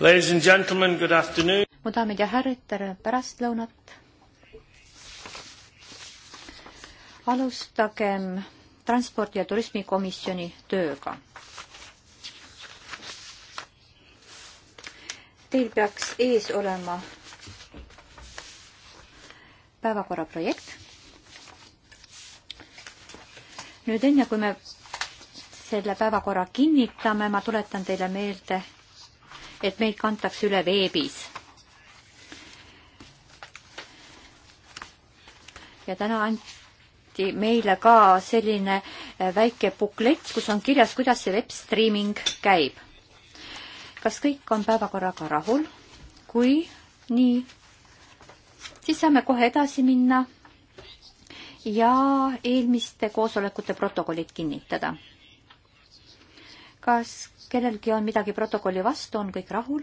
Ladies and gentlemen, good afternoon. mu daamid ja härrad, tere pärastlõunat. alustagem transpordi ja turismikomisjoni tööga. Teil peaks ees olema päevakorra projekt. nüüd enne, kui me selle päevakorra kinnitame, ma tuletan teile meelde et meid kantakse üle veebis. ja täna anti meile ka selline äh, väike buklett, kus on kirjas, kuidas see webstreaming käib. kas kõik on päevakorraga rahul? kui nii, siis saame kohe edasi minna ja eelmiste koosolekute protokollid kinnitada kas kellelgi on midagi protokolli vastu, on kõik rahul?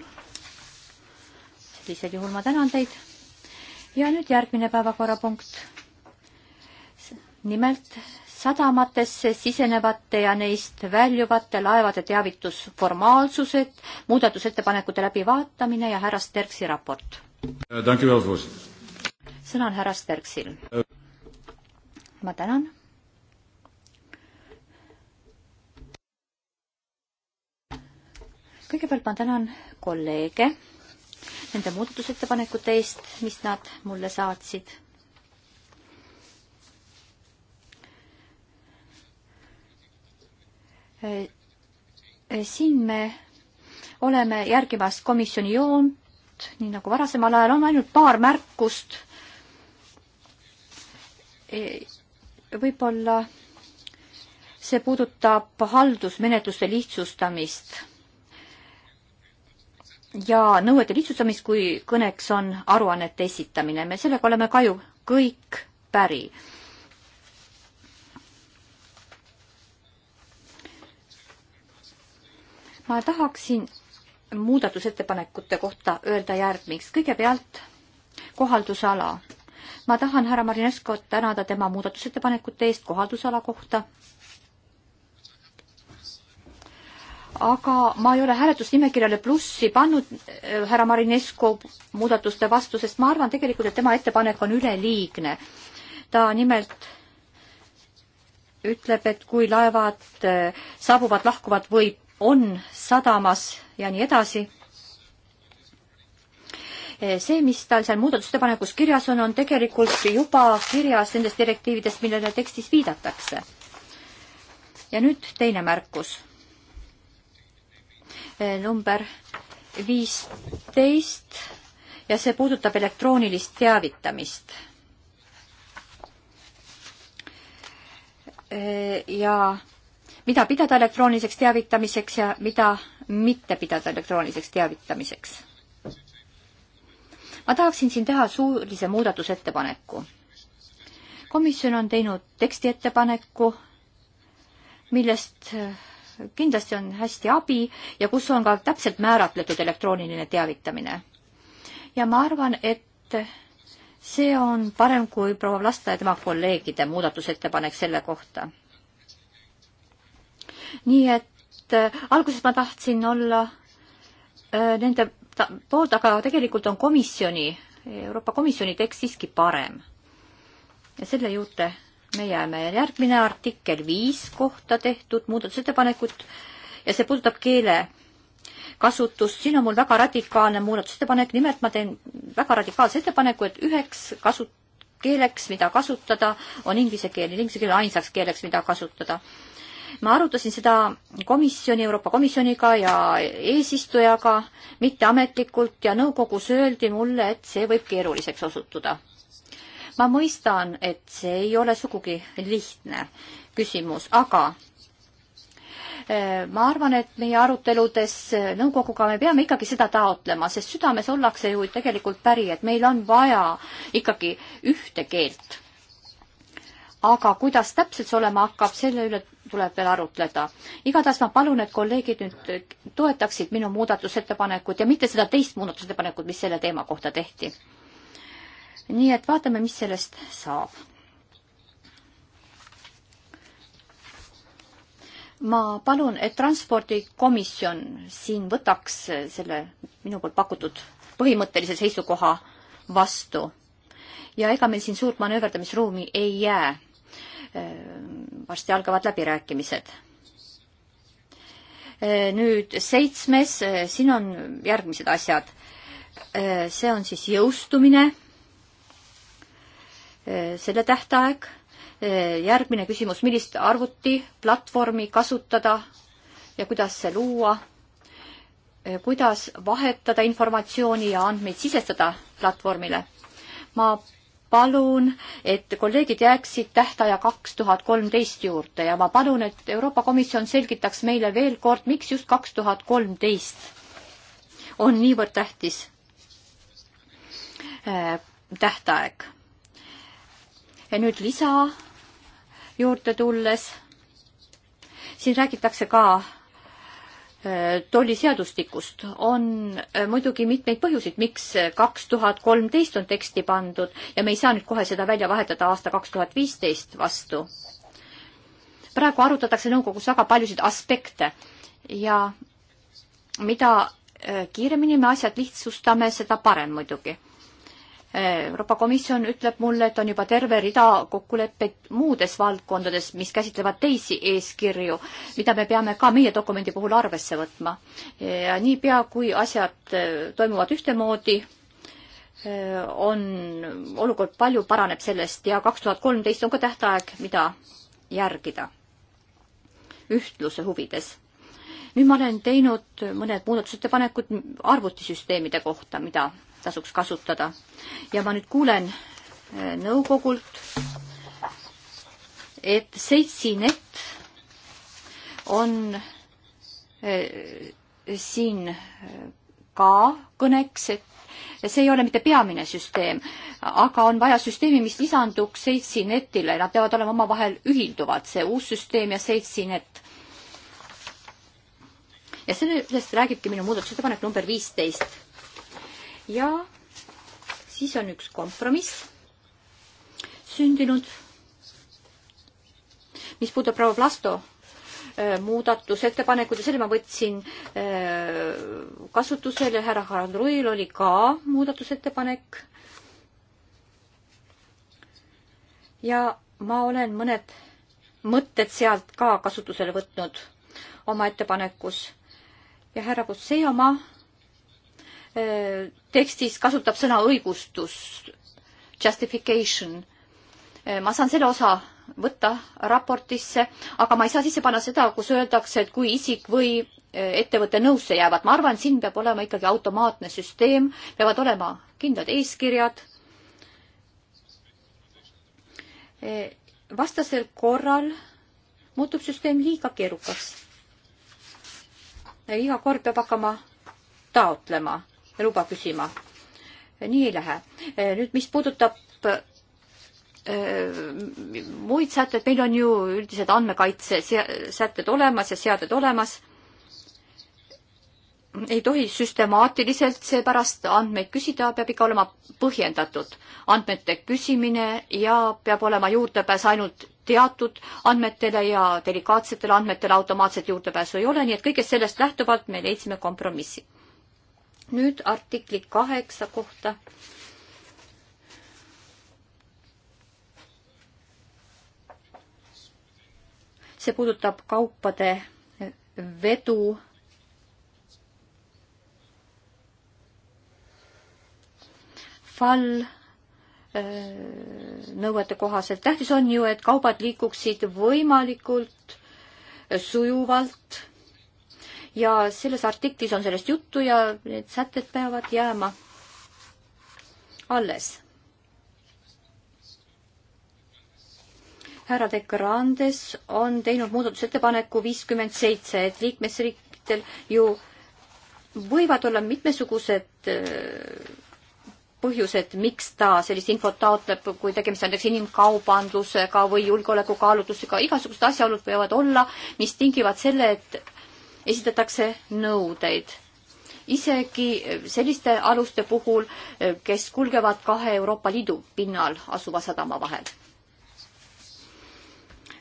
sellisel juhul ma tänan teid. ja nüüd järgmine päevakorrapunkt. nimelt sadamatesse sisenevate ja neist väljuvate laevade teavitusformaalsused, muudatusettepanekute läbivaatamine ja härra Sterksi raport. sõna on härra Sterksil. ma tänan kõigepealt ma tänan kolleege nende muudatusettepanekute eest, mis nad mulle saatsid. Äh, siin me oleme järgimas komisjoni joont, nii nagu varasemal ajal, on ainult paar märkust. E, võib-olla see puudutab haldusmenetluste lihtsustamist ja nõuete lihtsustamist, kui kõneks on aruannete esitamine. me sellega oleme ka ju kõik päri. ma tahaksin muudatusettepanekute kohta öelda järgmiks. kõigepealt kohaldusala. ma tahan härra Marineskot tänada tema muudatusettepanekute eest kohaldusala kohta aga ma ei ole hääletusnimekirjale plussi pannud äh, härra Marinesko muudatuste vastu, sest ma arvan tegelikult, et tema ettepanek on üleliigne. ta nimelt ütleb, et kui laevad äh, saabuvad, lahkuvad või on sadamas ja nii edasi, äh, see, mis tal seal muudatusettepanekus kirjas on, on tegelikult juba kirjas nendest direktiividest, millele tekstis viidatakse. ja nüüd teine märkus Eh, number viisteist ja see puudutab elektroonilist teavitamist. Eh, ja mida pidada elektrooniliseks teavitamiseks ja mida mitte pidada elektrooniliseks teavitamiseks. ma tahaksin siin teha suulise muudatusettepaneku. komisjon on teinud tekstiettepaneku, millest kindlasti on hästi abi ja kus on ka täpselt määratletud elektrooniline teavitamine. ja ma arvan, et see on parem kui proua Vlasta ja tema kolleegide muudatusettepanek selle kohta. nii et äh, alguses ma tahtsin olla äh, nende poolt, aga tegelikult on komisjoni, Euroopa Komisjoni tekst siiski parem. ja selle juurde me jääme. järgmine artikkel viis kohta tehtud muudatusettepanekut ja see puudutab keele kasutust, siin on mul väga radikaalne muudatusettepanek, nimelt ma teen väga radikaalse ettepaneku, et üheks kasu-, keeleks, mida kasutada, on inglise keel, inglise keel on ainsaks keeleks, mida kasutada. ma arutasin seda komisjoni, Euroopa Komisjoniga ja eesistujaga mitteametlikult ja nõukogus öeldi mulle, et see võib keeruliseks osutuda ma mõistan, et see ei ole sugugi lihtne küsimus, aga äh, ma arvan, et meie aruteludes nõukoguga me peame ikkagi seda taotlema, sest südames ollakse ju tegelikult päri, et meil on vaja ikkagi ühte keelt. aga kuidas täpselt see olema hakkab, selle üle tuleb veel arutleda. igatahes ma palun, et kolleegid nüüd toetaksid minu muudatusettepanekut ja mitte seda teist muudatusettepanekut, mis selle teema kohta tehti nii et vaatame, mis sellest saab. ma palun, et transpordikomisjon siin võtaks selle minu poolt pakutud põhimõttelise seisukoha vastu. ja ega meil siin suurt manööverdamisruumi ei jää. varsti algavad läbirääkimised. nüüd seitsmes, siin on järgmised asjad. see on siis jõustumine Eh, selle tähtaeg. Eh, järgmine küsimus, millist arvutiplatvormi kasutada ja kuidas see luua? Eh, kuidas vahetada informatsiooni ja andmeid sisestada platvormile? ma palun, et kolleegid jääksid tähtaja kaks tuhat kolmteist juurde ja ma palun, et Euroopa Komisjon selgitaks meile veel kord, miks just kaks tuhat kolmteist on niivõrd tähtis äh, tähtaeg ja nüüd lisa juurde tulles, siin räägitakse ka äh, tolliseadustikust on äh, muidugi mitmeid põhjuseid, miks kaks tuhat kolmteist on teksti pandud ja me ei saa nüüd kohe seda välja vahetada aasta kaks tuhat viisteist vastu. praegu arutatakse nõukogus väga paljusid aspekte ja mida äh, kiiremini me asjad lihtsustame, seda parem muidugi Euroopa Komisjon ütleb mulle, et on juba terve rida kokkuleppeid muudes valdkondades, mis käsitlevad teisi eeskirju, mida me peame ka meie dokumendi puhul arvesse võtma. ja niipea, kui asjad eh, toimuvad ühtemoodi, eh, on olukord palju paraneb sellest ja kaks tuhat kolmteist on ka tähtaeg, mida järgida ühtluse huvides nüüd ma olen teinud mõned muudatusettepanekud arvutisüsteemide kohta, mida tasuks kasutada. ja ma nüüd kuulen äh, nõukogult, et Seitsinet on äh, siin äh, ka kõneks, et see ei ole mitte peamine süsteem, aga on vaja süsteemi, mis lisanduks Seitsinetile, nad peavad olema omavahel ühilduvad, see uus süsteem ja Seitsinet ja sellest räägibki minu muudatusettepanek number viisteist ja siis on üks kompromiss sündinud, mis puudutab proua Plasto äh, muudatusettepanekud ja selle ma võtsin äh, kasutusele, härra Harandruil oli ka muudatusettepanek. ja ma olen mõned mõtted sealt ka kasutusele võtnud oma ettepanekus ja härra Kutsei oma tekstis kasutab sõna õigustus, justification. ma saan selle osa võtta raportisse, aga ma ei saa sisse panna seda, kus öeldakse, et kui isik või e, ettevõtte nõusse jäävad. ma arvan, siin peab olema ikkagi automaatne süsteem, peavad olema kindlad eeskirjad. E, vastasel korral muutub süsteem liiga keerukaks. iga kord peab hakkama taotlema luba küsima. nii ei lähe. Eh, nüüd, mis puudutab eh, muid sätteid, meil on ju üldised andmekaitse sätted olemas ja seaded olemas. ei tohi süstemaatiliselt seepärast andmeid küsida, peab ikka olema põhjendatud andmete küsimine ja peab olema juurdepääs ainult teatud andmetele ja delikaatsetele andmetele automaatset juurdepääsu ei ole, nii et kõigest sellest lähtuvalt me leidsime kompromissi nüüd artikli kaheksa kohta. see puudutab kaupade vedu. fall äh, nõuete kohaselt. tähtis on ju, et kaubad liikuksid võimalikult sujuvalt ja selles artiklis on sellest juttu ja need sätted peavad jääma alles. härra De Grandes on teinud muudatusettepaneku viiskümmend seitse, et liikmesriikidel ju võivad olla mitmesugused äh, põhjused, miks ta sellist infot taotleb, kui tegemist on näiteks inimkaubandusega või julgeolekukaalutlustega, igasugused asjaolud võivad olla, mis tingivad selle, et esitatakse nõudeid. isegi selliste aluste puhul, kes kulgevad kahe Euroopa Liidu pinnal asuva sadama vahel.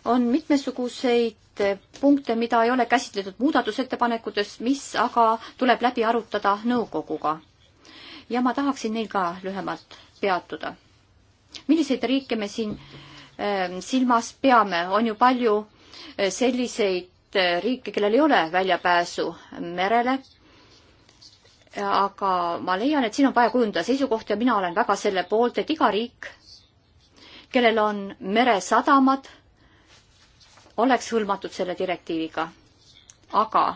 on mitmesuguseid punkte, mida ei ole käsitletud muudatusettepanekutes, mis aga tuleb läbi arutada nõukoguga. ja ma tahaksin neil ka lühemalt peatuda. milliseid riike me siin ehm, silmas peame, on ju palju eh, selliseid riike, kellel ei ole väljapääsu merele. aga ma leian, et siin on vaja kujundada seisukoht ja mina olen väga selle poolt, et iga riik, kellel on meresadamad, oleks hõlmatud selle direktiiviga. aga,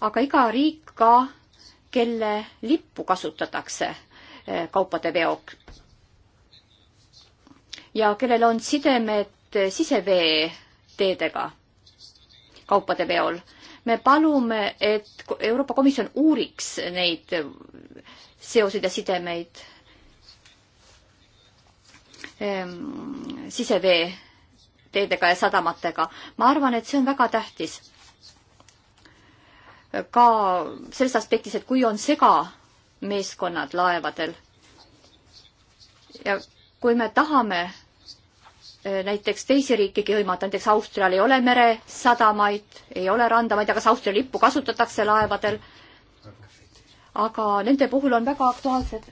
aga iga riik ka, kelle lippu kasutatakse eh, kaupade veoks ja kellel on sidemed siseveeteedega kaupade veol. me palume, et Euroopa Komisjon uuriks neid seoseid ja sidemeid ehm, siseveeteedega ja sadamatega. ma arvan, et see on väga tähtis. ka selles aspektis, et kui on segameeskonnad laevadel ja kui me tahame Äh, näiteks teisi riikegi hõlmata, näiteks Austrial ei ole meresadamaid, ei ole randamaid, aga kas Austria lippu kasutatakse laevadel? aga nende puhul on väga aktuaalsed,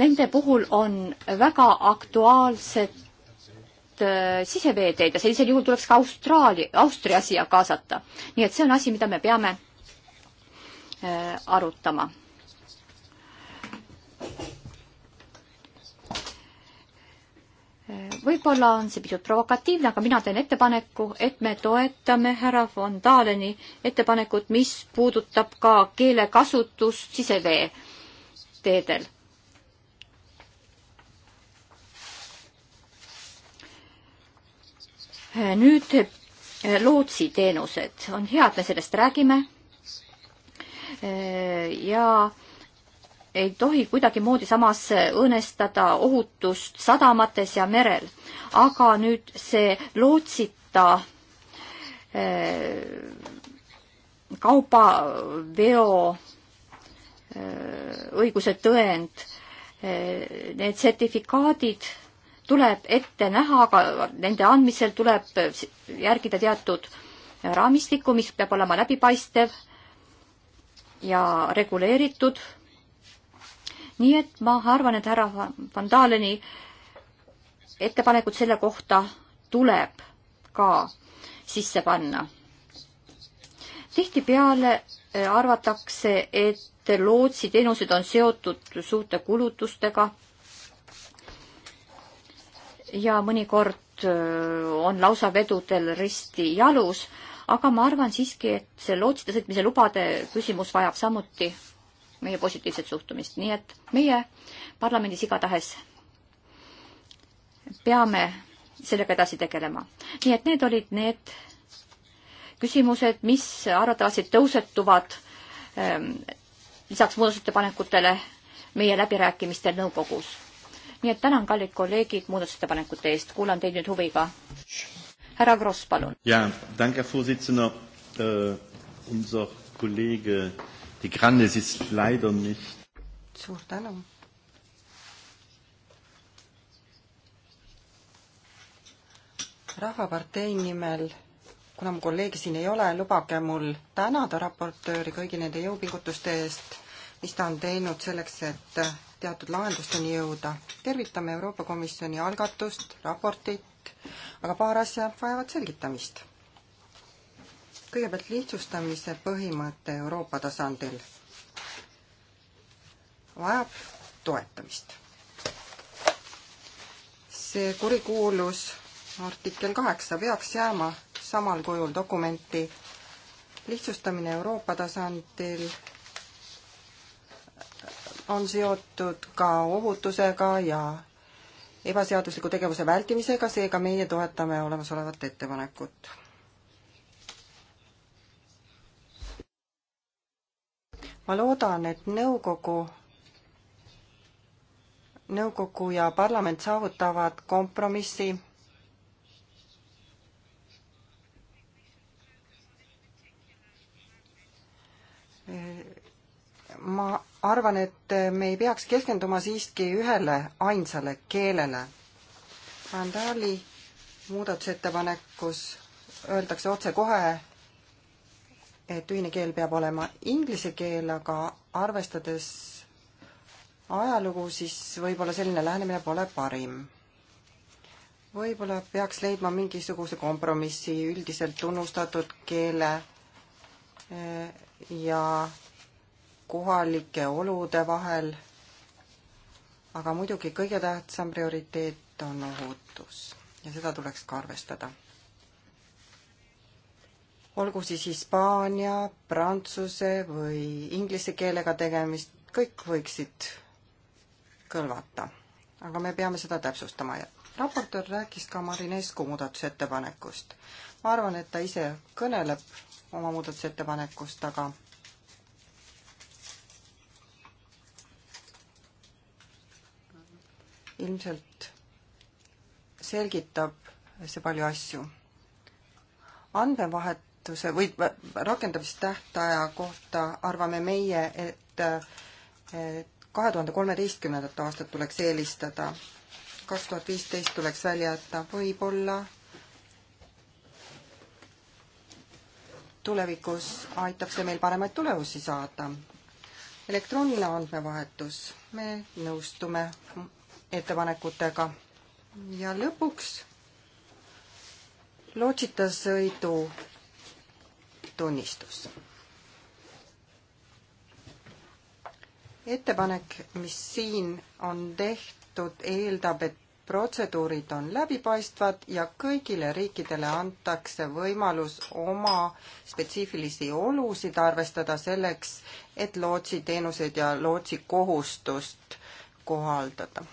nende puhul on väga aktuaalsed äh, siseveeteed ja sellisel juhul tuleks ka Austraali, Austria siia kaasata. nii et see on asi, mida me peame äh, arutama võib-olla on see pisut provokatiivne, aga mina teen ettepaneku, et me toetame härra von Daleni ettepanekut, mis puudutab ka keelekasutust siseveeteedel. nüüd lootsiteenused, on hea, et me sellest räägime ja äh, ei tohi kuidagimoodi samas õõnestada ohutust sadamates ja merel. aga nüüd see lootsita eh, kaubaveo eh, õiguse tõend, eh, need sertifikaadid tuleb ette näha, aga nende andmisel tuleb järgida teatud raamistikku, mis peab olema läbipaistev ja reguleeritud nii et ma arvan, et härra Van Daleni ettepanekud selle kohta tuleb ka sisse panna. tihtipeale äh, arvatakse, et lootsiteenused on seotud suurte kulutustega ja mõnikord äh, on lausa vedudel risti jalus, aga ma arvan siiski, et see lootsita sõitmise lubade küsimus vajab samuti meie positiivset suhtumist, nii et meie parlamendis igatahes peame sellega edasi tegelema. nii et need olid need küsimused, mis arvatavasti tõusetuvad ähm, lisaks muudatusettepanekutele meie läbirääkimistel nõukogus. nii et tänan, kallid kolleegid, muudatusettepanekute eest, kuulan teid nüüd huviga. härra Gross, palun. jaa, tänke, Vorsitzender äh,, unser kolleeg Die Grandes ist leider nicht. suur tänu. rahvapartei nimel, kuna mu kolleegi siin ei ole, lubage mul tänada raportööri kõigi nende jõupingutuste eest, mis ta on teinud selleks, et teatud lahendusteni jõuda. tervitame Euroopa Komisjoni algatust, raportit, aga paar asja vajavad selgitamist kõigepealt lihtsustamise põhimõte Euroopa tasandil vajab toetamist. see kurikuulus artikkel kaheksa peaks jääma samal kujul dokumenti. lihtsustamine Euroopa tasandil on seotud ka ohutusega ja ebaseadusliku tegevuse vältimisega, seega meie toetame olemasolevat ettepanekut ma loodan, et nõukogu, nõukogu ja parlament saavutavad kompromissi ma arvan, et me ei peaks keskenduma siiski ühele ainsale keelele. Randali muudatusettepanekus öeldakse otsekohe, et ühine keel peab olema inglise keel, aga arvestades ajalugu, siis võib-olla selline lähenemine pole parim. võib-olla peaks leidma mingisuguse kompromissi üldiselt tunnustatud keele eh, ja kohalike olude vahel. aga muidugi kõige tähtsam prioriteet on ohutus ja seda tuleks ka arvestada olgu siis hispaania, prantsuse või inglise keelega tegemist, kõik võiksid kõlvata. aga me peame seda täpsustama ja raportöör rääkis ka Marinescu muudatusettepanekust. ma arvan, et ta ise kõneleb oma muudatusettepanekust, aga ilmselt selgitab see palju asju. andmevahet tähtaetuse või rakendamistähtaja kohta arvame meie, et kahe tuhande kolmeteistkümnendat aastat tuleks eelistada. kaks tuhat viisteist tuleks välja jätta, võib-olla tulevikus aitab see meil paremaid tulemusi saada. elektrooniline andmevahetus, me nõustume ettepanekutega. ja lõpuks lootsita sõidu tunnistus. ettepanek, mis siin on tehtud, eeldab, et protseduurid on läbipaistvad ja kõigile riikidele antakse võimalus oma spetsiifilisi olusid arvestada selleks, et lootsiteenuseid ja lootsikohustust kohaldada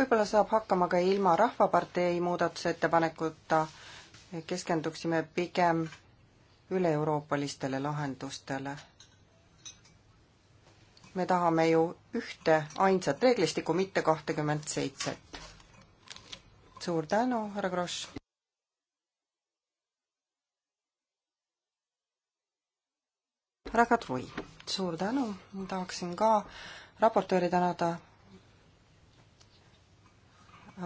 võib-olla saab hakkama ka ilma Rahvapartei muudatusettepanekuta, keskenduksime pigem üle-euroopalistele lahendustele. me tahame ju ühte ainsat reeglistikku, mitte kahtekümmet seitset. suur tänu, härra Grosch! härra Kadri, suur tänu, tahaksin ka raportööri tänada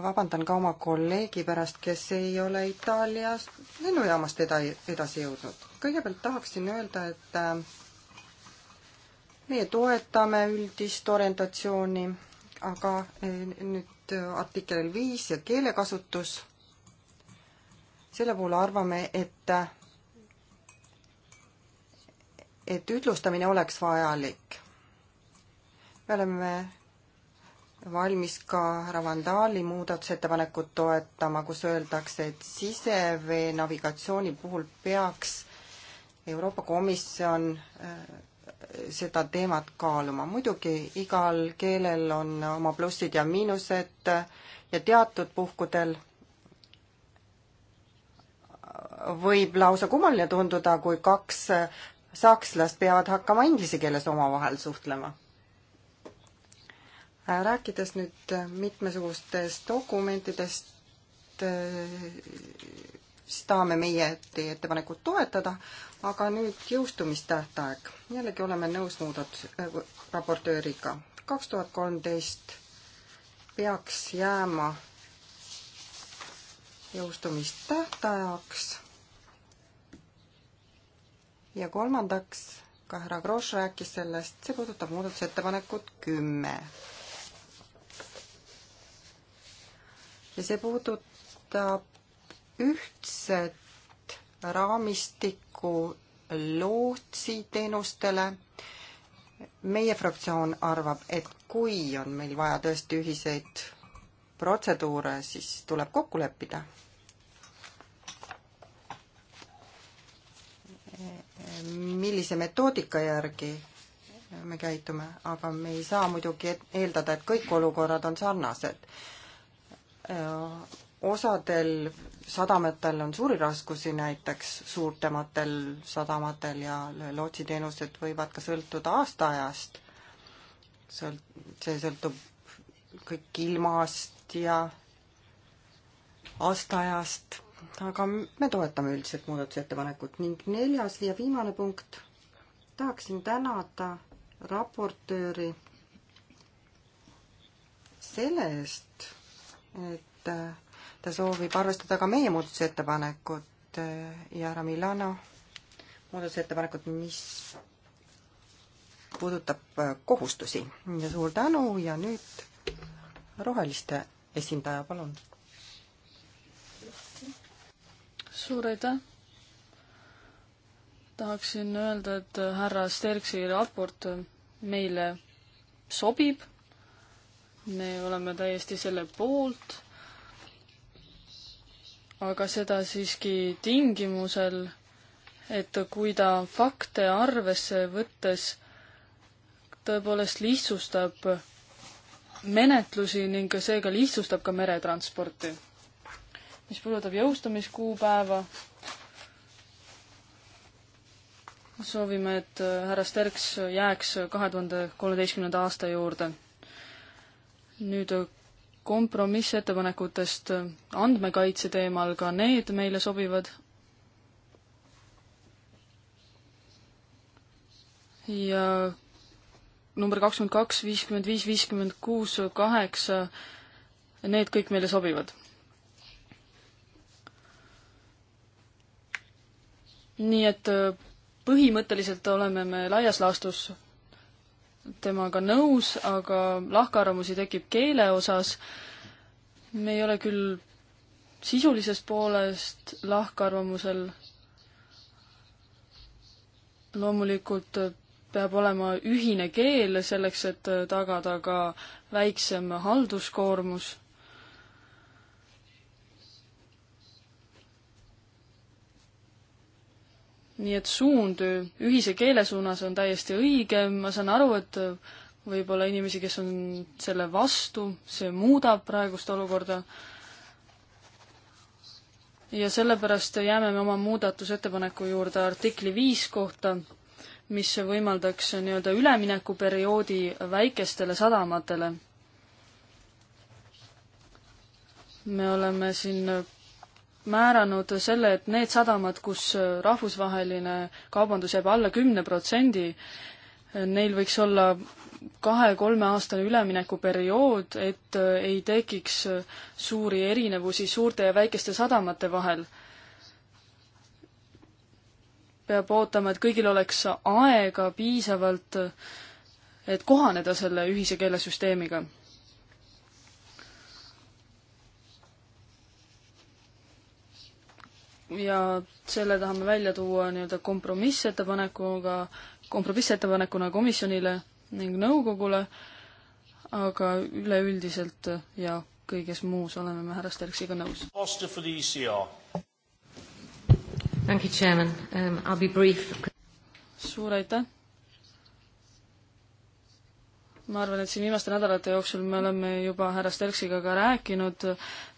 vabandan ka oma kolleegi pärast, kes ei ole Itaalias lennujaamast eda-, edasi jõudnud. kõigepealt tahaksin öelda, et äh, meie toetame üldist orientatsiooni, aga äh, nüüd artikkel viis ja keelekasutus, selle puhul arvame, et äh, et ütlustamine oleks vajalik. me oleme valmis ka härra Vandaali muudatusettepanekut toetama, kus öeldakse, et sisevee navigatsiooni puhul peaks Euroopa Komisjon äh, seda teemat kaaluma. muidugi igal keelel on oma plussid ja miinused äh, ja teatud puhkudel võib lausa kummaline tunduda, kui kaks äh, sakslast peavad hakkama inglise keeles omavahel suhtlema Äh, rääkides nüüd äh, mitmesugustest dokumentidest, äh, siis tahame meie teie ettepanekut toetada, aga nüüd jõustumistähtaeg. jällegi oleme nõus muudatus äh,, raportööriga. kaks tuhat kolmteist peaks jääma jõustumistähtajaks. ja kolmandaks, ka härra Grosch rääkis sellest, see puudutab muudatusettepanekut kümme ja see puudutab ühtset raamistikku lootsiteenustele. meie fraktsioon arvab, et kui on meil vaja tõesti ühiseid protseduure, siis tuleb kokku leppida. millise metoodika järgi me käitume, aga me ei saa muidugi eeldada, et kõik olukorrad on sarnased Äh, osadel sadamatel on suuri raskusi, näiteks suurtematel sadamatel ja lootsiteenused võivad ka sõltuda aastaajast. Sõlt-, see sõltub kõik ilmast ja aastaajast, aga me toetame üldiselt muudatusettepanekut ning neljas ja viimane punkt, tahaksin tänada raportööri selle eest, et äh, ta soovib arvestada ka meie muudatusettepanekut äh, ja härra Milano muudatusettepanekut, mis puudutab äh, kohustusi. ja suur tänu ja nüüd roheliste esindaja, palun. suur aitäh. tahaksin öelda, et härra Sterksi raport meile sobib me oleme täiesti selle poolt, aga seda siiski tingimusel, et kui ta fakte arvesse võttes tõepoolest lihtsustab menetlusi ning seega lihtsustab ka meretransporti. mis puudutab jõustamiskuupäeva, soovime, et härra Sterks jääks kahe tuhande kolmeteistkümnenda aasta juurde nüüd äh, kompromissettepanekutest äh, andmekaitse teemal, ka need meile sobivad. ja number kakskümmend kaks, viiskümmend viis, viiskümmend kuus, kaheksa, need kõik meile sobivad. nii et äh, põhimõtteliselt oleme me laias laastus temaga nõus, aga lahkarvamusi tekib keele osas. me ei ole küll sisulisest poolest lahkarvamusel. loomulikult peab olema ühine keel selleks, et tagada ka väiksem halduskoormus nii et suund ühise keele suunas on täiesti õige, ma saan aru, et võib-olla inimesi, kes on selle vastu, see muudab praegust olukorda. ja sellepärast jääme me oma muudatusettepaneku juurde artikli viis kohta, mis võimaldaks nii-öelda üleminekuperioodi väikestele sadamatele. me oleme siin määranud selle, et need sadamad, kus rahvusvaheline kaubandus jääb alla kümne protsendi, neil võiks olla kahe-kolmeaastane üleminekuperiood, et äh, ei tekiks äh, suuri erinevusi suurte ja väikeste sadamate vahel. peab ootama, et kõigil oleks aega piisavalt, äh, et kohaneda selle ühise keelesüsteemiga ja selle tahame välja tuua nii-öelda kompromissettepanekuga, kompromissettepanekuna komisjonile ning nõukogule, aga üleüldiselt ja kõiges muus oleme me härra Sterksiga nõus. Um, suur aitäh! ma arvan, et siin viimaste nädalate jooksul me oleme juba härra Sterksiga ka rääkinud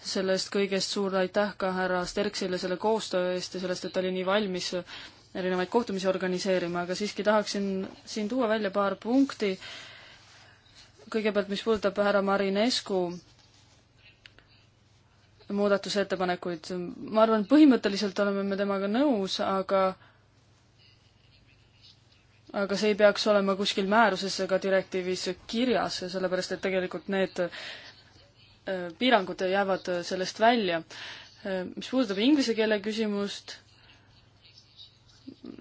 sellest kõigest, suur aitäh ka härra Sterksile selle koostöö eest ja sellest, et ta oli nii valmis erinevaid kohtumisi organiseerima, aga siiski tahaksin siin tuua välja paar punkti. kõigepealt, mis puudutab härra Marinescu muudatusettepanekuid, ma arvan, põhimõtteliselt oleme me temaga nõus, aga aga see ei peaks olema kuskil määruses ega direktiivis kirjas, sellepärast et tegelikult need äh, piirangud jäävad sellest välja. Äh, mis puudutab inglise keele küsimust,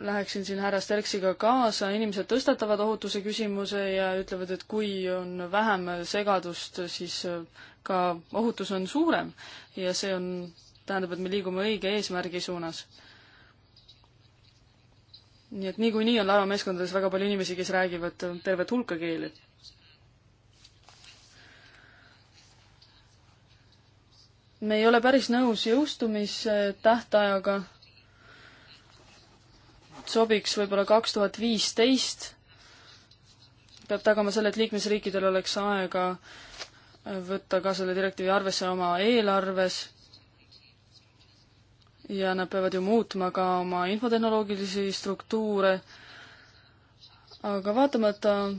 läheksin siin härra Sterksiga kaasa, inimesed tõstatavad ohutuse küsimuse ja ütlevad, et kui on vähem segadust, siis äh, ka ohutus on suurem ja see on, tähendab, et me liigume õige eesmärgi suunas nii et niikuinii on laevameeskondades väga palju inimesi, kes räägivad tervet hulka keeli. me ei ole päris nõus jõustumistähtajaga. sobiks võib-olla kaks tuhat viisteist. peab tagama selle, et liikmesriikidel oleks aega võtta ka selle direktiivi arvesse oma eelarves ja nad peavad ju muutma ka oma infotehnoloogilisi struktuure. aga vaatamata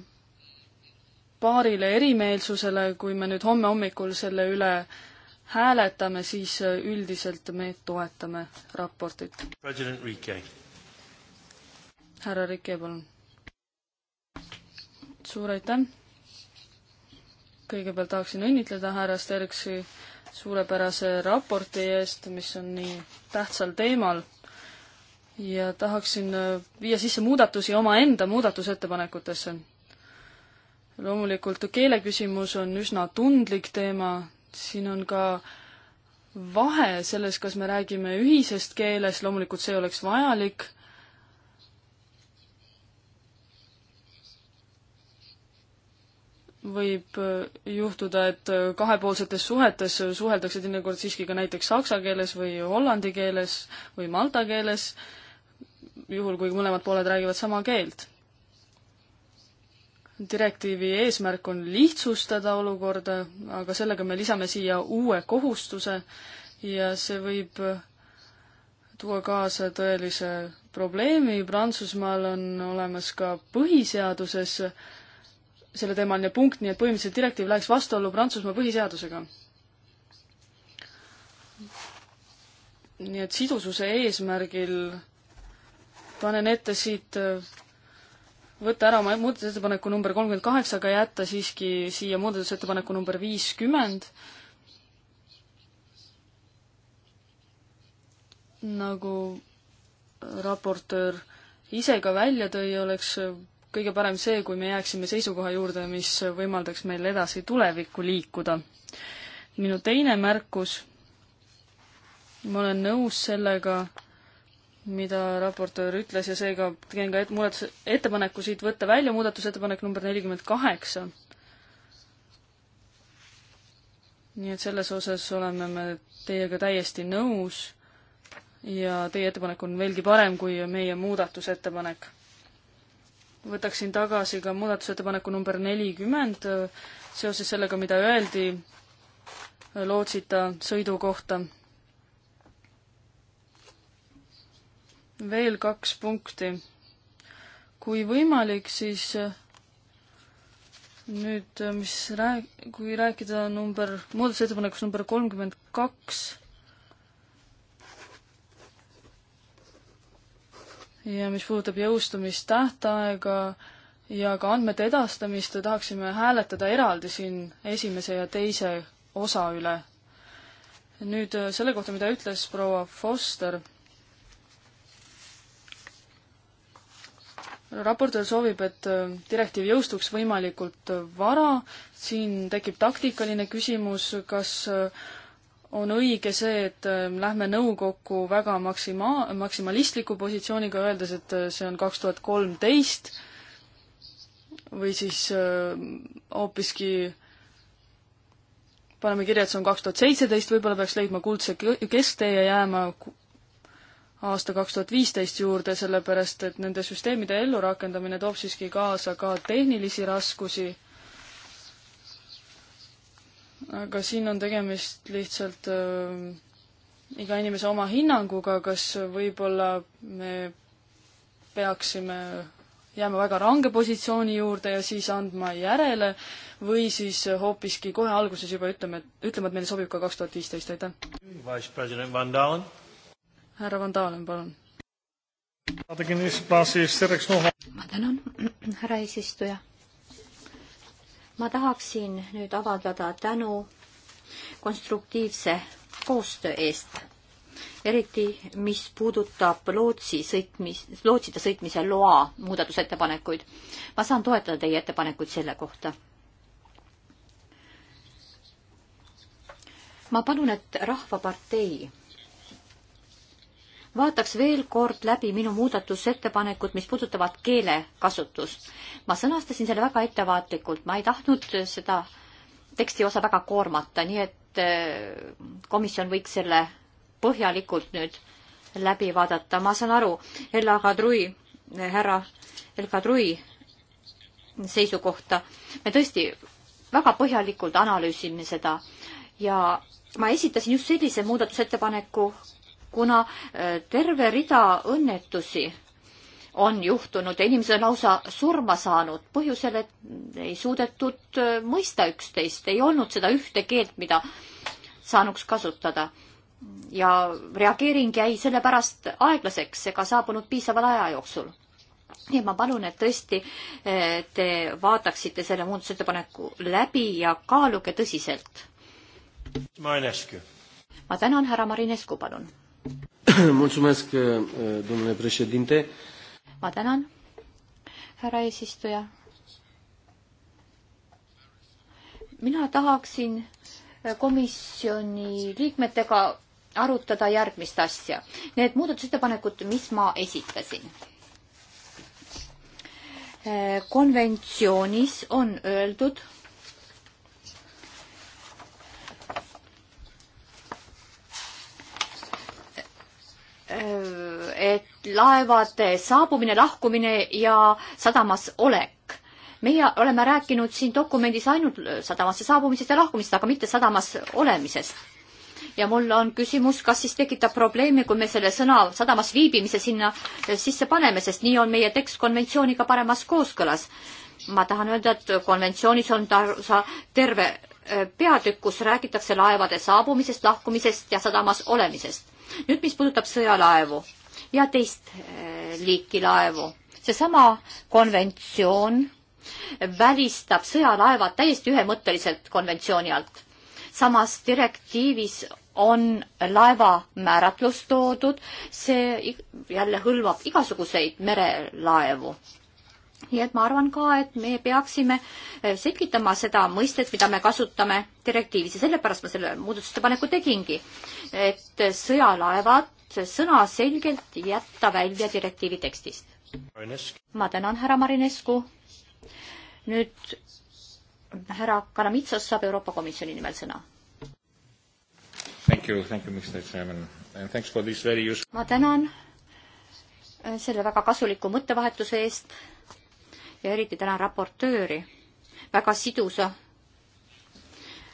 paarile erimeelsusele, kui me nüüd homme hommikul selle üle hääletame, siis üldiselt me toetame raportit. härra Rike, palun. suur aitäh. kõigepealt tahaksin õnnitleda härra Sterksi suurepärase raporti eest, mis on nii tähtsal teemal ja tahaksin äh, viia sisse muudatusi omaenda muudatusettepanekutesse. loomulikult keeleküsimus on üsna tundlik teema, siin on ka vahe selles, kas me räägime ühisest keelest, loomulikult see oleks vajalik, võib äh, juhtuda, et äh, kahepoolsetes suhetes suheldakse teinekord siiski ka näiteks saksa keeles või hollandi keeles või malta keeles, juhul kui mõlemad pooled räägivad sama keelt. direktiivi eesmärk on lihtsustada olukorda, aga sellega me lisame siia uue kohustuse ja see võib äh, tuua kaasa tõelise probleemi, Prantsusmaal on olemas ka põhiseaduses äh, selleteemaline punkt, nii et põhimõtteliselt direktiiv läheks vastuollu Prantsusmaa põhiseadusega. nii et sidususe eesmärgil panen ette siit võtta ära oma muudatusettepaneku number kolmkümmend kaheksa, aga jätta siiski siia muudatusettepaneku number viiskümmend. nagu raportöör ise ka välja tõi, oleks kõige parem see, kui me jääksime seisukoha juurde, mis võimaldaks meil edasi tulevikku liikuda. minu teine märkus, ma olen nõus sellega, mida raportöör ütles ja seega teen ka et-, muudatus, ettepaneku siit võtta välja muudatusettepanek number nelikümmend kaheksa. nii et selles osas oleme me teiega täiesti nõus ja teie ettepanek on veelgi parem kui meie muudatusettepanek võtaksin tagasi ka muudatusettepaneku number nelikümmend äh, seoses sellega, mida öeldi äh, Lootsita sõidu kohta. veel kaks punkti. kui võimalik, siis äh, nüüd, mis rääg-, kui rääkida number, muudatusettepanekust number kolmkümmend kaks, ja mis puudutab jõustumistähtaega ja ka andmete edastamist, tahaksime hääletada eraldi siin esimese ja teise osa üle. nüüd äh, selle kohta, mida ütles proua Foster. raportöör soovib, et äh, direktiiv jõustuks võimalikult äh, vara, siin tekib taktikaline küsimus, kas äh, on õige see, et ähm, lähme nõukokku väga maksima-, maksimalistliku positsiooniga, öeldes, et äh, see on kaks tuhat kolmteist või siis ähm, hoopiski paneme kirja, et see on kaks tuhat seitseteist, võib-olla peaks leidma kuldse kesktee ja jääma aasta kaks tuhat viisteist juurde, sellepärast et nende süsteemide ellurakendamine toob siiski kaasa ka tehnilisi raskusi aga siin on tegemist lihtsalt äh, iga inimese oma hinnanguga, kas võib-olla me peaksime jääma väga range positsiooni juurde ja siis andma järele või siis hoopiski kohe alguses juba ütleme, et ütleme, et meile sobib ka kaks tuhat viisteist, aitäh. härra Van Dalen, palun. ma tänan, härra eesistuja ma tahaksin nüüd avaldada tänu konstruktiivse koostöö eest, eriti mis puudutab lootsi sõitmis, lootsita sõitmise loa muudatusettepanekuid. ma saan toetada teie ettepanekuid selle kohta. ma palun, et Rahvapartei vaataks veel kord läbi minu muudatusettepanekud, mis puudutavad keelekasutust. ma sõnastasin selle väga ettevaatlikult, ma ei tahtnud seda teksti osa väga koormata, nii et äh, komisjon võiks selle põhjalikult nüüd läbi vaadata. ma saan aru, Ella Kadri, äh, härra El Kadri seisukohta. me tõesti väga põhjalikult analüüsime seda ja ma esitasin just sellise muudatusettepaneku, kuna äh, terve rida õnnetusi on juhtunud ja inimesed on lausa surma saanud põhjusel, et ei suudetud äh, mõista üksteist, ei olnud seda ühte keelt, mida saanuks kasutada. ja reageering jäi sellepärast aeglaseks ega saabunud piisaval aja jooksul. nii et ma palun, et tõesti äh, te vaataksite selle muudatusettepaneku läbi ja kaaluge tõsiselt. ma tänan, härra Marinescu, palun Uh, ma tänan, härra eesistuja. mina tahaksin komisjoni liikmetega arutada järgmist asja. Need muudatusettepanekud, mis ma esitasin. konventsioonis on öeldud, et laevade saabumine, lahkumine ja sadamas olek. meie oleme rääkinud siin dokumendis ainult sadamasse saabumisest ja lahkumisest, aga mitte sadamas olemisest. ja mul on küsimus, kas siis tekitab probleeme, kui me selle sõna sadamas viibimise sinna sisse paneme, sest nii on meie tekst konventsiooniga paremas kooskõlas. ma tahan öelda, et konventsioonis on ta terve äh, peatükk, kus räägitakse laevade saabumisest, lahkumisest ja sadamas olemisest nüüd, mis puudutab sõjalaevu ja teist eh, liiki laevu, seesama konventsioon välistab sõjalaevad täiesti ühemõtteliselt konventsiooni alt. samas direktiivis on laeva määratlus toodud, see jälle hõlmab igasuguseid merelaevu nii et ma arvan ka, et me peaksime eh, selgitama seda mõistet, mida me kasutame direktiivis ja sellepärast ma selle muudatusettepaneku tegingi. et sõjalaevad sõna selgelt jätta välja direktiivi tekstist. ma tänan, härra Marinescu. nüüd härra Karamitsos saab Euroopa Komisjoni nimel sõna. ma tänan eh, selle väga kasuliku mõttevahetuse eest ja eriti tänan raportööri väga sidusa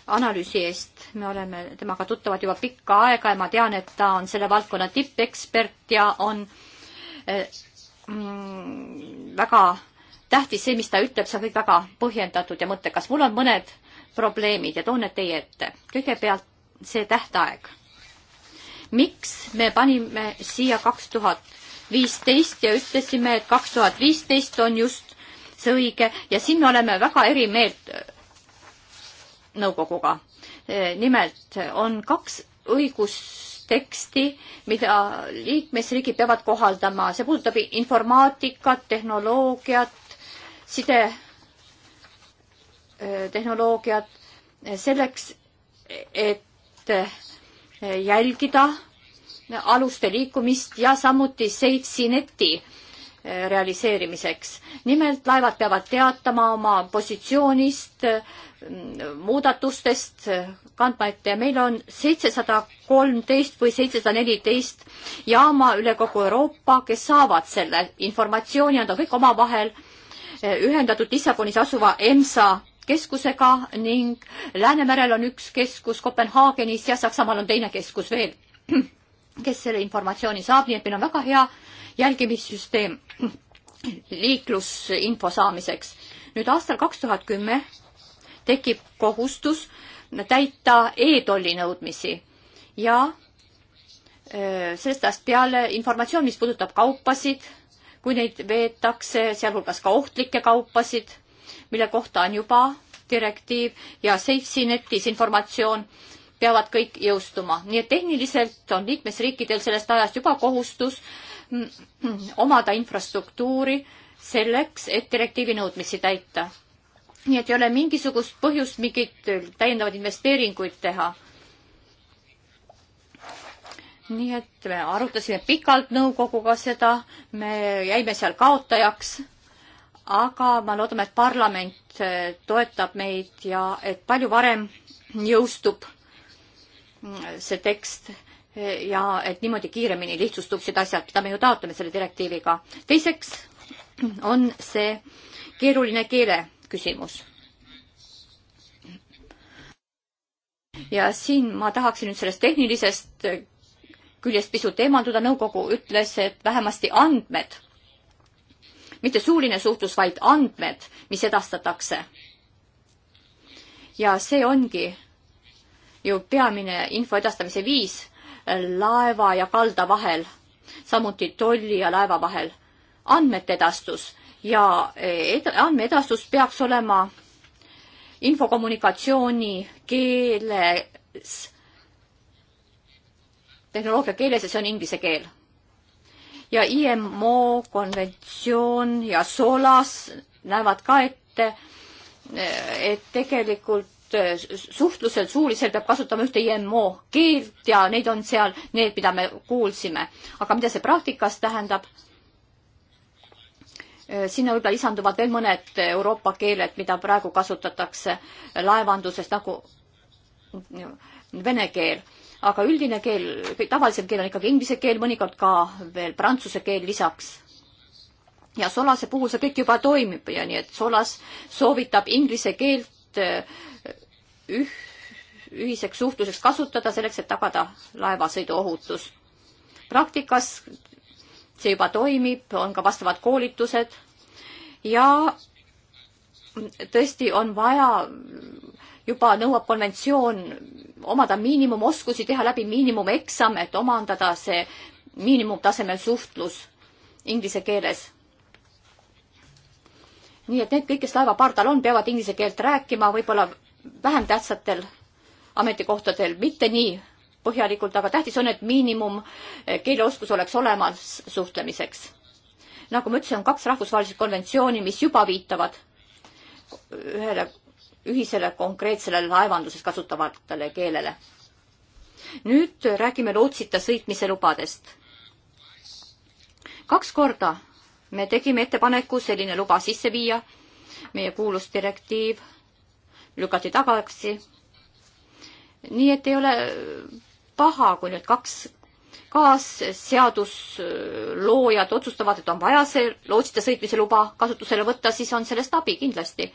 analüüsi eest. me oleme temaga tuttavad juba pikka aega ja ma tean, et ta on selle valdkonna tippekspert ja on eh, mm, väga tähtis see, mis ta ütleb, see on kõik väga põhjendatud ja mõttekas. mul on mõned probleemid ja toon need teie ette. kõigepealt see tähtaeg. miks me panime siia kaks tuhat viisteist ja ütlesime, et kaks tuhat viisteist on just see õige ja siin me oleme väga eri meelt nõukoguga. nimelt on kaks õigusteksti, mida liikmesriigid peavad kohaldama, see puudutab informaatikat, tehnoloogiat, side eh, tehnoloogiat selleks, et eh, jälgida aluste liikumist ja samuti SafeCNeti realiseerimiseks. nimelt laevad peavad teatama oma positsioonist, muudatustest, kandma ette ja meil on seitsesada kolmteist või seitsesada neliteist jaama üle kogu Euroopa, kes saavad selle informatsiooni, nad on kõik omavahel eh, ühendatud Lissabonis asuva EMSA keskusega ning Läänemerel on üks keskus Kopenhaagenis ja Saksamaal on teine keskus veel, kes selle informatsiooni saab, nii et meil on väga hea äh, jälgimissüsteem liiklusinfo saamiseks. nüüd aastal kaks tuhat kümme tekib kohustus täita e-tolli nõudmisi ja sellest ajast peale informatsioon, mis puudutab kaupasid, kui neid veetakse, sealhulgas ka ohtlikke kaupasid, mille kohta on juba direktiiv ja SafeCNetis informatsioon, peavad kõik jõustuma. nii et tehniliselt on liikmesriikidel sellest ajast juba kohustus äh, omada infrastruktuuri selleks, et direktiivi nõudmisi täita. nii et ei ole mingisugust põhjust mingeid täiendavaid investeeringuid teha. nii et me arutasime pikalt nõukoguga seda, me jäime seal kaotajaks, aga ma loodame, et parlament toetab meid ja et palju varem jõustub see tekst ja et niimoodi kiiremini lihtsustuksid asjad, mida me ju taotleme selle direktiiviga. teiseks on see keeruline keele küsimus. ja siin ma tahaksin nüüd sellest tehnilisest küljest pisut eemalduda, nõukogu ütles, et vähemasti andmed, mitte suuline suhtlus, vaid andmed, mis edastatakse. ja see ongi ju peamine info edastamise viis laeva ja kalda vahel, samuti tolli ja laeva vahel, andmete edastus ja eh, ed andmeedastus peaks olema infokommunikatsiooni keeles, tehnoloogia keeles ja see on inglise keel. ja IMO konventsioon ja SOLAS näevad ka ette, eh, et tegelikult Äh, suhtlusel suulisel peab kasutama ühte IMO keelt ja neid on seal need, mida me kuulsime. aga mida see praktikas tähendab? Äh, sinna võib-olla lisanduvad veel mõned Euroopa keeled, mida praegu kasutatakse laevanduses nagu äh, vene keel, aga üldine keel, tavalisem keel on ikkagi inglise keel, mõnikord ka veel prantsuse keel lisaks ja Solase puhul see kõik juba toimib ja nii, et Solas soovitab inglise keelt vahendeid eh, üh, ühiseks suhtluseks kasutada, selleks et tagada laevasõidu ohutus. praktikas see juba toimib, on ka vastavad koolitused ja tõesti on vaja, juba nõuab konventsioon omada miinimumoskusi, teha läbi miinimumeksam, et omandada see miinimumtasemel suhtlus inglise keeles nii et need kõik, kes laevapardal on, peavad inglise keelt rääkima, võib-olla vähem tähtsatel ametikohtadel, mitte nii põhjalikult, aga tähtis on, et miinimum eh, keeleoskus oleks olemas suhtlemiseks. nagu ma ütlesin, on kaks rahvusvahelist konventsiooni, mis juba viitavad ühele ühisele konkreetsele laevanduses kasutavatele keelele. nüüd räägime lootsita sõitmise lubadest. kaks korda me tegime ettepaneku selline luba sisse viia, meie kuulus direktiiv lükati tagasi. nii et ei ole paha, kui nüüd kaks kaasseadusloojad otsustavad, et on vaja see lootsita sõitmise luba kasutusele võtta, siis on sellest abi kindlasti.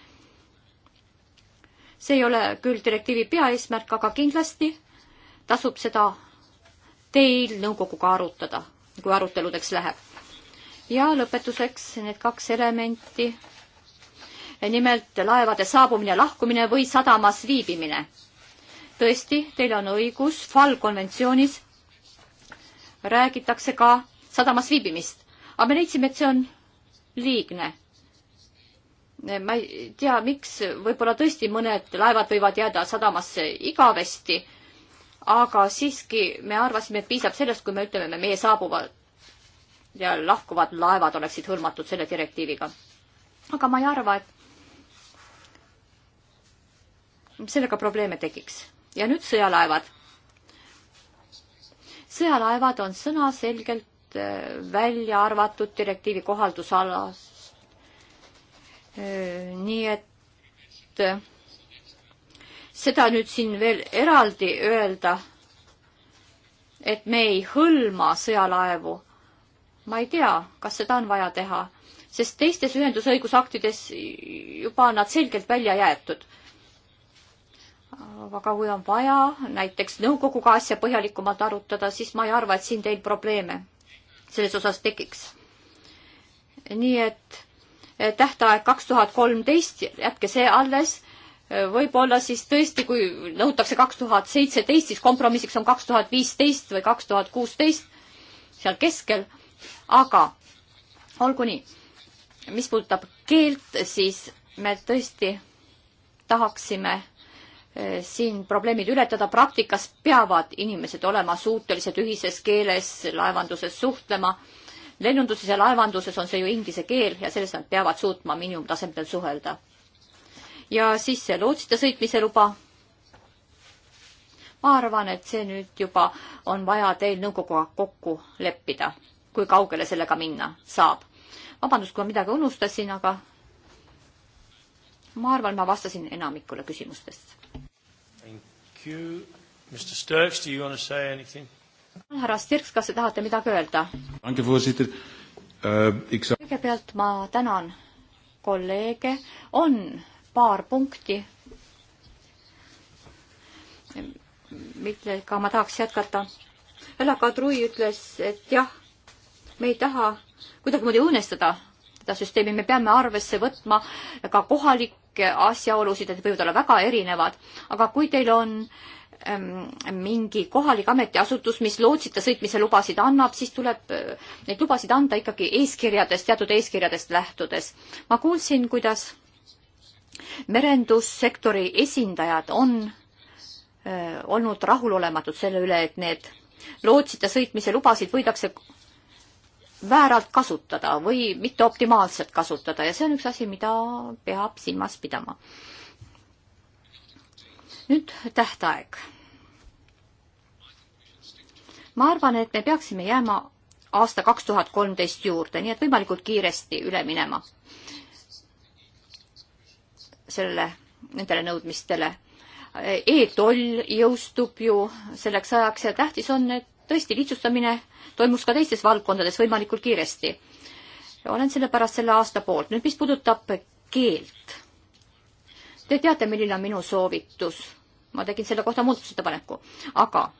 see ei ole küll direktiivi peaeesmärk, aga kindlasti tasub seda teil nõukoguga arutada, kui aruteludeks läheb ja lõpetuseks need kaks elementi. nimelt laevade saabumine, lahkumine või sadamas viibimine. tõesti, teil on õigus, FAL konventsioonis räägitakse ka sadamas viibimist, aga me leidsime, et see on liigne ma ei tea, miks, võib-olla tõesti mõned laevad võivad jääda sadamasse igavesti, aga siiski me arvasime, et piisab sellest, kui me ütleme, me meie saabuvad ja lahkuvad laevad oleksid hõlmatud selle direktiiviga. aga ma ei arva, et sellega probleeme tekiks. ja nüüd sõjalaevad. sõjalaevad on sõnaselgelt äh, välja arvatud direktiivi kohaldusalast. Äh, nii et äh, seda nüüd siin veel eraldi öelda, et me ei hõlma sõjalaevu ma ei tea, kas seda on vaja teha, sest teistes ühendusõigusaktides juba on nad selgelt välja jäetud. aga kui on vaja näiteks nõukoguga asja põhjalikumalt arutada, siis ma ei arva, et siin teil probleeme selles osas tekiks. nii et eh, tähtaeg kaks tuhat kolmteist, jätke see alles võib-olla siis tõesti, kui nõutakse kaks tuhat seitseteist, siis kompromissiks on kaks tuhat viisteist või kaks tuhat kuusteist seal keskel aga olgu nii, mis puudutab keelt, siis me tõesti tahaksime eh, siin probleemid ületada, praktikas peavad inimesed olema suutelised ühises keeles laevanduses suhtlema. lennunduses ja laevanduses on see ju inglise keel ja selles nad peavad suutma miinimumtasemel suhelda. ja siis see lootsita sõitmise luba. ma arvan, et see nüüd juba on vaja teil nõukoguga kokku leppida kui kaugele sellega minna saab. vabandust, kui ma midagi unustasin, aga ma arvan, ma vastasin enamikule küsimustest. härra Stirks, kas te tahate midagi öelda? Eh, kõigepealt ma tänan kolleege, on paar punkti, millega ma tahaks jätkata. Ella Kadri ütles, et jah, me ei taha kuidagimoodi õõnestada seda süsteemi, me peame arvesse võtma ka kohalikke asjaolusid, et võivad olla väga erinevad, aga kui teil on ähm, mingi kohalik ametiasutus, mis lootsita sõitmise lubasid annab, siis tuleb äh, neid lubasid anda ikkagi eeskirjadest, teatud eeskirjadest lähtudes. ma kuulsin, kuidas merendussektori esindajad on äh, olnud rahulolematud selle üle, et need lootsita sõitmise lubasid võidakse vääralt kasutada või mitte optimaalselt kasutada ja see on üks asi, mida peab silmas pidama. nüüd tähtaeg. ma arvan, et me peaksime jääma aasta kaks tuhat kolmteist juurde, nii et võimalikult kiiresti üle minema sellele, nendele nõudmistele e. E-toll jõustub ju selleks ajaks ja tähtis on, et tõesti lihtsustamine toimuks ka teistes valdkondades võimalikult kiiresti. olen sellepärast selle aasta poolt. nüüd, mis puudutab keelt. Te teate, milline on minu soovitus. ma tegin selle kohta muudatusettepaneku, aga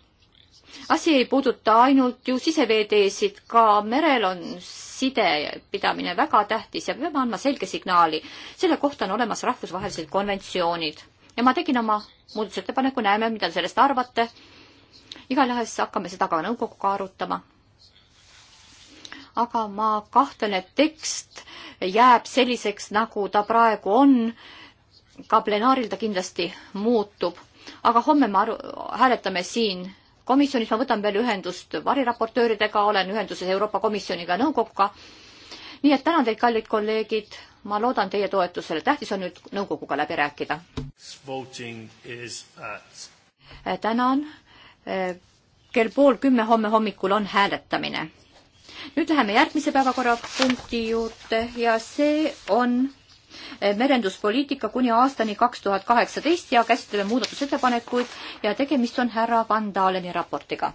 asi ei puuduta ainult ju siseveeteesid, ka merel on sidepidamine väga tähtis ja peame andma selge signaali. selle kohta on olemas rahvusvahelised konventsioonid ja ma tegin oma muudatusettepaneku, näeme, mida te sellest arvate igatahes hakkame seda ka nõukoguga arutama. aga ma kahtlen, et tekst jääb selliseks, nagu ta praegu on. ka plenaaril ta kindlasti muutub, aga homme me aru, hääletame siin komisjonis, ma võtan veel ühendust variraportööridega, olen ühenduses Euroopa Komisjoniga ja nõukoguga. nii et tänan teid, kallid kolleegid, ma loodan teie toetusele, tähtis on nüüd nõukoguga läbi rääkida. tänan Eh, kell pool kümme homme hommikul on hääletamine. nüüd läheme järgmise päevakorrapunkti juurde ja see on eh, merenduspoliitika kuni aastani kaks tuhat kaheksateist ja käsitleme muudatusettepanekuid ja tegemist on härra Van Daleni raportiga.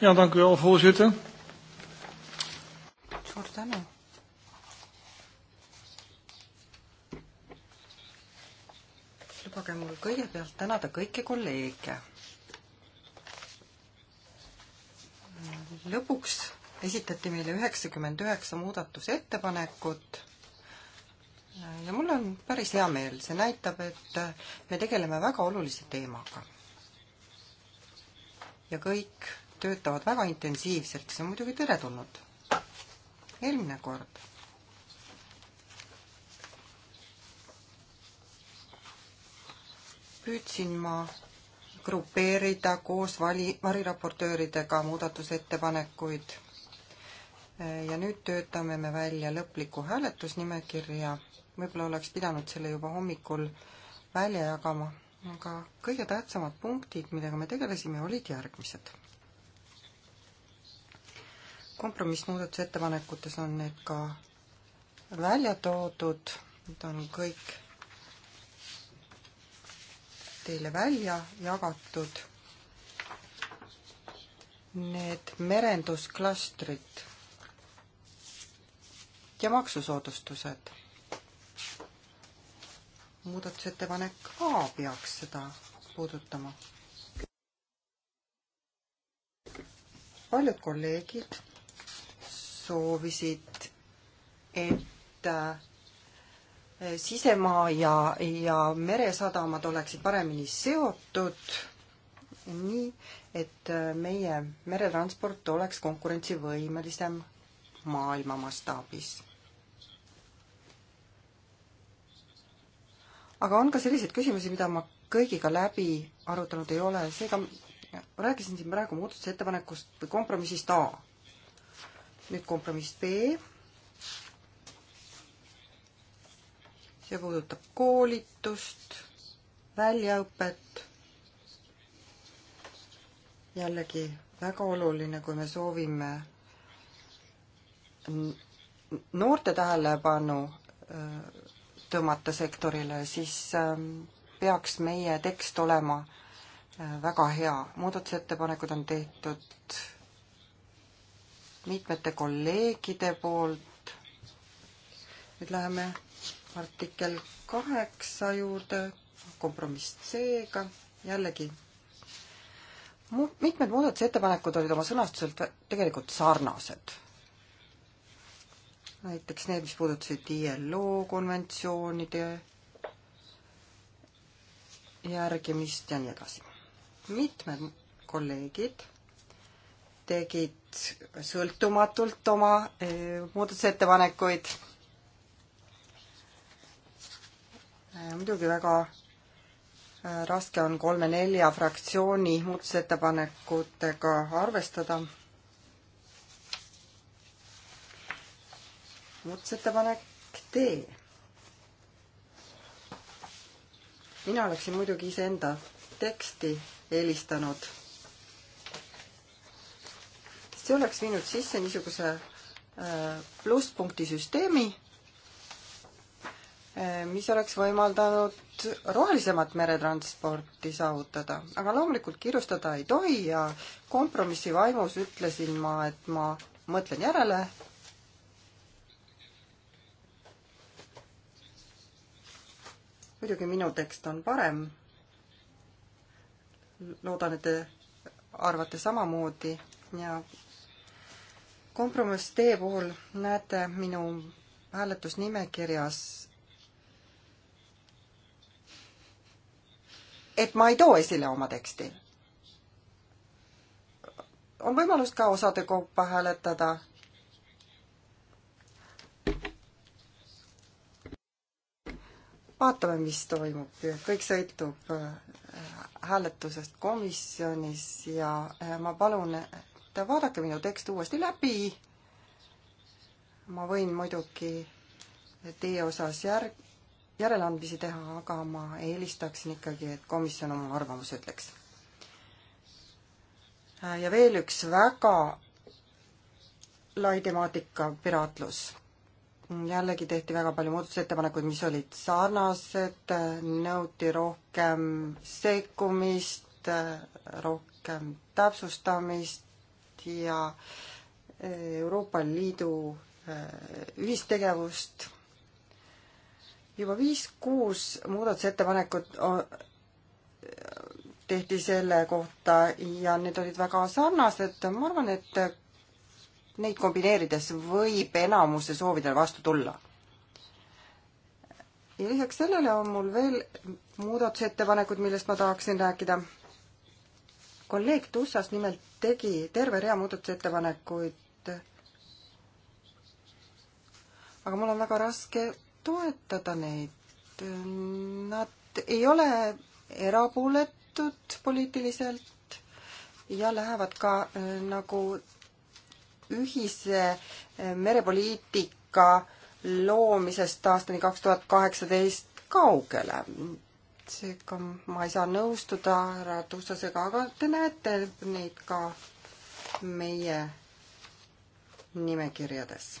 ja tänku ja voorzitter. suur tänu. lubage mul kõigepealt tänada kõiki kolleege lõpuks esitati meile üheksakümmend üheksa muudatusettepanekut ja mul on päris hea meel, see näitab, et me tegeleme väga olulise teemaga. ja kõik töötavad väga intensiivselt, see on muidugi teretulnud. eelmine kord püüdsin ma grupeerida koos vali, variraportööridega muudatusettepanekuid. ja nüüd töötame me välja lõpliku hääletusnimekirja. võib-olla oleks pidanud selle juba hommikul välja jagama, aga kõige tähtsamad punktid, millega me tegelesime, olid järgmised. kompromissmuudatusettepanekutes on need ka välja toodud, need on kõik teile välja jagatud. Need merendusklastrid ja maksusoodustused. muudatusettepanek A peaks seda puudutama. paljud kolleegid soovisid, et sisemaa ja, ja meresadamad oleksid paremini seotud, nii et äh, meie meretransport oleks konkurentsivõimelisem maailma mastaabis. aga on ka selliseid küsimusi, mida ma kõigiga läbi arutanud ei ole, seega rääkisin siin praegu muudatusettepanekust või kompromissist A. nüüd kompromiss B see puudutab koolitust, väljaõpet. jällegi väga oluline, kui me soovime noorte tähelepanu tõmmata sektorile, siis ähm, peaks meie tekst olema äh, väga hea. muudatusettepanekud on tehtud mitmete kolleegide poolt. nüüd läheme artikkel kaheksa juurde, kompromiss C-ga, jällegi mu-, mitmed muudatusettepanekud olid oma sõnastuselt tegelikult sarnased. näiteks need, mis puudutasid ILO konventsioonide järgimist ja nii edasi. mitmed kolleegid tegid sõltumatult oma eh, muudatusettepanekuid Äh, muidugi väga äh, raske on kolme-nelja fraktsiooni muudatusettepanekutega arvestada. muudatusettepanek D. mina oleksin muidugi iseenda teksti eelistanud. see oleks viinud sisse niisuguse äh, plusspunkti süsteemi Eh, mis oleks võimaldanud rohelisemat meretransporti saavutada. aga loomulikult kiirustada ei tohi ja kompromissi vaimus ütlesin ma, et ma mõtlen järele. muidugi minu tekst on parem. loodan, et te arvate samamoodi ja kompromiss teie puhul näete minu hääletusnimekirjas et ma ei too esile oma teksti. on võimalus ka osade kaupa hääletada. vaatame, mis toimub, kõik sõltub äh, hääletusest komisjonis ja äh, ma palun, et vaadake minu tekst uuesti läbi. ma võin muidugi teie osas järg-, järeleandmisi teha, aga ma eelistaksin ikkagi, et komisjon oma arvamuse ütleks. Äh, ja veel üks väga lai temaatika, piraatlus. jällegi tehti väga palju muudatusettepanekuid, mis olid sarnased, nõuti rohkem sekkumist, rohkem täpsustamist ja Euroopa Liidu äh, ühistegevust juba viis-kuus muudatusettepanekut tehti selle kohta ja need olid väga sarnased, ma arvan, et neid kombineerides võib enamuse soovidele vastu tulla. ja lisaks sellele on mul veel muudatusettepanekud, millest ma tahaksin rääkida. kolleeg Tussas nimelt tegi terve rea muudatusettepanekuid, aga mul on väga raske toetada neid. Nad ei ole erapooletud poliitiliselt ja lähevad ka äh, nagu ühise äh, merepoliitika loomisest aastani kaks tuhat kaheksateist kaugele. seega ma ei saa nõustuda härra Tuustasega, aga te näete neid ka meie nimekirjades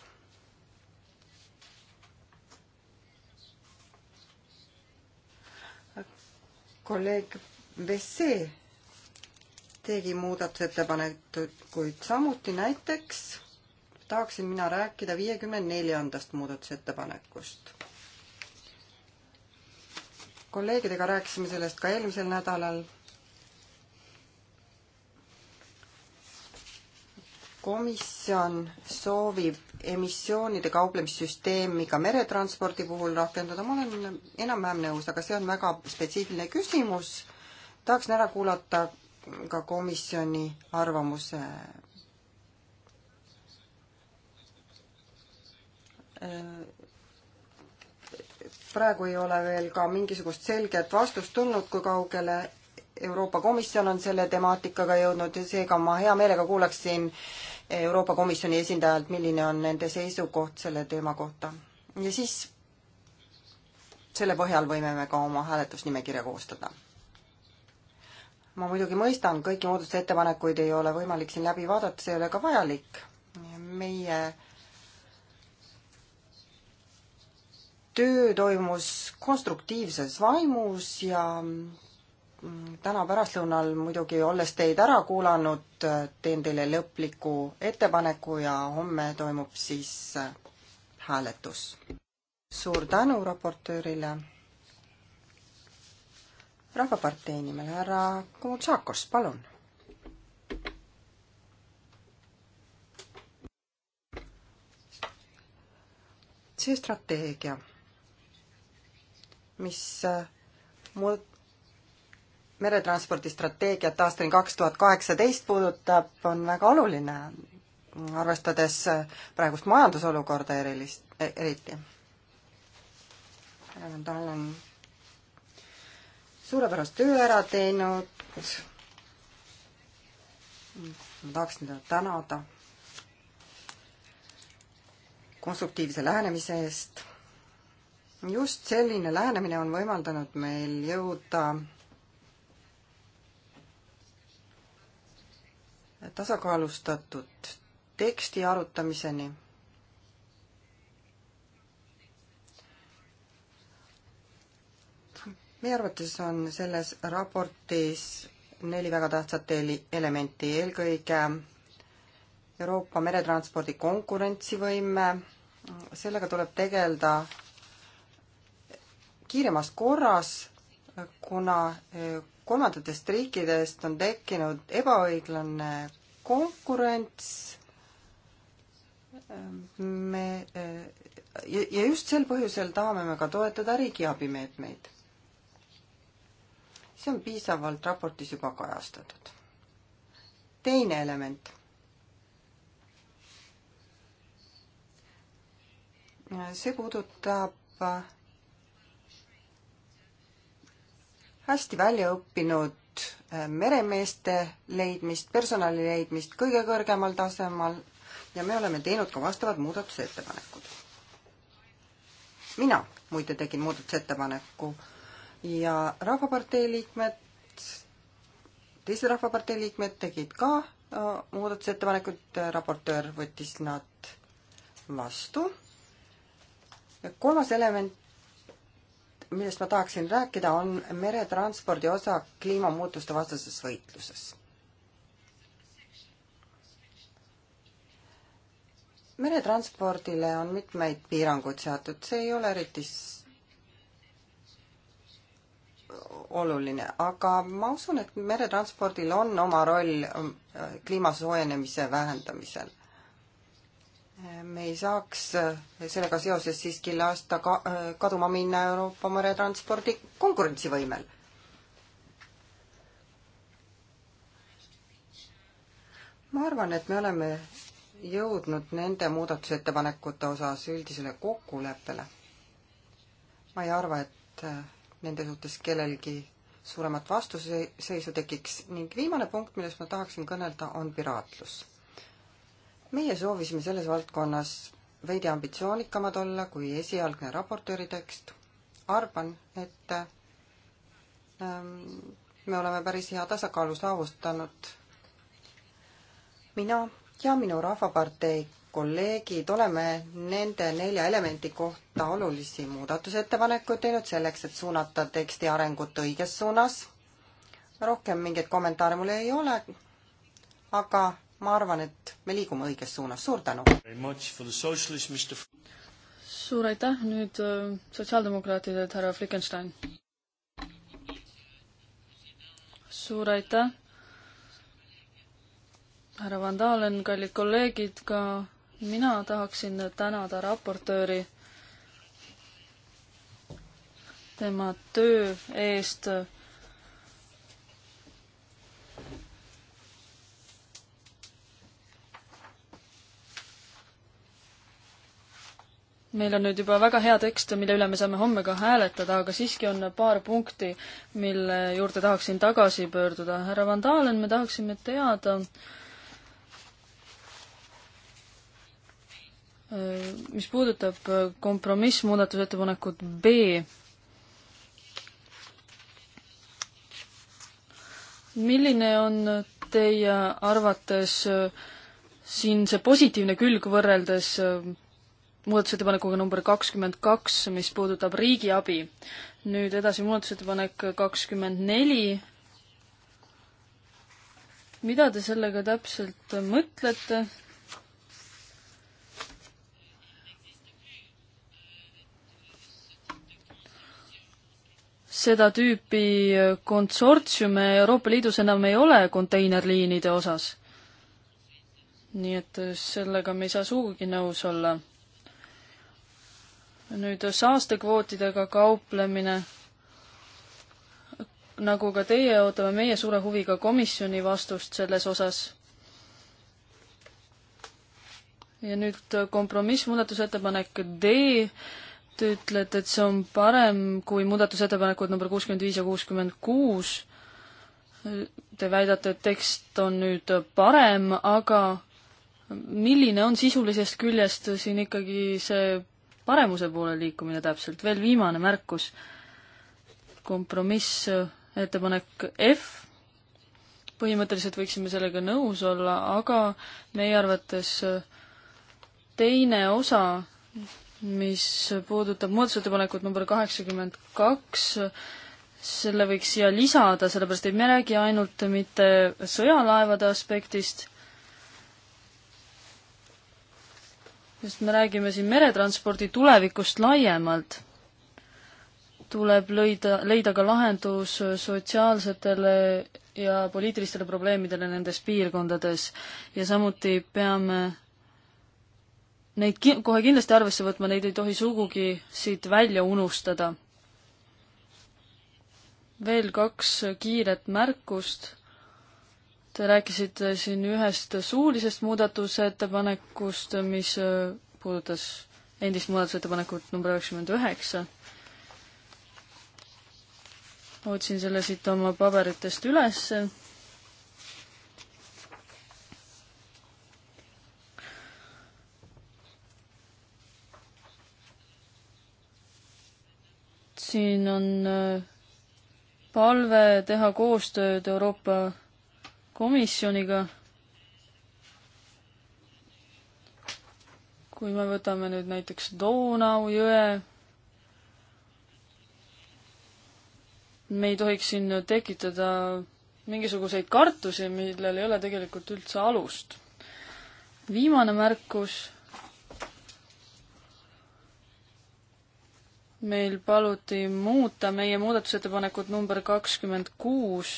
kolleeg Vessee tegi muudatusettepanekuid samuti, näiteks tahaksin mina rääkida viiekümne neljandast muudatusettepanekust. kolleegidega rääkisime sellest ka eelmisel nädalal komisjon soovib emissioonide kauplemissüsteemi ka meretranspordi puhul rakendada, ma olen enam-vähem nõus, aga see on väga spetsiifiline küsimus. tahaksin ära kuulata ka komisjoni arvamuse. praegu ei ole veel ka mingisugust selget vastust tulnud, kui kaugele Euroopa Komisjon on selle temaatikaga jõudnud ja seega ma hea meelega kuulaksin äh, Euroopa Komisjoni esindajalt, milline on nende seisukoht selle teema kohta. ja siis selle põhjal võime me ka oma hääletusnimekirja koostada. ma muidugi mõistan, kõiki muudatusettepanekuid ei ole võimalik siin läbi vaadata, see ei ole ka vajalik. meie töö toimus konstruktiivses vaimus ja täna pärastlõunal muidugi, olles teid ära kuulanud, teen teile lõpliku ettepaneku ja homme toimub siis äh, hääletus. suur tänu raportöörile. rahvapartei nimel härra Komutsakos, palun. see strateegia, mis äh, muud-, meretranspordi strateegiat aastani kaks tuhat kaheksateist puudutab, on väga oluline, arvestades praegust majandusolukorda erilist, e-, eriti. tal on suurepärast töö ära teinud. ma tahaksin teda tänada konstruktiivse lähenemise eest. just selline lähenemine on võimaldanud meil jõuda tasakaalustatud teksti arutamiseni. meie arvates on selles raportis neli väga tähtsat elementi, eelkõige Euroopa meretranspordi konkurentsivõime, sellega tuleb tegeleda kiiremas korras, kuna kolmandatest riikidest on tekkinud ebaõiglane konkurents. me ja, ja just sel põhjusel tahame me ka toetada riigiabimeetmeid. see on piisavalt raportis juba kajastatud. teine element. see puudutab hästi välja õppinud äh, meremeeste leidmist, personali leidmist kõige kõrgemal tasemel ja me oleme teinud ka vastavad muudatusettepanekud. mina muide tegin muudatusettepaneku ja Rahvapartei liikmed, teised Rahvapartei liikmed tegid ka äh, muudatusettepanekud, äh, raportöör võttis nad vastu. kolmas element millest ma tahaksin rääkida, on meretranspordi osa kliimamuutuste vastases võitluses. meretranspordile on mitmeid piiranguid seatud, see ei ole eriti oluline, aga ma usun, et meretranspordil on oma roll mm, kliima soojenemise vähendamisel me ei saaks äh, sellega seoses siiski lasta ka, äh, kaduma minna Euroopa meretranspordi konkurentsivõimel. ma arvan, et me oleme jõudnud nende muudatusettepanekute osas üldisele kokkuleppele. ma ei arva, et äh, nende suhtes kellelgi suuremat vastuseisu tekiks ning viimane punkt, millest ma tahaksin kõnelda, on piraatlus meie soovisime selles valdkonnas veidi ambitsioonikamad olla kui esialgne raportööri tekst. arvan, et ähm, me oleme päris hea tasakaalu saavutanud. mina ja minu Rahvapartei kolleegid oleme nende nelja elemendi kohta olulisi muudatusettepanekuid teinud selleks, et suunata teksti arengut õiges suunas. rohkem mingeid kommentaare mul ei ole, aga ma arvan, et me liigume õiges suunas, suur tänu! suur aitäh, nüüd äh, sotsiaaldemokraatidelt härra Flickenstein. suur aitäh, härra Van Dalen, kallid kolleegid, ka mina tahaksin tänada raportööri tema töö eest meil on nüüd juba väga hea tekst, mille üle me saame homme ka hääletada, aga siiski on paar punkti, mille juurde tahaksin tagasi pöörduda. härra Van Dalen, me tahaksime teada, äh, mis puudutab kompromissmuudatusettepanekut B, milline on teie arvates äh, siin see positiivne külg võrreldes äh, muudatusettepanekuga number kakskümmend kaks, mis puudutab riigiabi. nüüd edasi muudatusettepanek kakskümmend neli. mida te sellega täpselt mõtlete? seda tüüpi konsortsiume Euroopa Liidus enam ei ole konteinerliinide osas. nii et sellega me ei saa sugugi nõus olla nüüd saastekvootidega kauplemine, nagu ka teie, ootame meie suure huviga komisjoni vastust selles osas. ja nüüd kompromissmuudatusettepanek D, te ütlete, et see on parem kui muudatusettepanekud number kuuskümmend viis ja kuuskümmend kuus. Te väidate, et tekst on nüüd parem, aga milline on sisulisest küljest siin ikkagi see paremuse poole liikumine täpselt. veel viimane märkus, kompromiss, ettepanek F, põhimõtteliselt võiksime sellega nõus olla, aga meie arvates teine osa, mis puudutab muudatusettepanekut number kaheksakümmend kaks, selle võiks siia lisada, sellepärast et me ei räägi ainult mitte sõjalaevade aspektist, sest me räägime siin meretranspordi tulevikust laiemalt. tuleb leida, leida ka lahendus sotsiaalsetele ja poliitilistele probleemidele nendes piirkondades ja samuti peame neid ki-, kohe kindlasti arvesse võtma, neid ei tohi sugugi siit välja unustada. veel kaks kiiret märkust Te rääkisite siin ühest suulisest muudatusettepanekust, mis puudutas endist muudatusettepanekut number üheksakümmend üheksa. otsin selle siit oma paberitest üles. siin on äh, palve teha koostööd Euroopa komisjoniga. kui me võtame nüüd näiteks Donau jõe, me ei tohiks siin tekitada mingisuguseid kartusi, millel ei ole tegelikult üldse alust. viimane märkus. meil paluti muuta meie muudatusettepanekut number kakskümmend kuus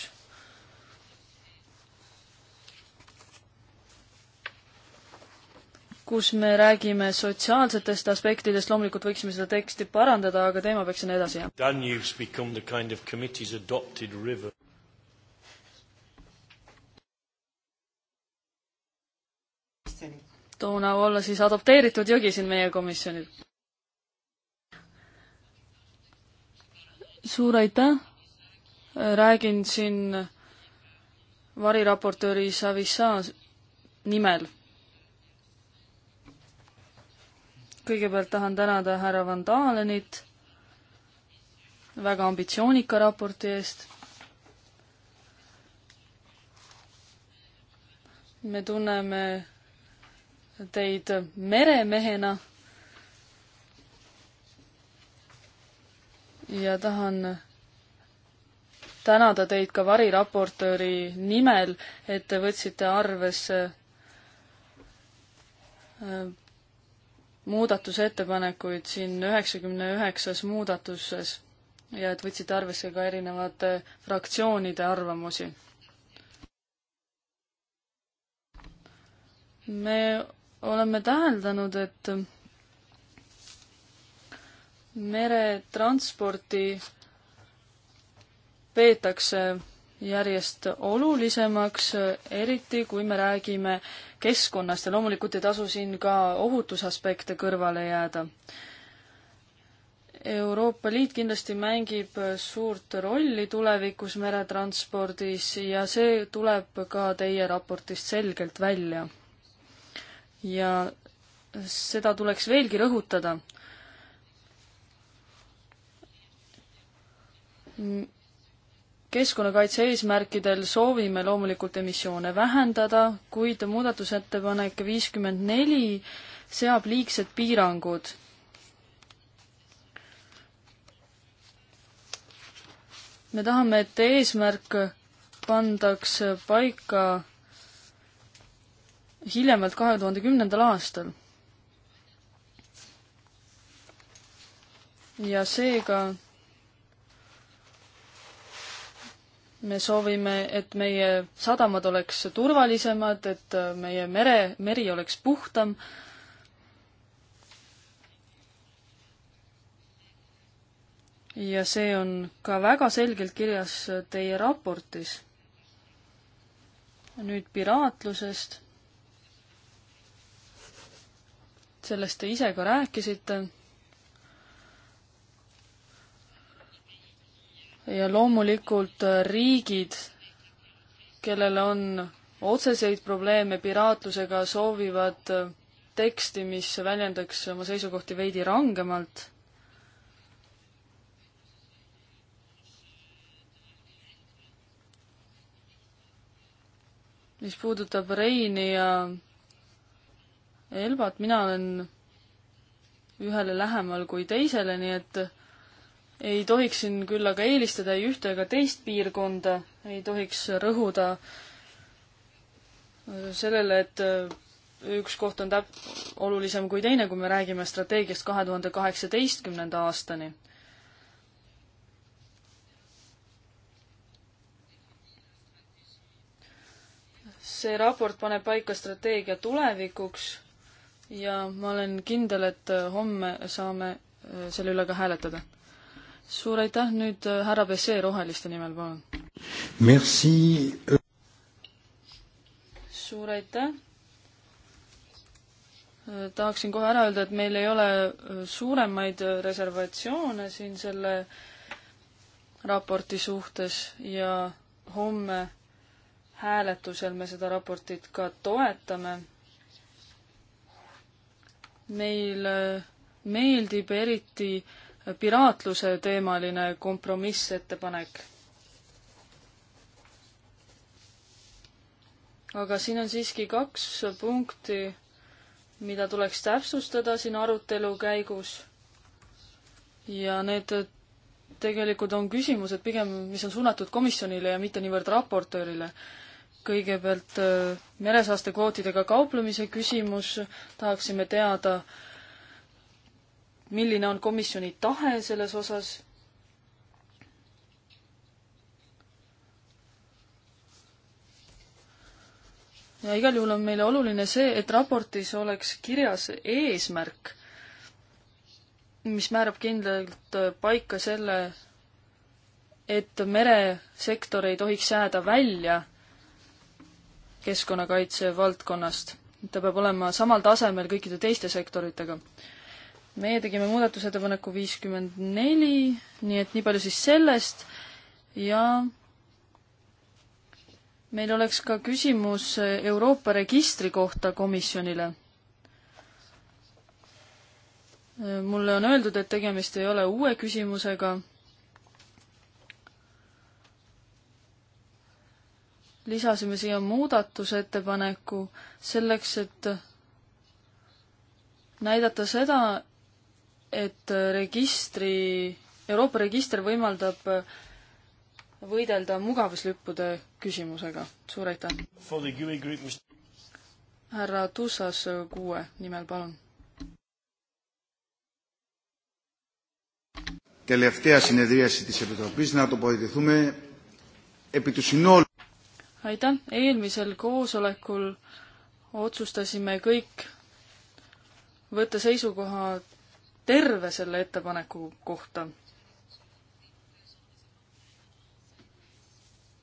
kus me räägime sotsiaalsetest aspektidest, loomulikult võiksime seda teksti parandada, aga teema peaks sinna edasi jääma. toona olla siis adopteeritud jõgi siin meie komisjonil. suur aitäh, räägin siin variraportööri Savissa nimel kõigepealt tahan tänada härra Van Dalenit väga ambitsioonika raporti eest. me tunneme teid meremehena. ja tahan tänada teid ka variraportööri nimel, et te võtsite arvesse äh, muudatusettepanekuid siin üheksakümne üheksas muudatuses ja et võtsite arvesse ka erinevate fraktsioonide arvamusi. me oleme täheldanud, et meretransporti peetakse järjest olulisemaks, eriti kui me räägime äh, keskkonnast ja loomulikult ei tasu siin ka ohutusaspekte kõrvale jääda. Euroopa Liit kindlasti mängib suurt rolli tulevikus meretranspordis ja see tuleb ka teie raportist selgelt välja. ja seda tuleks veelgi rõhutada keskkonnakaitse eesmärkidel soovime loomulikult emissioone vähendada, kuid muudatusettepanek viiskümmend neli seab liigsed piirangud. me tahame, et eesmärk pandaks paika hiljemalt kahe tuhande kümnendal aastal. ja seega me soovime, et meie sadamad oleks turvalisemad, et meie mere, meri oleks puhtam. ja see on ka väga selgelt kirjas teie raportis. nüüd piraatlusest. sellest te ise ka rääkisite ja loomulikult äh, riigid, kellel on otseseid probleeme piraatlusega, soovivad äh, teksti, mis väljendaks oma seisukohti veidi rangemalt. mis puudutab Reini ja Elvat, mina olen ühele lähemal kui teisele, nii et ei tohiks siin küll aga eelistada ei ühte ega teist piirkonda, ei tohiks rõhuda sellele, et üks koht on täp-, olulisem kui teine, kui me räägime strateegiast kahe tuhande kaheksateistkümnenda aastani. see raport paneb paika strateegia tulevikuks ja ma olen kindel, et homme saame selle üle ka hääletada suur aitäh, nüüd äh, härra Bessee Roheliste nimel, palun. Merci. suur aitäh. Äh, tahaksin kohe ära öelda, et meil ei ole äh, suuremaid reservatsioone siin selle raporti suhtes ja homme hääletusel me seda raportit ka toetame. meil meeldib eriti äh, piraatluse teemaline kompromissettepanek. aga siin on siiski kaks punkti, mida tuleks täpsustada siin arutelu käigus. ja need tegelikult on küsimused pigem, mis on suunatud komisjonile ja mitte niivõrd raportöörile kõigepealt äh, meresaastekvootidega kauplemise küsimus, tahaksime teada, milline on komisjoni tahe selles osas ja igal juhul on meile oluline see, et raportis oleks kirjas eesmärk, mis määrab kindlalt paika selle, et meresektor ei tohiks jääda välja keskkonnakaitse valdkonnast. ta peab olema samal tasemel kõikide teiste sektoritega meie tegime muudatusettepaneku viiskümmend neli, nii et nii palju siis sellest ja meil oleks ka küsimus Euroopa registri kohta komisjonile. mulle on öeldud, et tegemist ei ole uue küsimusega. lisasime siia muudatusettepaneku selleks, et näidata seda, et registri, Euroopa register võimaldab võidelda mugavuslippude küsimusega. suur aitäh! härra Tussas kuue nimel, palun. τελευταία συνεδρίαση της Επιτροπής να τοποθετηθούμε επί του συνόλου. Aitäh! Eelmisel koosolekul otsustasime kõik võtta seisukoha terve selle ettepaneku kohta.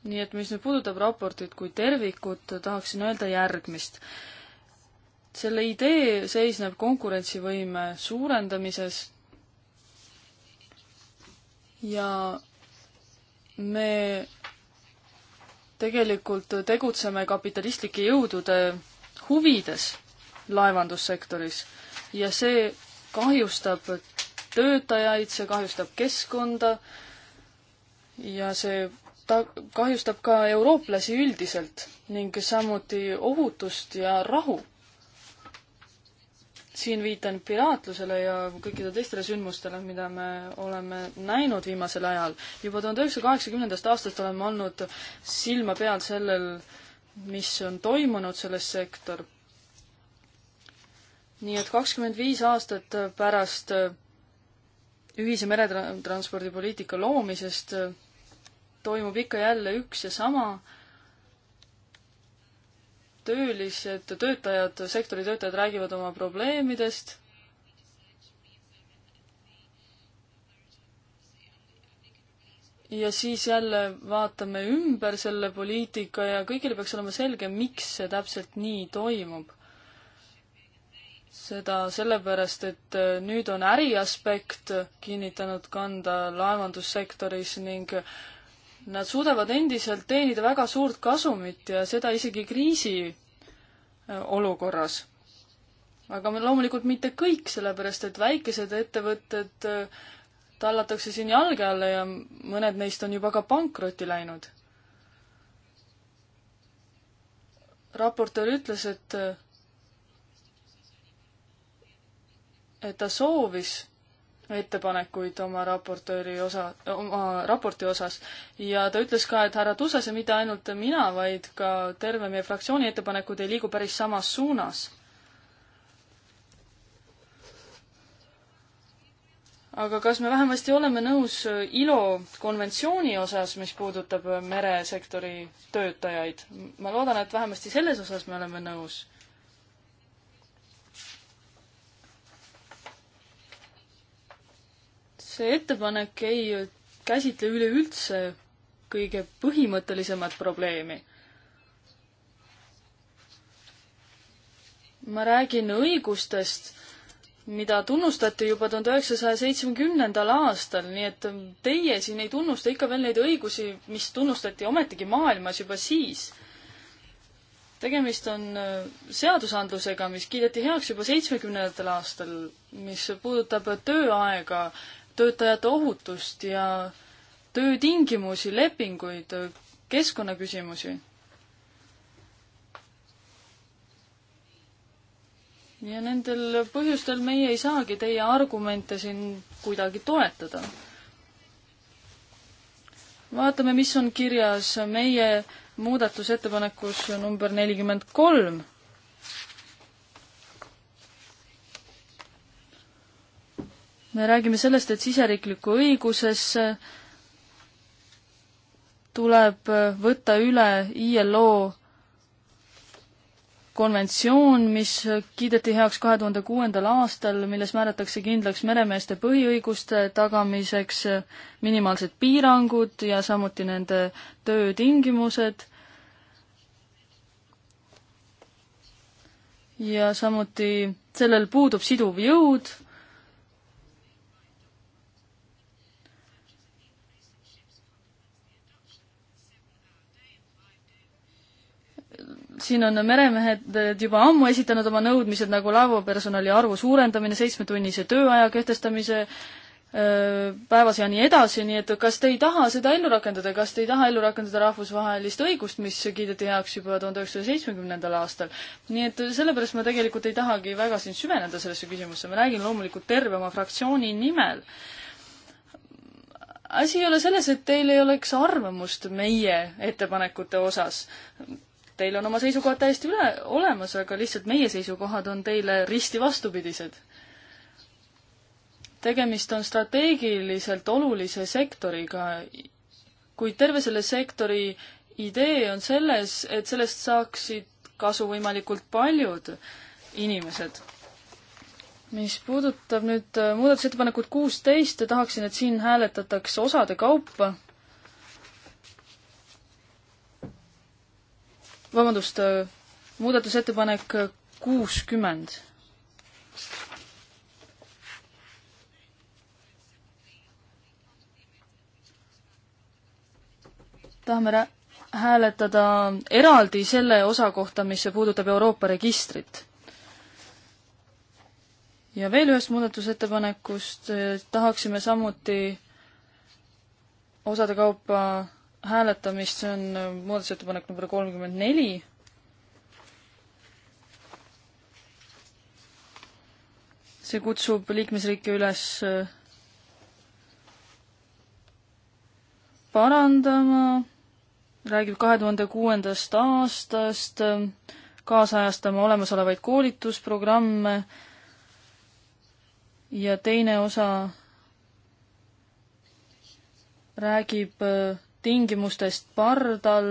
nii et mis nüüd puudutab raportit kui tervikut, tahaksin öelda järgmist. selle idee seisneb konkurentsivõime suurendamises ja me tegelikult tegutseme kapitalistlike jõudude huvides laevandussektoris ja see kahjustab töötajaid, see kahjustab keskkonda ja see ta kahjustab ka eurooplasi üldiselt ning samuti ohutust ja rahu. siin viitan piraatlusele ja kõikidele teistele sündmustele, mida me oleme näinud viimasel ajal. juba tuhande üheksasaja kaheksakümnendast aastast oleme olnud silma peal sellel, mis on toimunud selles sektor nii et kakskümmend viis aastat pärast äh, ühise meretranspordipoliitika loomisest äh, toimub ikka jälle üks ja sama. töölised, töötajad, sektori töötajad räägivad oma probleemidest ja siis jälle vaatame ümber selle poliitika ja kõigil peaks olema selge, miks see täpselt nii toimub seda sellepärast, et äh, nüüd on äriaspekt kinnitanud kanda laevandussektoris ning nad suudavad endiselt teenida väga suurt kasumit ja seda isegi kriisi äh, olukorras. aga loomulikult mitte kõik, sellepärast et väikesed ettevõtted äh, tallatakse siin jalge alla ja mõned neist on juba ka pankrotti läinud. raportöör ütles, et ta soovis ettepanekuid oma raportööri osa, oma raporti osas ja ta ütles ka, et härra Tusas ja mitte ainult mina, vaid ka terve meie fraktsiooni ettepanekud ei liigu päris samas suunas. aga kas me vähemasti oleme nõus ILO konventsiooni osas, mis puudutab meresektori töötajaid? ma loodan, et vähemasti selles osas me oleme nõus see ettepanek ei käsitle üleüldse kõige põhimõttelisemat probleemi. ma räägin õigustest, mida tunnustati juba tuhande üheksasaja seitsmekümnendal aastal, nii et teie siin ei tunnusta ikka veel neid õigusi, mis tunnustati ometigi maailmas juba siis. tegemist on äh, seadusandlusega, mis kiideti heaks juba seitsmekümnendatel aastal, mis puudutab tööaega, töötajate ohutust ja töötingimusi, lepinguid, keskkonnaküsimusi. ja nendel põhjustel meie ei saagi teie argumente siin kuidagi toetada. vaatame, mis on kirjas meie muudatusettepanekus number nelikümmend kolm me räägime sellest, et siseriiklikku õigusesse tuleb võtta üle ILO konventsioon, mis kiideti heaks kahe tuhande kuuendal aastal, milles määratakse kindlaks meremeeste põhiõiguste tagamiseks minimaalsed piirangud ja samuti nende töötingimused. ja samuti sellel puudub siduv jõud siin on meremehed eh, juba ammu esitanud oma nõudmised nagu laevapersonali arvu suurendamine, seitsmetunnise tööaja kehtestamise eh, päevas ja nii edasi, nii et kas te ei taha seda ellu rakendada, kas te ei taha ellu rakendada rahvusvahelist õigust, mis kiideti heaks juba tuhande üheksasaja seitsmekümnendal aastal? nii et sellepärast ma tegelikult ei tahagi väga siin süveneda sellesse küsimusse, ma räägin loomulikult terve oma fraktsiooni nimel. asi ei ole selles, et teil ei oleks arvamust meie ettepanekute osas Teil on oma seisukohad täiesti üle, olemas, aga lihtsalt meie seisukohad on teile risti vastupidised. tegemist on strateegiliselt olulise sektoriga, kuid terve selle sektori idee on selles, et sellest saaksid kasu võimalikult paljud inimesed mis puudutab nüüd äh, muudatusettepanekut kuusteist, tahaksin, et siin hääletataks osade kaupa. vabandust, äh, muudatusettepanek kuuskümmend. tahame rää-, hääletada eraldi selle osa kohta, mis puudutab Euroopa registrit. ja veel ühest muudatusettepanekust äh, tahaksime samuti osade kaupa hääletamist, see on äh, muudatusettepanek number kolmkümmend neli. see kutsub liikmesriike üles äh, parandama, räägib kahe tuhande kuuendast aastast, äh, kaasajastama olemasolevaid koolitusprogramme ja teine osa räägib äh, tingimustest pardal,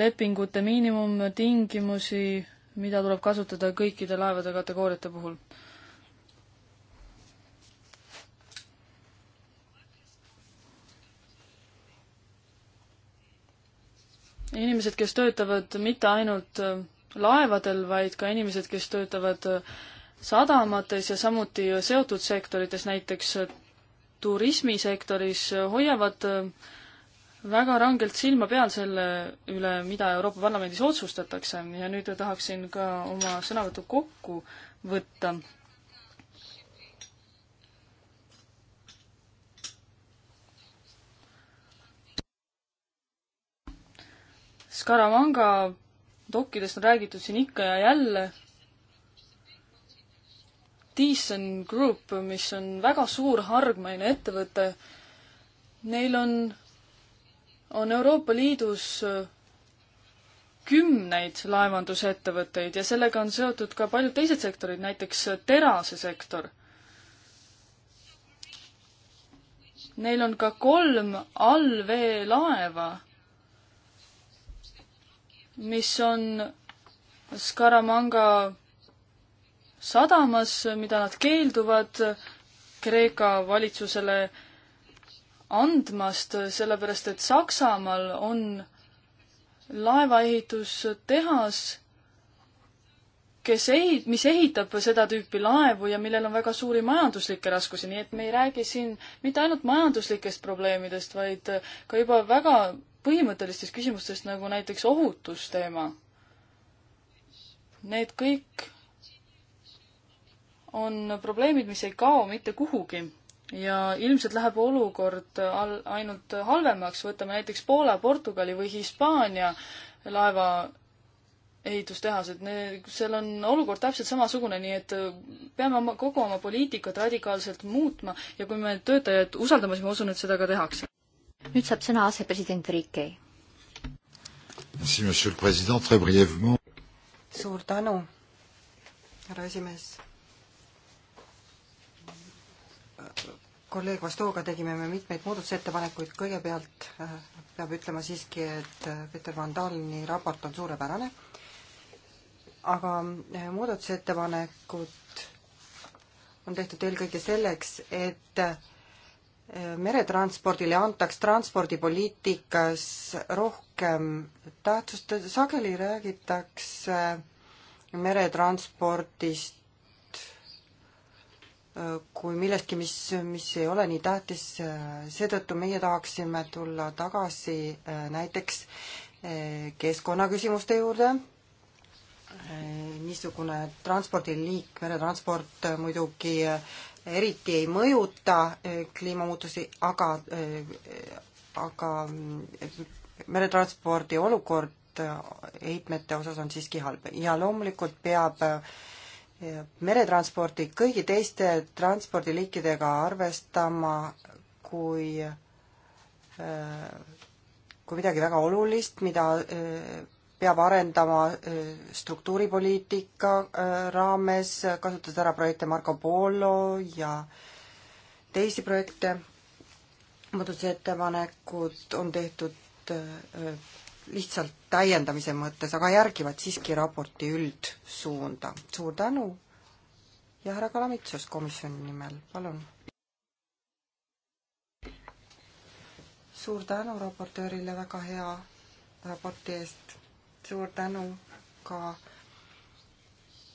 lepingute miinimumtingimusi, mida tuleb kasutada kõikide laevade kategooriate puhul. inimesed, kes töötavad mitte ainult äh, laevadel, vaid ka inimesed, kes töötavad äh, sadamates ja samuti äh, seotud sektorites, näiteks turismisektoris hoiavad äh, väga rangelt silma peal selle üle, mida Euroopa Parlamendis otsustatakse ja nüüd tahaksin ka oma sõnavõtu kokku võtta. Scaramanga dokkidest on räägitud siin ikka ja jälle Thyssen Group, mis on väga suur hargmaine ettevõte, neil on, on Euroopa Liidus äh, kümneid laevandusettevõtteid ja sellega on seotud ka paljud teised sektorid, näiteks äh, terasesektor. Neil on ka kolm allveelaeva, mis on Scaramanga sadamas, mida nad keelduvad Kreeka valitsusele andmast, sellepärast et Saksamaal on laevaehitustehas, kes ehit-, mis ehitab seda tüüpi laevu ja millel on väga suuri majanduslikke raskusi, nii et me ei räägi siin mitte ainult majanduslikest probleemidest, vaid ka juba väga põhimõttelistest küsimustest, nagu näiteks ohutusteema. Need kõik on probleemid, mis ei kao mitte kuhugi ja ilmselt läheb olukord al-, ainult halvemaks, võtame näiteks Poola, Portugali või Hispaania laeva ehitustehased, seal on olukord täpselt samasugune, nii et peame oma, kogu oma poliitikat radikaalselt muutma ja kui me töötajaid usaldame, siis ma usun, et seda ka tehakse. nüüd saab sõna asepresident Riike. suur tänu, härra esimees kolleeg Vastoga tegime me mitmeid muudatusettepanekuid, kõigepealt äh, peab ütlema siiski, et äh, Peter Van Daleni raport on suurepärane, aga äh, muudatusettepanekud on tehtud eelkõige selleks, et meretranspordile antaks transpordipoliitikas rohkem tähtsust, sageli räägitakse meretranspordist kui millestki, mis, mis ei ole nii tähtis, seetõttu meie tahaksime tulla tagasi eh, näiteks eh, keskkonnaküsimuste juurde, eh, niisugune transpordiliik, meretransport muidugi eriti ei mõjuta kliimamuutusi, aga, aga mm, meretranspordi olukord heitmete osas on siiski halb ja loomulikult peab äh, meretransporti kõigi teiste transpordiliikidega arvestama kui, äh, kui midagi väga olulist, mida äh, peab arendama äh, struktuuripoliitika raames, kasutades ära projekte Marco Polo ja teisi projekte. muudatusettepanekud on tehtud lihtsalt täiendamise mõttes, aga järgivad siiski raporti üldsuunda. suur tänu ja härra Kalamitsus komisjoni nimel, palun. suur tänu raportöörile väga hea raporti eest, suur tänu ka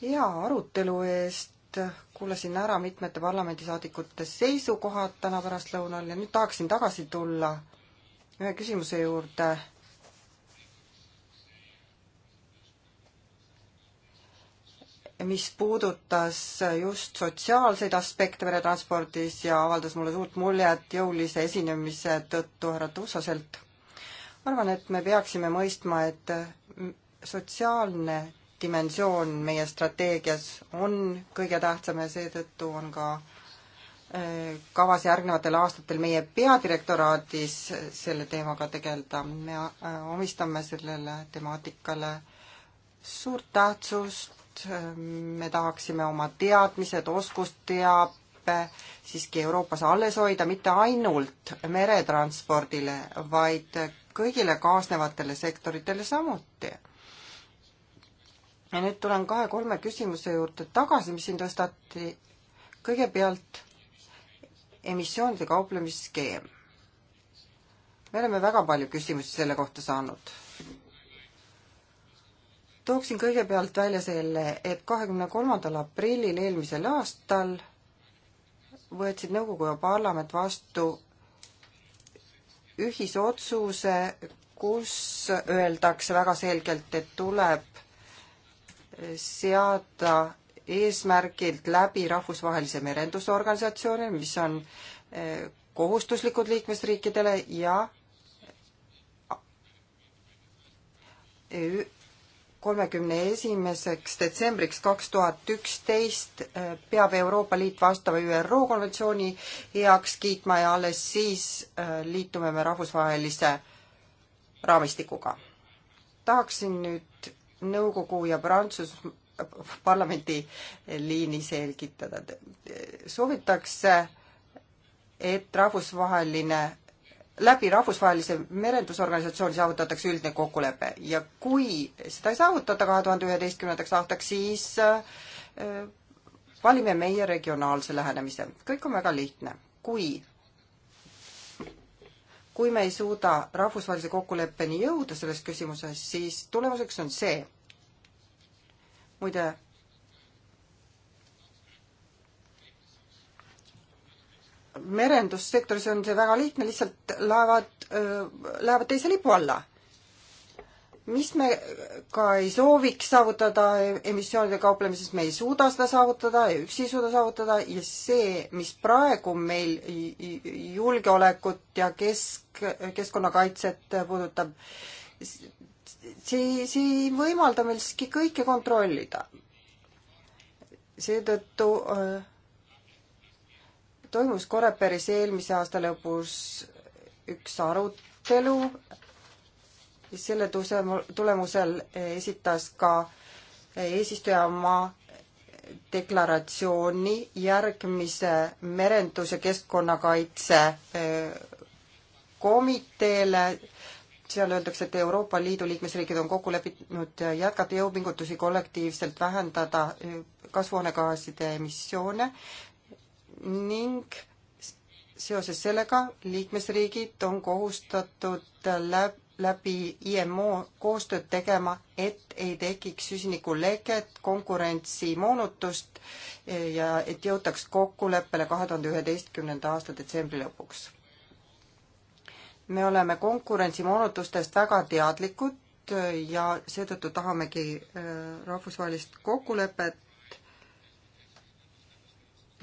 hea arutelu eest, kuulasin ära mitmete parlamendisaadikute seisukohad täna pärastlõunal ja nüüd tahaksin tagasi tulla ühe küsimuse juurde, mis puudutas just sotsiaalseid aspekte meretranspordis ja avaldas mulle suurt muljet jõulise esinemise tõttu härra Tussaselt. ma arvan, et me peaksime mõistma, et sotsiaalne dimensioon meie strateegias on kõige tähtsam ja seetõttu on ka eh, kavas järgnevatel aastatel meie peadirektoraadis selle teemaga tegeleda. me eh, omistame sellele temaatikale suurt tähtsust, Ähm, me tahaksime oma teadmised, oskusteabe siiski Euroopas alles hoida, mitte ainult meretranspordile, vaid kõigile kaasnevatele sektoritele samuti. ja nüüd tulen kahe-kolme küsimuse juurde tagasi, mis siin tõstati. kõigepealt emissioonide kauplemisskeem. me oleme väga palju küsimusi selle kohta saanud tooksin kõigepealt välja selle, et kahekümne kolmandal aprillil eelmisel aastal võtsid nõukogu ja parlament vastu ühisotsuse, kus öeldakse väga selgelt, et tuleb seada eesmärgilt läbi rahvusvahelise merendusorganisatsiooni, mis on eh, kohustuslikud liikmesriikidele ja e kolmekümne esimeseks detsembriks kaks tuhat üksteist eh, peab Euroopa Liit vastava ÜRO konventsiooni heaks kiitma ja alles siis eh, liitume me rahvusvahelise raamistikuga. tahaksin nüüd nõukogu ja Prantsus parlamendi liini selgitada. soovitakse, et rahvusvaheline läbi rahvusvahelise merendusorganisatsiooni saavutatakse üldne kokkulepe ja kui seda ei saavutata kahe tuhande üheteistkümnendaks aastaks, siis äh, valime meie regionaalse lähenemise. kõik on väga lihtne. kui, kui me ei suuda rahvusvahelise kokkuleppeni jõuda selles küsimuses, siis tulemuseks on see, muide merendussektoris on see väga lihtne, lihtsalt laevad lähevad teise lipu alla. mis me ka ei sooviks saavutada emissioonide kauplemises, me ei suuda seda saavutada, üksi ei suuda saavutada ja see, mis praegu meil julgeolekut ja kesk, keskkonnakaitset puudutab, see, see ei võimalda meil siiski kõike kontrollida. seetõttu äh, toimus Koreperis eelmise aasta lõpus üks arutelu, selle tulemusel esitas ka eesistujamaa deklaratsiooni järgmise merendus- ja keskkonnakaitse eh, komiteele. seal öeldakse, et Euroopa Liidu liikmesriigid on kokku leppinud jätkata jõupingutusi kollektiivselt vähendada eh, kasvuhoonegaaside emissioone ning seoses sellega liikmesriigid on kohustatud läb, läbi IMO koostööd tegema, et ei tekiks süsinikuleket, konkurentsimoonutust eh, ja et jõutaks kokkuleppele kahe tuhande üheteistkümnenda aasta detsembri lõpuks. me oleme konkurentsimoonutustest väga teadlikud eh, ja seetõttu tahamegi eh, rahvusvahelist kokkulepet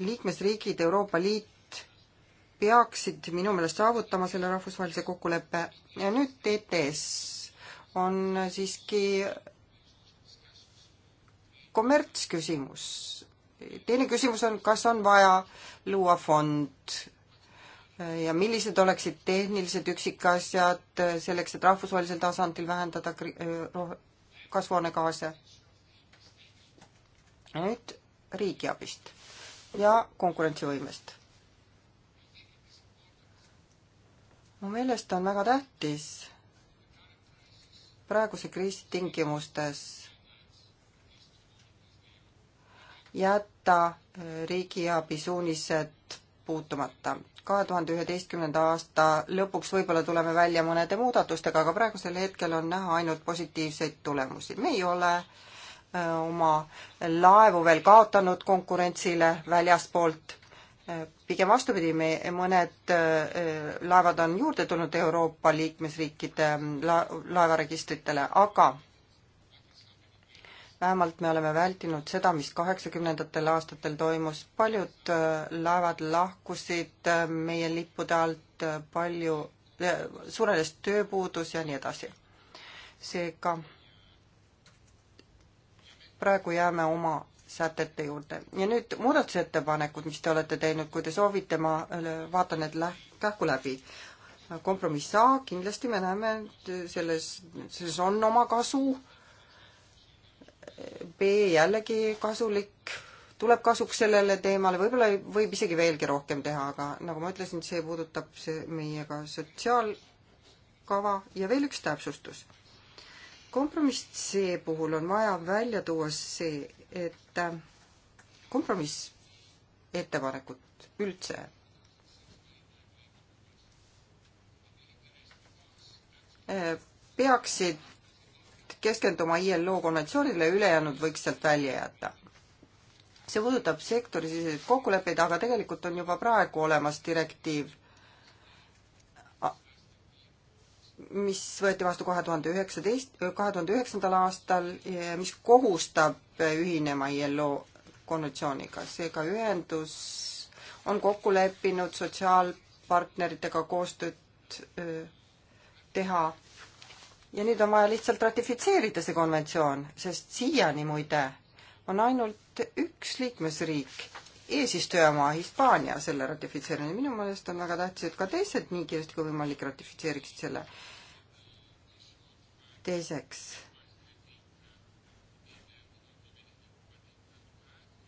liikmesriigid, Euroopa Liit peaksid minu meelest saavutama selle rahvusvahelise kokkuleppe ja nüüd TTS on siiski kommertsküsimus. teine küsimus on, kas on vaja luua fond ja millised oleksid tehnilised üksikasjad selleks, et rahvusvahelisel tasandil vähendada äh, kasvuhoonegaase? nüüd riigiabist ja konkurentsivõimest. mu meelest on väga tähtis praeguse kriisi tingimustes jätta riigiabi suunised puutumata. kahe tuhande üheteistkümnenda aasta lõpuks võib-olla tuleme välja mõnede muudatustega, aga praegusel hetkel on näha ainult positiivseid tulemusi. me ei ole äh, Äh, oma laevu veel kaotanud konkurentsile väljaspoolt. Äh, pigem vastupidi, me, mõned äh, laevad on juurde tulnud Euroopa liikmesriikide ähm, la-, laevaregistritele, aga vähemalt me oleme vältinud seda, mis kaheksakümnendatel aastatel toimus. paljud laevad lahkusid meie lippude alt, palju, suurenes tööpuudus ja nii edasi. seega praegu jääme oma sätete juurde. ja nüüd muudatusettepanekud, mis te olete teinud, kui te soovite, ma äh, vaatan need läh-, kähku läbi. kompromiss A, kindlasti me näeme, et selles, selles on oma kasu. B jällegi kasulik, tuleb kasuks sellele teemale, võib-olla võib isegi veelgi rohkem teha, aga nagu ma ütlesin, see puudutab see meie ka sotsiaalkava ja veel üks täpsustus kompromiss C puhul on vaja välja tuua see, et äh, kompromiss ettepanekut üldse äh, peaksid keskenduma ILO konventsioonile, ülejäänud võiks sealt välja jätta. see puudutab sektorisiseseid kokkuleppeid, aga tegelikult on juba praegu olemas direktiiv mis võeti vastu kahe tuhande üheksateist, kahe tuhande üheksandal aastal, eh, mis kohustab eh, ühinema ILO konventsiooniga, seega ühendus on kokku leppinud sotsiaalpartneritega koostööd eh, teha. ja nüüd on vaja lihtsalt ratifitseerida see konventsioon, sest siiani muide on ainult üks liikmesriik, eesistujamaa Hispaania selle ratifitseerinud. minu meelest on väga tähtis, et ka teised nii kiiresti kui võimalik ratifitseeriksid selle. teiseks,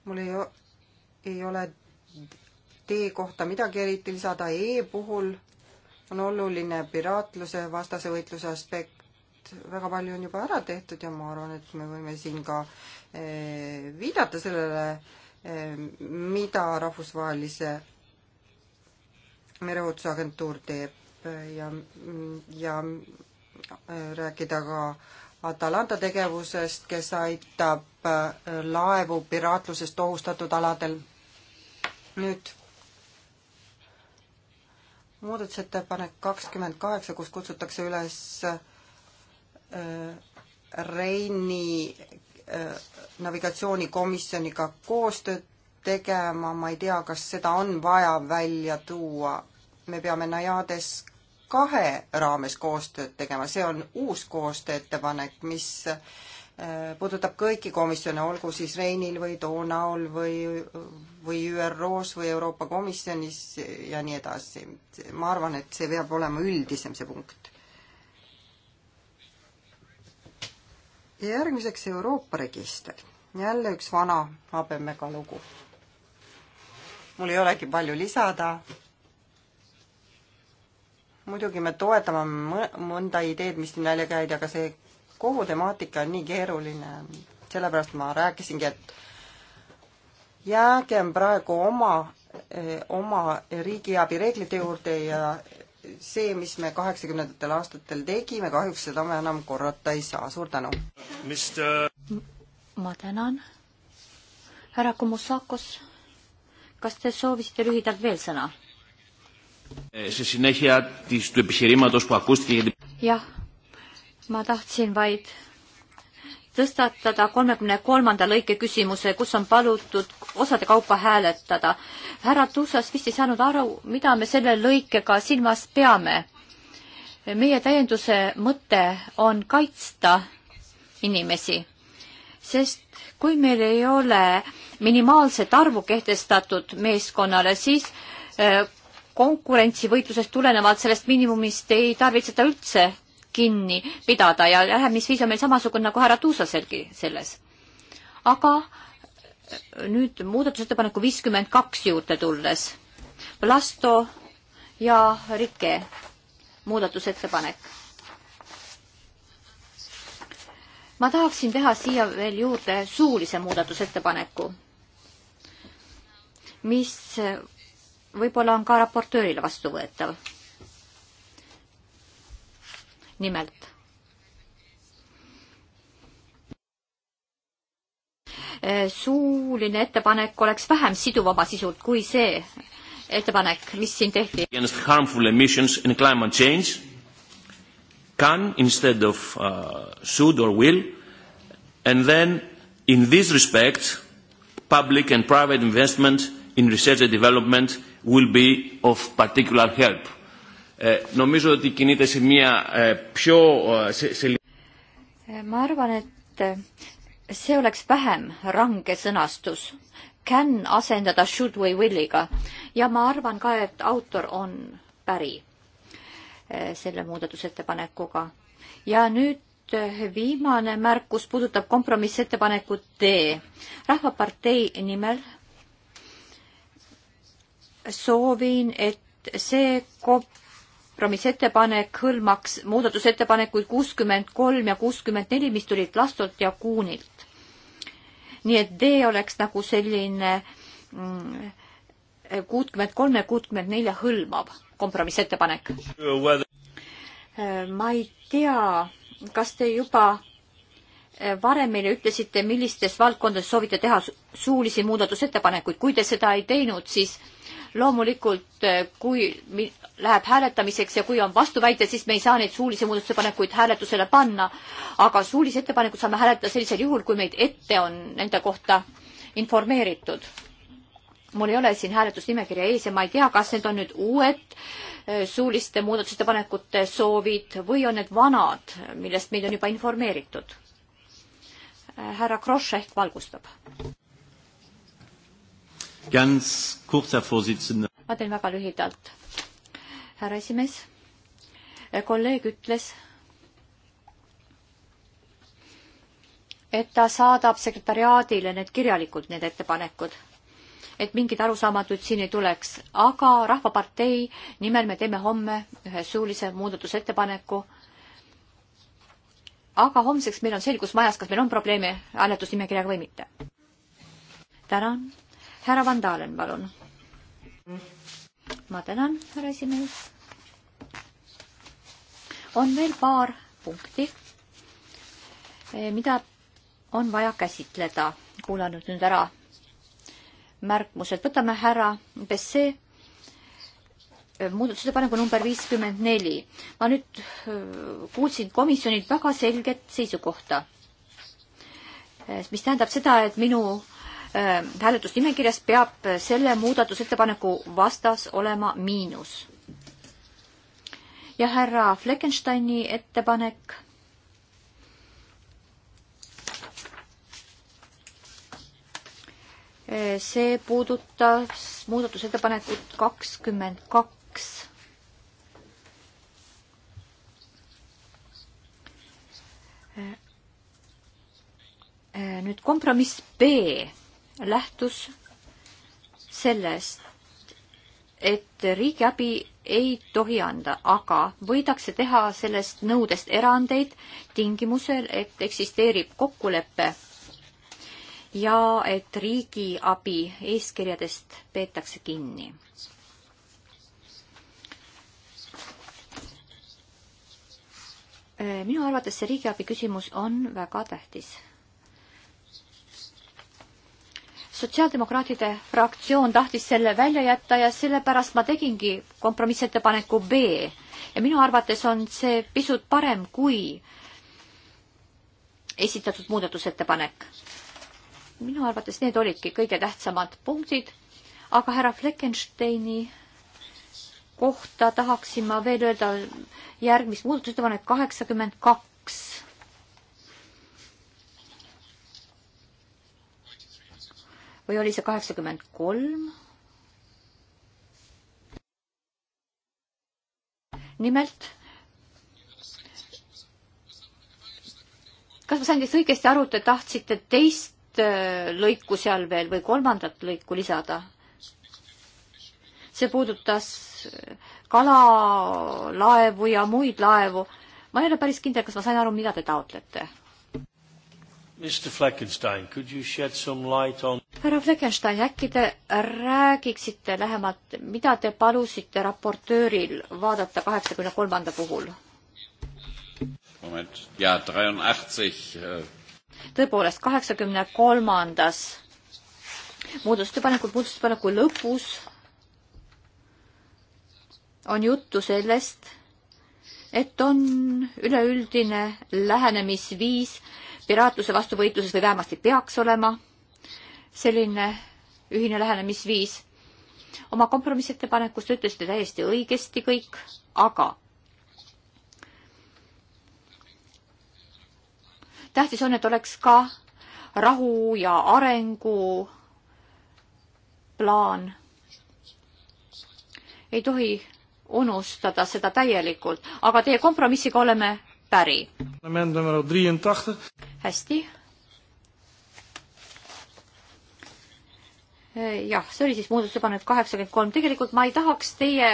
mul ei, ei ole tee kohta midagi eriti lisada e. E puhul on oluline piraatluse vastase võitluse aspekt, väga palju on juba ära tehtud ja ma arvan, et me võime siin ka eh, viidata sellele mida rahvusvahelise mereohutusagentuur teeb ja, ja äh, rääkida ka Atalanta tegevusest, kes aitab äh, laevu piraatlusest ohustatud aladel. nüüd muudatusettepanek kakskümmend kaheksa, kus kutsutakse üles äh, Reini navigatsioonikomisjoniga koostööd tegema, ma ei tea, kas seda on vaja välja tuua. me peame Najades kahe raames koostööd tegema, see on uus koostööettepanek, mis äh, puudutab kõiki komisjone, olgu siis Reinil või Donaul või, või ÜRO-s või Euroopa Komisjonis ja nii edasi. ma arvan, et see peab olema üldisem, see punkt. ja järgmiseks Euroopa register. jälle üks vana habemega lugu. mul ei olegi palju lisada. muidugi me toetame mõnda ideed, mis siin välja käidi, aga see kogu temaatika on nii keeruline. sellepärast ma rääkisingi, et jäägem praegu oma, eh, oma riigiabi reeglite juurde ja see, mis me kaheksakümnendatel aastatel tegime, kahjuks seda me enam korrata ei saa, suur tänu Mister...! ma tänan. härra Komusakos, kas te soovisite lühidalt veel sõna? Eh, jah, ma tahtsin vaid tõstatada kolmekümne kolmanda lõike küsimuse, kus on palutud osade kaupa hääletada. härra Tuusas vist ei saanud aru, mida me selle lõikega silmas peame. meie täienduse mõte on kaitsta inimesi, sest kui meil ei ole minimaalset arvu kehtestatud meeskonnale, siis eh, konkurentsivõitlusest tulenevalt sellest miinimumist ei tarvitseta üldse kinni pidada ja lähemisviis on meil samasugune nagu härra Tuusaselgi selles. aga nüüd muudatusettepaneku viiskümmend kaks juurde tulles. Vlasto ja Rike muudatusettepanek. ma tahaksin teha siia veel juurde suulise muudatusettepaneku, mis võib-olla on ka raportöörile vastuvõetav nimelt. suuline ettepanek oleks vähem siduvaba sisult kui see ettepanek, mis siin tehti. Against harmful emissions and climate change can instead of uh, should or will and then in this respect public and private investment in research and development will be of particular help νομίζω ότι κινείται σε μια πιο... Σε, σε... Ma arvan, et see oleks vähem range sõnastus. Can asendada should või williga. Ja ma arvan ka, et autor on päri e, selle muudatusettepanekuga. Ja nüüd e, viimane märkus puudutab kompromissettepanekut D. Rahvapartei nimel soovin, et see kompromiss kompromissettepanek hõlmaks muudatusettepanekuid kuuskümmend kolm ja kuuskümmend neli, mis tulid Lastolt ja Kuunilt. nii et D oleks nagu selline mm, kuutkümmend kolm ja kuutkümmend nelja hõlmav kompromissettepanek. Äh, ma ei tea, kas te juba varem meile ütlesite, millistes valdkondades soovite teha suulisi muudatusettepanekuid. kui te seda ei teinud, siis loomulikult, eh, kui läheb hääletamiseks ja kui on vastuväide, siis me ei saa neid suulisi muudatusettepanekuid hääletusele panna. aga suulisi ettepanekuid saame hääletada sellisel juhul, kui meid ette on nende kohta informeeritud. mul ei ole siin hääletusnimekirja ees ja ma ei tea, kas need on nüüd uued eh, suuliste muudatusettepanekute soovid või on need vanad, millest meid on juba informeeritud härra Kross ehk valgustab. ma teen väga lühidalt. härra esimees, kolleeg ütles, et ta saadab sekretariaadile need kirjalikult, need ettepanekud et mingid arusaamatud siin ei tuleks, aga Rahvapartei nimel me teeme homme ühe suulise muudatusettepaneku aga homseks meil on selgus majas, kas meil on probleeme annetusnimekirjaga või mitte. tänan. härra Van Dalen, palun. ma tänan, härra esimees. on veel paar punkti, eh, mida on vaja käsitleda. kuulanud nüüd ära märkmused. võtame härra Bessee muudatusettepaneku number viiskümmend neli. ma nüüd äh, kuulsin komisjonilt väga selget seisukohta, äh, mis tähendab seda, et minu äh, hääletusnimekirjas peab selle muudatusettepaneku vastas olema miinus. ja härra Fleckensteini ettepanek see puudutas muudatusettepanekut kakskümmend kaks. nüüd kompromiss B lähtus sellest, et riigiabi ei tohi anda, aga võidakse teha sellest nõudest erandeid tingimusel, et eksisteerib kokkulepe ja et riigiabi eeskirjadest peetakse kinni. minu arvates see riigiabi küsimus on väga tähtis sotsiaaldemokraatide fraktsioon tahtis selle välja jätta ja sellepärast ma tegingi kompromissettepaneku B ja minu arvates on see pisut parem kui esitatud muudatusettepanek. minu arvates need olidki kõige tähtsamad punktid, aga härra Fleckensteini kohta tahaksin ma veel öelda järgmist muudatusettepanek kaheksakümmend kaks või oli see kaheksakümmend kolm? nimelt, kas ma sain teist õigesti aru, te tahtsite teist äh, lõiku seal veel või kolmandat lõiku lisada? see puudutas äh, kalalaevu ja muid laevu. ma ei ole päris kindel, kas ma sain aru, mida te taotlete Mr Fleckenstein, could you shed some light on härra Fleckenstein, äkki te räägiksite lähemalt, mida te palusite raportööril vaadata kaheksakümne kolmanda puhul? moment, jaa, äh. tõepoolest, kaheksakümne kolmandas muudatusettepanekud, muudatusettepaneku lõpus on juttu sellest, et on üleüldine lähenemisviis, piraatluse vastu võitluses või vähemasti peaks olema selline ühine lähenemisviis. oma kompromissettepanekus te ütlesite täiesti õigesti kõik, aga tähtis on, et oleks ka rahu ja arengu plaan. ei tohi unustada seda täielikult, aga teie kompromissiga oleme päri. hästi. Eh, jah, see oli siis muudatusepanek kaheksakümmend kolm. tegelikult ma ei tahaks teie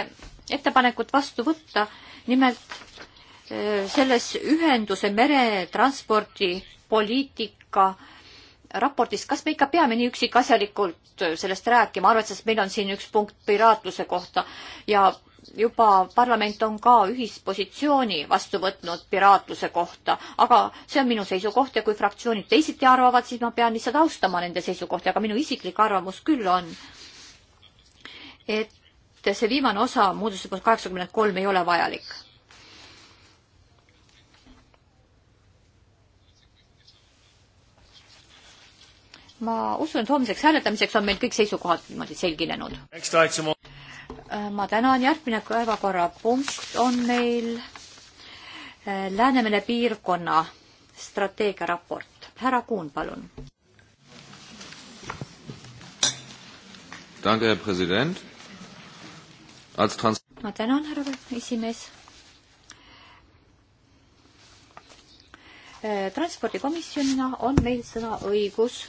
ettepanekut vastu võtta, nimelt eh, selles ühenduse meretranspordi poliitika raportis, kas me ikka peame nii üksikasjalikult sellest rääkima, arvestades, et meil on siin üks punkt piraatluse kohta ja juba parlament on ka ühispositsiooni vastu võtnud piraatluse kohta, aga see on minu seisukoht ja kui fraktsioonid teisiti arvavad, siis ma pean lihtsalt austama nende seisukohti, aga minu isiklik arvamus küll on, et see viimane osa muudatusettepanek kaheksakümmend kolm ei ole vajalik. ma usun, et homseks hääletamiseks on meil kõik seisukohad niimoodi selginenud ma tänan, järgmine päevakorrapunkt on meil eh, Läänemere piirkonna strateegiaraport. härra Kuun, palun. ma tänan, härra esimees. Eh, transpordikomisjonina on meil sõnaõigus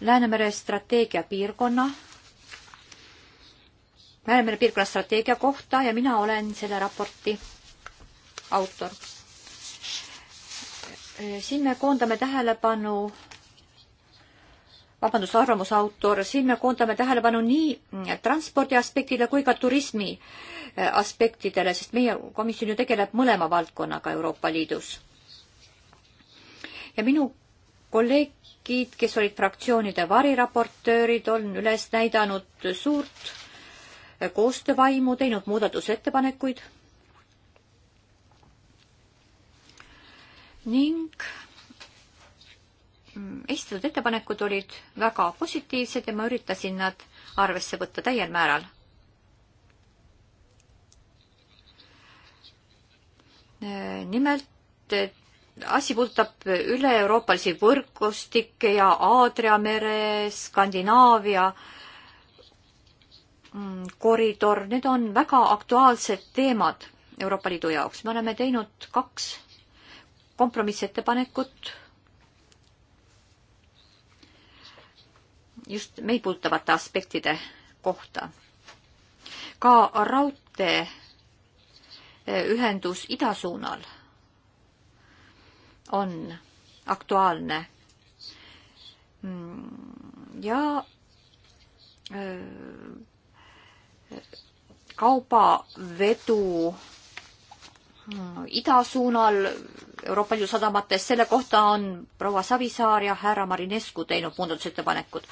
Läänemere strateegiapiirkonna me oleme piirkonna strateegia kohta ja mina olen selle raporti autor. siin me koondame tähelepanu, vabandust, arvamuse autor, siin me koondame tähelepanu nii transpordi aspektile kui ka turismi eh, aspektidele, sest meie komisjon ju tegeleb mõlema valdkonnaga Euroopa Liidus. ja minu kolleegid, kes olid fraktsioonide variraportöörid, on üles näidanud suurt koostöövaimu, teinud muudatusettepanekuid ning mm, esitatud ettepanekud olid väga positiivsed ja ma üritasin nad arvesse võtta täiel määral. nimelt asi puudutab üle-euroopalisi võrgustikke ja Aadria mere, Skandinaavia äh, koridor, need on väga aktuaalsed teemad Euroopa Liidu jaoks. me oleme teinud kaks kompromissettepanekut just meid puudutavate aspektide kohta. ka raudtee e, ühendus idasuunal on aktuaalne. Mm, ja e, kaubavedu äh, ida suunal Euroopa Liidu sadamates, selle kohta on proua Savisaar ja härra Marinescu teinud muudatusettepanekud.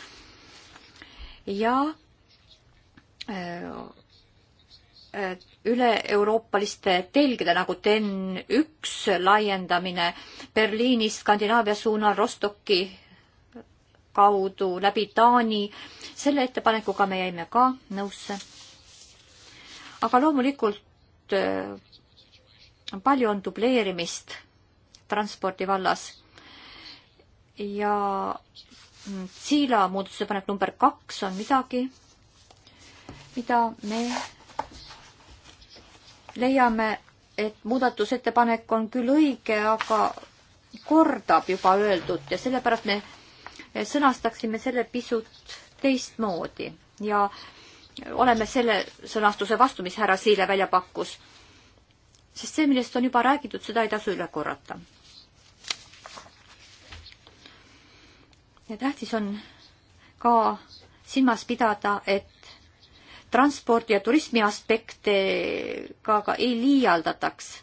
ja äh, äh, üle-euroopaliste telgede nagu TEN1 laiendamine Berliinist Skandinaavia suunal Rostoki kaudu läbi Taani, selle ettepanekuga me jäime ka nõusse aga loomulikult äh, palju on dubleerimist transpordi vallas ja mm, siila muudatusepanek number kaks on midagi, mida me leiame, et muudatusettepanek on küll õige, aga kordab juba öeldut ja sellepärast me sõnastaksime selle pisut teistmoodi ja oleme selle sõnastuse vastu, mis härra Siile välja pakkus. sest see, millest on juba räägitud, seda ei tasu üle korrata. ja tähtis on ka silmas pidada, et transpordi ja turismi aspekte ka, ka ei liialdataks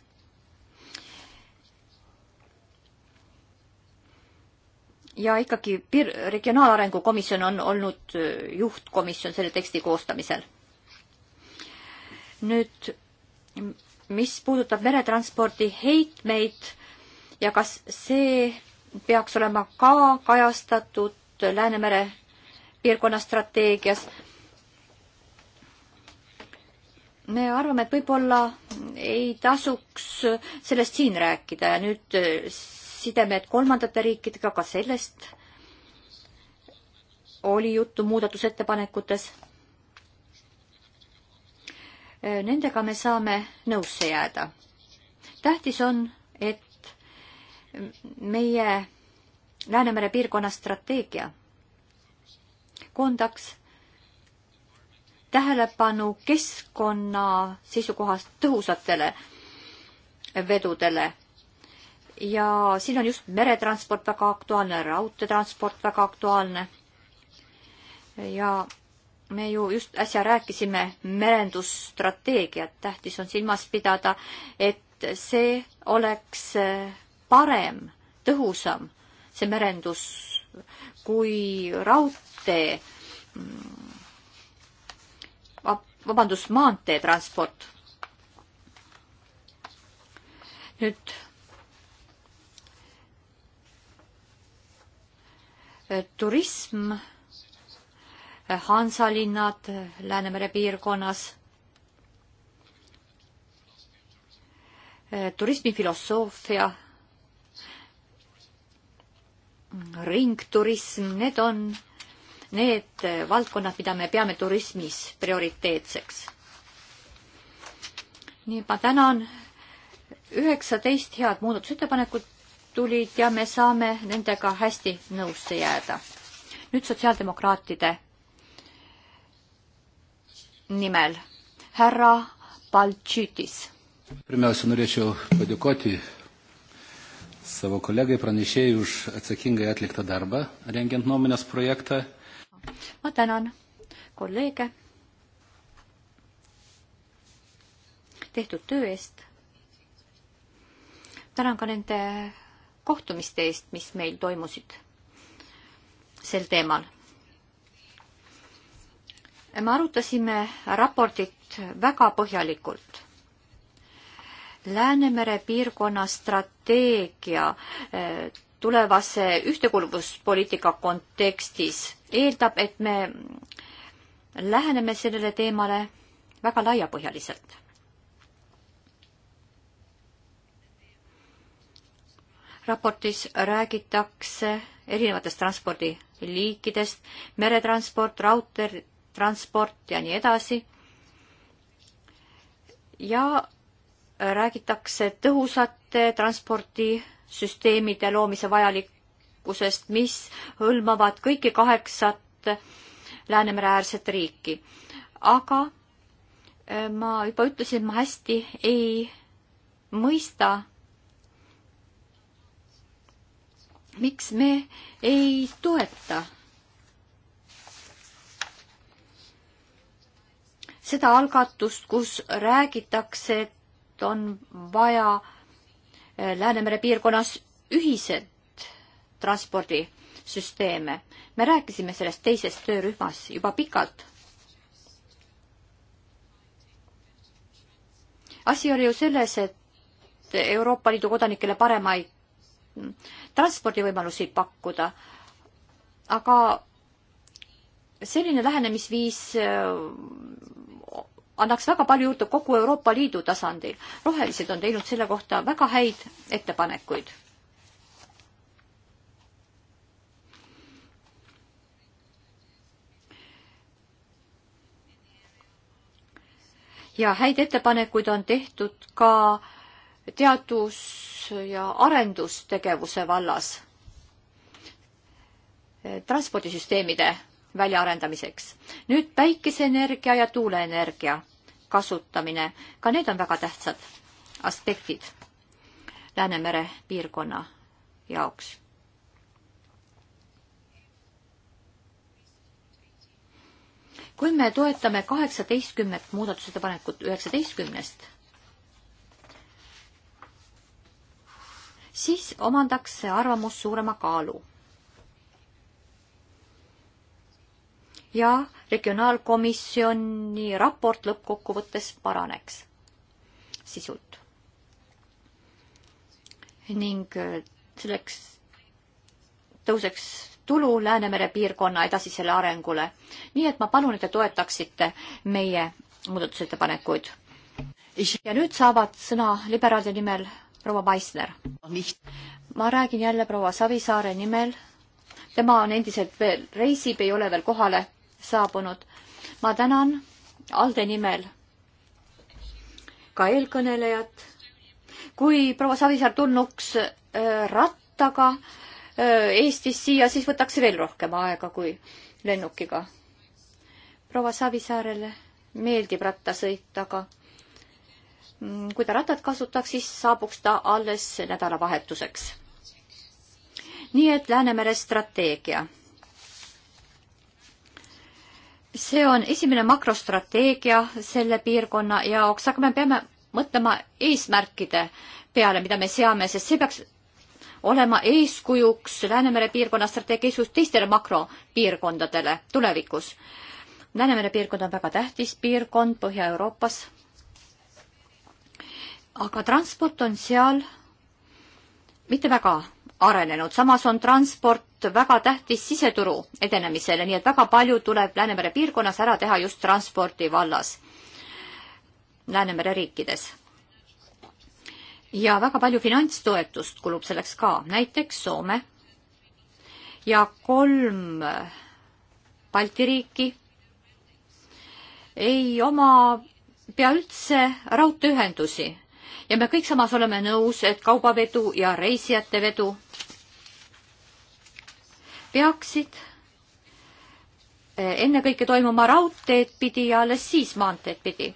ja ikkagi piir-, Regionaalarengu komisjon on olnud äh, juhtkomisjon selle teksti koostamisel. nüüd, mis puudutab meretranspordi heitmeid ja kas see peaks olema ka kajastatud Läänemere piirkonna strateegias, me arvame, et võib-olla ei tasuks sellest siin rääkida ja nüüd äh, sidemed kolmandate riikidega, ka sellest oli juttu muudatusettepanekutes. Nendega me saame nõusse jääda. tähtis on, et meie Läänemere piirkonna strateegia koondaks tähelepanu keskkonna seisukohast tõhusatele vedudele ja siin on just meretransport väga aktuaalne, raudteetransport väga aktuaalne. ja me ju just äsja rääkisime merendusstrateegiat, tähtis on silmas pidada, et see oleks eh, parem, tõhusam, see merendus, kui raudtee, mm, vabandust, maanteetransport. nüüd Eh, turism, eh, Hansalinnad eh, Läänemere piirkonnas. turismifilosoofia, ringturism, need on need valdkonnad, mida me peame turismis prioriteetseks. nii, ma tänan üheksateist head muudatusettepanekut tulid ja me saame nendega hästi nõusse jääda. nüüd sotsiaaldemokraatide nimel härra Baltšitis. Pirmiausia, norėčiau padėkoti savo kolegai pranešėjai už atsakingai atliktą darbą, rengiant nuomonės projektą. Ma tänan kolleege tehtud töö eest. tänan ka nende kohtumiste eest, mis meil toimusid sel teemal. me arutasime raportit väga põhjalikult. Läänemere piirkonna strateegia eh, tulevase ühtekuuluvuspoliitika kontekstis eeldab, et me läheneme sellele teemale väga laiapõhjaliselt raportis räägitakse erinevatest transpordiliikidest, meretransport, raudteetransport ja nii edasi. ja räägitakse tõhusate transpordisüsteemide loomise vajalikkusest, mis hõlmavad kõiki kaheksat Läänemere-äärset riiki. aga äh, ma juba ütlesin, ma hästi ei mõista miks me ei toeta seda algatust, kus räägitakse, et on vaja eh, Läänemere piirkonnas ühised transpordisüsteeme. me rääkisime sellest teises töörühmas juba pikalt. asi oli ju selles, et Euroopa Liidu kodanikele paremaid transpordivõimalusi pakkuda. aga selline lähenemisviis äh, annaks väga palju juurde kogu Euroopa Liidu tasandil. rohelised on teinud selle kohta väga häid ettepanekuid. ja häid ettepanekuid on tehtud ka teadus ja arendustegevuse vallas eh, transpordisüsteemide väljaarendamiseks. nüüd päikeseenergia ja tuuleenergia kasutamine, ka need on väga tähtsad aspektid Läänemere piirkonna jaoks. kui me toetame kaheksateistkümmet muudatusettepanekut üheksateistkümnest, siis omandaks see arvamus suurema kaalu. ja regionaalkomisjoni raport lõppkokkuvõttes paraneks sisult. ning äh, selleks tõuseks tulu Läänemere piirkonna edasisele arengule. nii et ma palun, et te toetaksite meie muudatusettepanekuid. ja nüüd saavad sõna liberaalide nimel proua Maisner. ma räägin jälle proua Savisaare nimel. tema on endiselt veel, reisib, ei ole veel kohale saabunud. ma tänan Alde nimel ka eelkõnelejat. kui proua Savisaar tulnuks äh, rattaga äh, Eestist siia, siis võtaks veel rohkem aega kui lennukiga. proua Savisaarele meeldib rattasõit, aga Mm, kui ta rattad kasutaks, siis saabuks ta alles nädalavahetuseks. nii et Läänemere strateegia. see on esimene makrostrateegia selle piirkonna jaoks, aga me peame mõtlema eesmärkide peale, mida me seame, sest see peaks olema eeskujuks Läänemere piirkonna strateegia eeskujuks teistele makropiirkondadele tulevikus. Läänemere piirkond on väga tähtis piirkond Põhja-Euroopas aga transport on seal mitte väga arenenud, samas on transport väga tähtis siseturu edenemisele, nii et väga palju tuleb Läänemere piirkonnas ära teha just transpordi vallas, Läänemere riikides. ja väga palju finantstoetust kulub selleks ka, näiteks Soome ja kolm Balti riiki ei oma pea üldse raudteeühendusi ja me kõik samas oleme nõus, et kaubavedu ja reisijate vedu peaksid eh, ennekõike toimuma raudteed pidi ja alles siis maanteed pidi.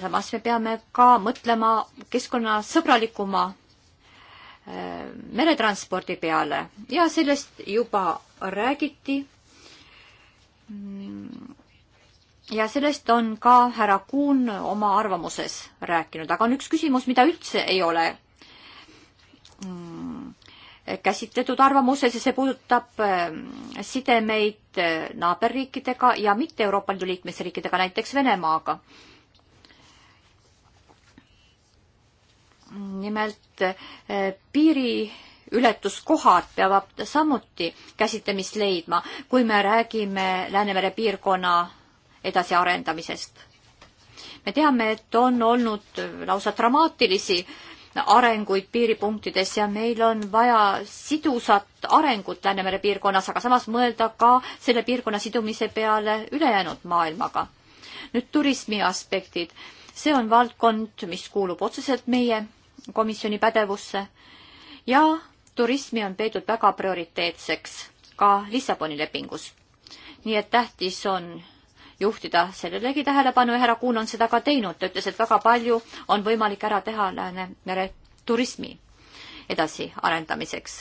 samas me peame ka mõtlema keskkonnasõbralikuma eh, meretranspordi peale ja sellest juba räägiti mm ja sellest on ka härra Kuhn oma arvamuses rääkinud, aga on üks küsimus, mida üldse ei ole mm, käsitletud arvamuses ja see puudutab ähm, sidemeid äh, naaberriikidega ja mitte Euroopa Liidu liikmesriikidega, näiteks Venemaaga. nimelt äh, piiriületuskohad peavad samuti käsitlemist leidma, kui me räägime Läänemere piirkonna edasiarendamisest. me teame, et on olnud lausa dramaatilisi arenguid piiripunktides ja meil on vaja sidusat arengut Läänemere piirkonnas, aga samas mõelda ka selle piirkonna sidumise peale ülejäänud maailmaga. nüüd turismi aspektid. see on valdkond, mis kuulub otseselt meie komisjoni pädevusse ja turismi on peetud väga prioriteetseks ka Lissaboni lepingus. nii et tähtis on juhtida sellelegi tähelepanu ja härra Kuhn on seda ka teinud, ta ütles, et väga palju on võimalik ära teha Läänemere turismi edasiarendamiseks.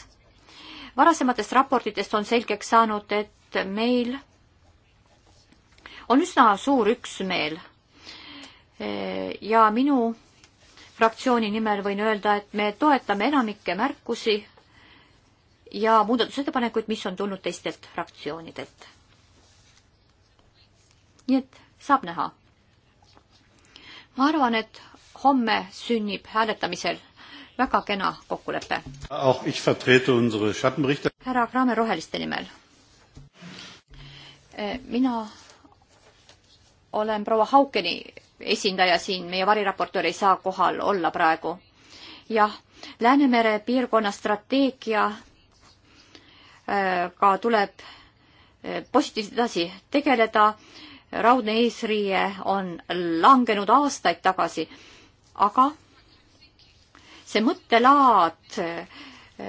varasematest raportitest on selgeks saanud, et meil on üsna suur üksmeel ja minu fraktsiooni nimel võin öelda, et me toetame enamikke märkusi ja muudatusettepanekuid, mis on tulnud teistelt fraktsioonidelt nii et saab näha. ma arvan, et homme sünnib hääletamisel väga kena kokkulepe. härra Kramer Roheliste nimel. Eh, mina olen proua Haukeni esindaja siin, meie variraportöör ei saa kohal olla praegu. jah, Läänemere piirkonna strateegia eh, ka tuleb eh, positiivselt edasi tegeleda raudne eesriie on langenud aastaid tagasi, aga see mõttelaad,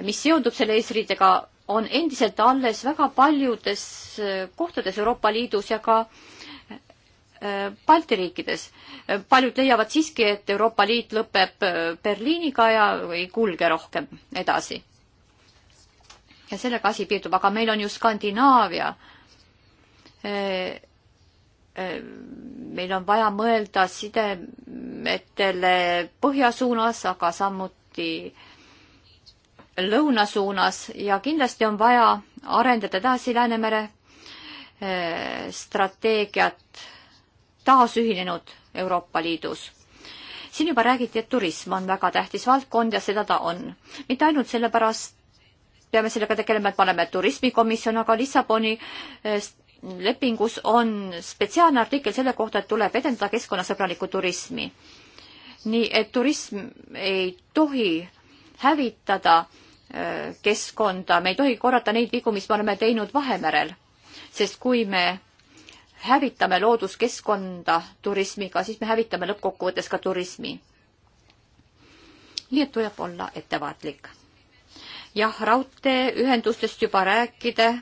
mis seondub selle eesriidega, on endiselt alles väga paljudes eh, kohtades Euroopa Liidus ja ka eh, Balti riikides. paljud leiavad siiski, et Euroopa Liit lõpeb eh, Berliiniga ja ei kulge rohkem edasi. ja sellega asi piirdub, aga meil on ju Skandinaavia meil on vaja mõelda sidemetele põhja suunas, aga samuti lõuna suunas ja kindlasti on vaja arendada edasi Läänemere eh, strateegiat taasühinenud Euroopa Liidus. siin juba räägiti, et turism on väga tähtis valdkond ja seda ta on. mitte ainult sellepärast peame sellega tegelema, et paneme turismikomisjon, aga Lissaboni eh, lepingus on spetsiaalne artikkel selle kohta, et tuleb edendada keskkonnasõbralikku turismi. nii et turism ei tohi hävitada äh, keskkonda, me ei tohi korrata neid vigu, mis me oleme teinud Vahemerel, sest kui me hävitame looduskeskkonda turismiga, siis me hävitame lõppkokkuvõttes ka turismi. nii et tuleb olla ettevaatlik. jah, raudteeühendustest juba rääkida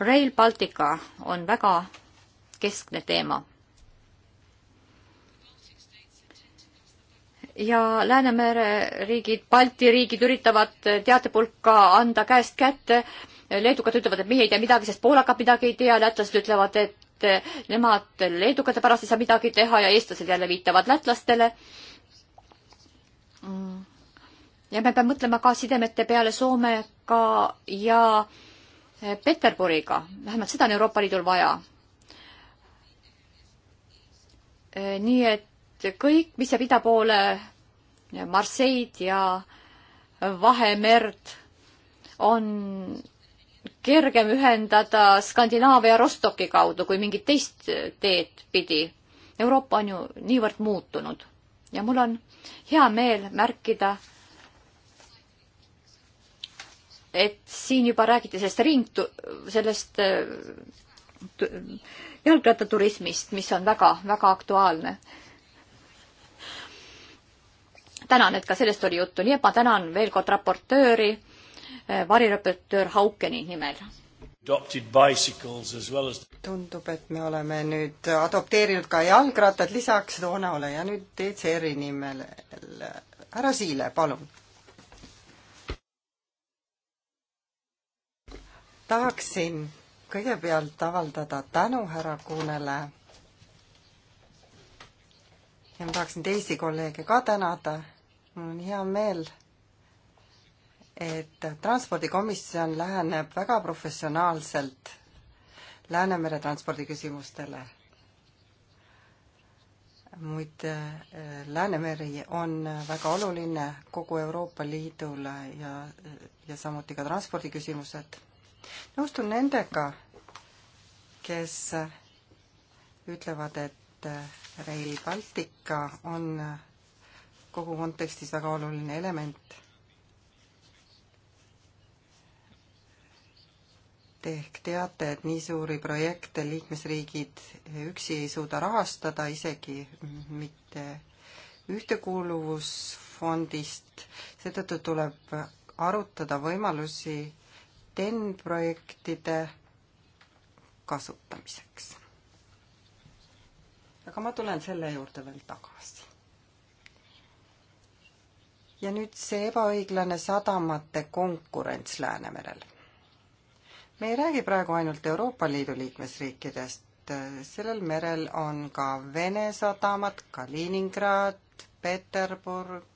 Rail Baltica on väga keskne teema. ja Läänemere riigid, Balti riigid üritavad teatepulka anda käest kätte. leedukad ütlevad, et meie ei tea midagi, sest poolakad midagi ei tea, lätlased ütlevad, et nemad leedukate pärast ei saa midagi teha ja eestlased jälle viitavad lätlastele mm. ja me peame mõtlema ka sidemete peale Soomega ja Peterburiga, vähemalt seda on Euroopa Liidul vaja. Äh, nii et kõik, mis jääb ida poole, Marseid ja Vahemerd, on kergem ühendada Skandinaavia Rostoki kaudu kui mingit teist teed pidi. Euroopa on ju niivõrd muutunud ja mul on hea meel märkida, et siin juba räägiti sellest ring, sellest äh, jalgrattaturismist, mis on väga-väga aktuaalne. tänan, et ka sellest oli juttu, nii et ma tänan veel kord raportööri, äh, variraportöör Haukeni nimel. Well as... tundub, et me oleme nüüd adopteerinud ka jalgrattad lisaks toonale ja nüüd DCR-i nimel. härra Siile, palun tahaksin kõigepealt avaldada tänu härra Kuunele ja ma tahaksin teisi kolleege ka tänada. mul on hea meel, et transpordikomisjon läheneb väga professionaalselt Läänemere transpordiküsimustele. muide, eh, Läänemeri on väga oluline kogu Euroopa Liidule ja, eh, ja samuti ka transpordiküsimused nõustun nendega, kes ütlevad, et Rail Baltica on kogu kontekstis väga oluline element. Te ehk teate, et nii suuri projekte liikmesriigid üksi ei suuda rahastada, isegi mitte ühtekuuluvusfondist, seetõttu tuleb arutada võimalusi TEN-projektide kasutamiseks. aga ma tulen selle juurde veel tagasi. ja nüüd see ebaõiglane sadamate konkurents Läänemerel. me ei räägi praegu ainult Euroopa Liidu liikmesriikidest, sellel merel on ka Vene sadamad, Kaliningrad, Peterburg,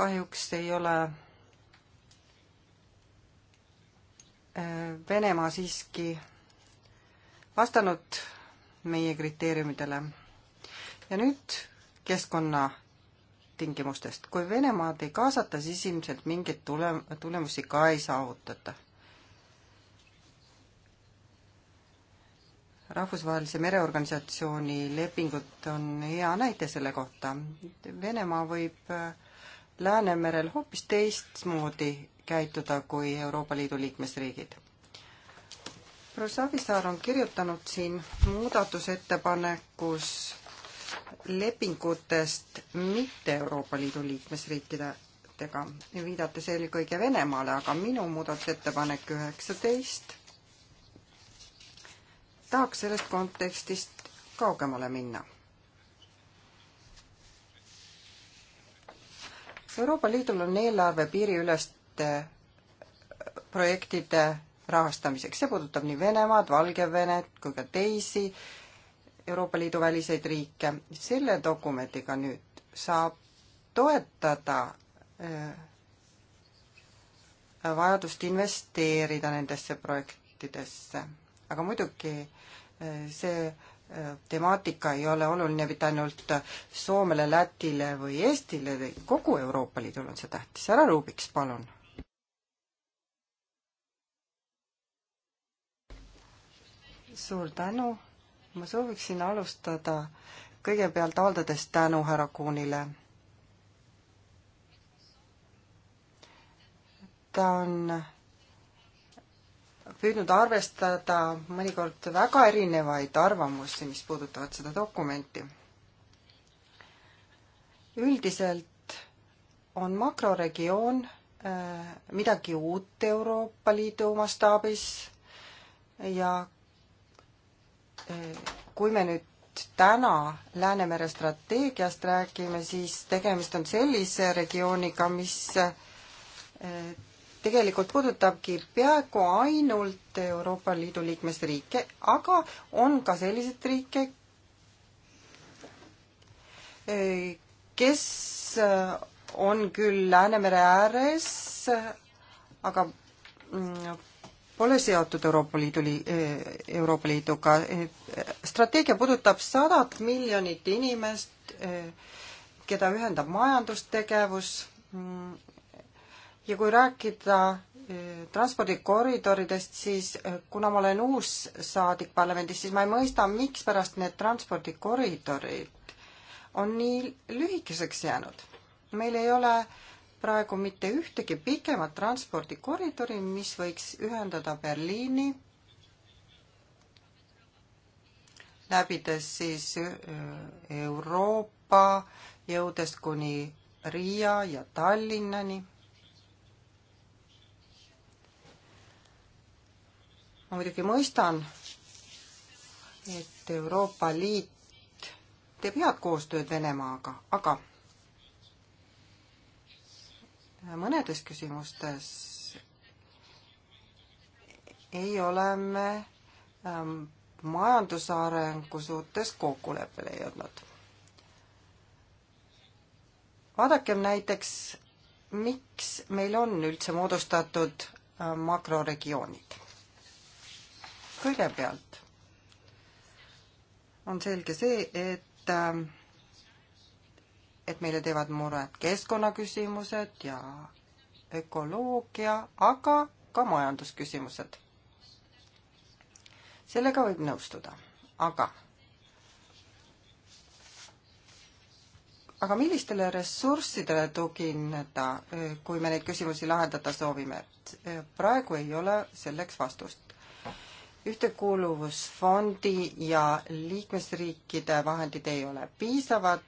kahjuks ei ole äh, Venemaa siiski vastanud meie kriteeriumidele. ja nüüd keskkonnatingimustest. kui Venemaad ei kaasata, siis ilmselt mingeid tule-, tulemusi ka ei saavutata. rahvusvahelise Mereorganisatsiooni lepingud on hea näide selle kohta. Venemaa võib äh, Läänemerel hoopis teistmoodi käituda kui Euroopa Liidu liikmesriigid. proua Savisaar on kirjutanud siin muudatusettepanekus lepingutest mitte Euroopa Liidu liikmesriikidega, viidates eelkõige Venemaale, aga minu muudatusettepanek üheksateist tahaks sellest kontekstist kaugemale minna Euroopa Liidul on eelarve piiriüleste äh, projektide rahastamiseks, see puudutab nii Venemaad, Valgevenet kui ka teisi Euroopa Liidu väliseid riike. selle dokumendiga nüüd saab toetada äh, vajadust investeerida nendesse projektidesse. aga muidugi äh, see temaatika ei ole oluline mitte ainult Soomele, Lätile või Eestile, kogu Euroopa Liidul on see tähtis. härra Rubiks, palun. suur tänu. ma sooviksin alustada kõigepealt avaldades tänu härra Kuunile. ta on püüdnud arvestada mõnikord väga erinevaid arvamusi, mis puudutavad seda dokumenti. üldiselt on makroregioon äh, midagi uut Euroopa Liidu mastaabis ja äh, kui me nüüd täna Läänemere strateegiast räägime, siis tegemist on sellise regiooniga, mis äh, tegelikult puudutabki peaaegu ainult Euroopa Liidu liikmesriike, aga on ka selliseid riike, kes on küll Läänemere ääres, aga mm, pole seotud Euroopa Liidu, Euroopa Liiduga. strateegia puudutab sadat miljonit inimest, keda ühendab majandustegevus mm, ja kui rääkida eh, transpordikoridoridest, siis eh, kuna ma olen uus saadik parlamendis, siis ma ei mõista, mikspärast need transpordikoridorid on nii lühikeseks jäänud. meil ei ole praegu mitte ühtegi pikemat transpordikoridori, mis võiks ühendada Berliini, läbides siis eh, Euroopa, jõudes kuni Riia ja Tallinnani ma muidugi mõistan, et Euroopa Liit teeb head koostööd Venemaaga, aga mõnedes küsimustes ei ole me ähm, majandusarengu suhtes kokkuleppele jõudnud. vaadakem näiteks, miks meil on üldse moodustatud äh, makroregioonid kõigepealt on selge see, et äh, et meile teevad muret keskkonnaküsimused ja ökoloogia, aga ka majandusküsimused. sellega võib nõustuda, aga aga millistele ressurssidele tugineda, kui me neid küsimusi lahendada soovime? Äh, praegu ei ole selleks vastust ühtekuuluvusfondi ja liikmesriikide vahendid ei ole piisavad.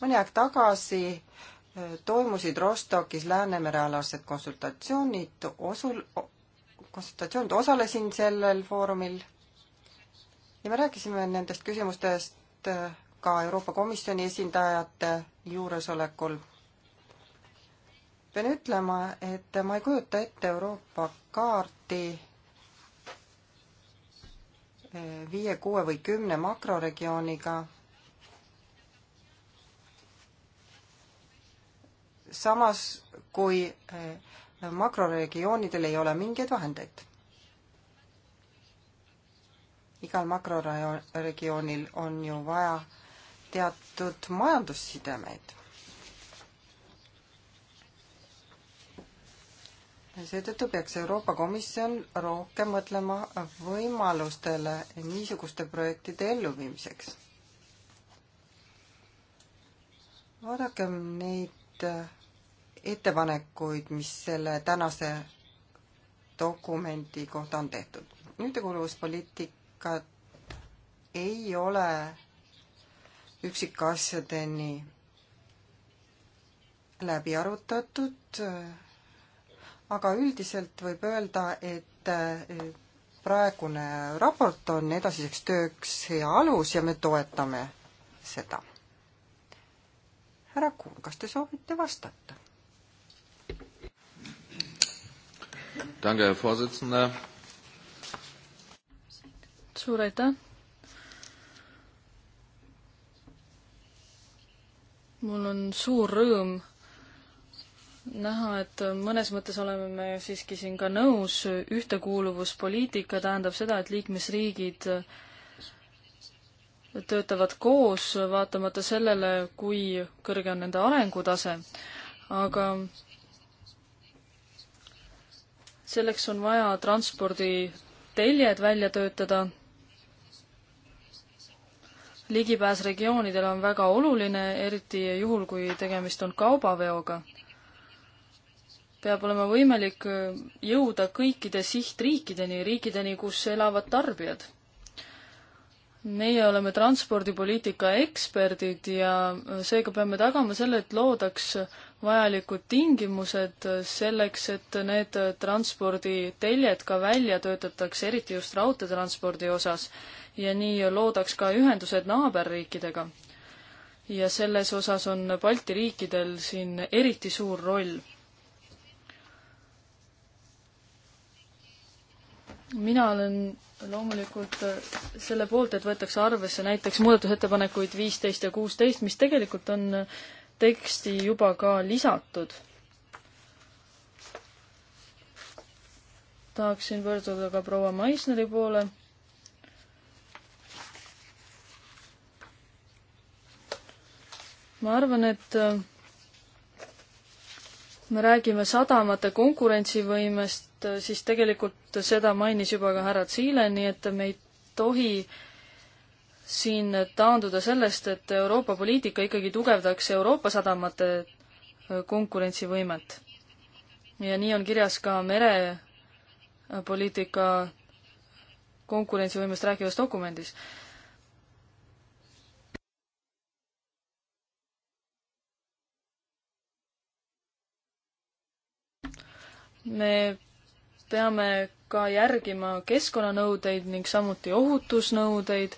mõni aeg tagasi äh, toimusid Rostokis Läänemere alased konsultatsioonid, osul-, konsultatsioonid, osalesin sellel foorumil ja me rääkisime nendest küsimustest äh, ka Euroopa Komisjoni esindajate juuresolekul. pean ütlema, et ma ei kujuta ette Euroopa kaarti viie, kuue või kümne makroregiooniga. samas kui eh, makroregioonidel ei ole mingeid vahendeid. igal makroregioonil on ju vaja teatud majandussidemeid seetõttu peaks Euroopa Komisjon rohkem mõtlema võimalustele niisuguste projektide elluviimiseks. vaadakem neid äh, ettepanekuid, mis selle tänase dokumendi kohta on tehtud. ühtekuuluvuspoliitikat ei ole üksikasjadeni läbi arutatud äh, aga üldiselt võib öelda, et eh, praegune raport on edasiseks tööks hea alus ja me toetame seda. härra Kuun, kas te soovite vastata? suur aitäh. mul on suur rõõm näha, et mõnes mõttes oleme me siiski siin ka nõus, ühtekuuluvuspoliitika tähendab seda, et liikmesriigid töötavad koos, vaatamata sellele, kui kõrge on nende arengutase, aga selleks on vaja transporditeljed välja töötada. ligipääs regioonidele on väga oluline, eriti juhul, kui tegemist on kaubaveoga peab olema võimalik äh, jõuda kõikide sihtriikideni, riikideni, kus elavad tarbijad. meie oleme transpordipoliitika eksperdid ja äh, seega peame tagama selle, et loodaks vajalikud tingimused äh, selleks, et need transporditeljed ka välja töötatakse, eriti just raudteetranspordi osas, ja nii loodaks ka ühendused naaberriikidega. ja selles osas on Balti riikidel siin eriti suur roll mina olen loomulikult äh, selle poolt, et võetakse arvesse näiteks muudatusettepanekuid viisteist ja kuusteist, mis tegelikult on äh, teksti juba ka lisatud. tahaksin pöörduda ka proua Maisneri poole. ma arvan, et äh, me räägime sadamate konkurentsivõimest, siis tegelikult seda mainis juba ka härra Tsiile, nii et me ei tohi siin taanduda sellest, et Euroopa poliitika ikkagi tugevdaks Euroopa sadamate konkurentsivõimet. ja nii on kirjas ka merepoliitika konkurentsivõimest rääkivas dokumendis me peame ka järgima keskkonnanõudeid ning samuti ohutusnõudeid,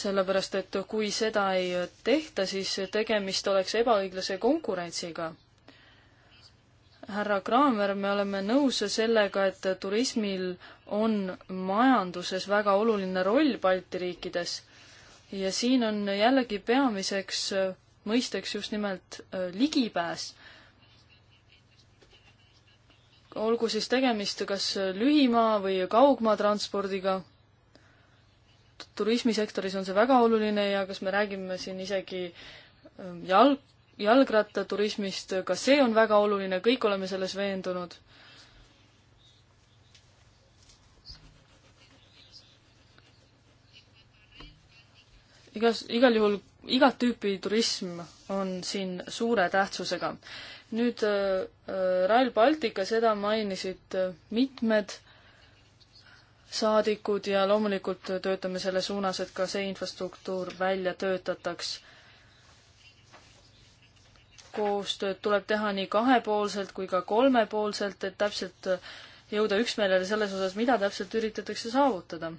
sellepärast et kui seda ei tehta, siis tegemist oleks ebaõiglase konkurentsiga. härra Kraamer, me oleme nõus sellega, et turismil on majanduses väga oluline roll Balti riikides ja siin on jällegi peamiseks mõisteks just nimelt ligipääs olgu siis tegemist kas lühimaa või kaugmaa transpordiga, turismisektoris on see väga oluline ja kas me räägime siin isegi ähm, jalg, jalgrattaturismist, ka see on väga oluline, kõik oleme selles veendunud igas, igal juhul igat tüüpi turism on siin suure tähtsusega. nüüd äh, äh Rail Baltica, seda mainisid äh, mitmed saadikud ja loomulikult töötame selle suunas, et ka see infrastruktuur välja töötataks. koostööd tuleb teha nii kahepoolselt kui ka kolmepoolselt, et täpselt äh, jõuda üksmeelele selles osas, mida täpselt üritatakse saavutada.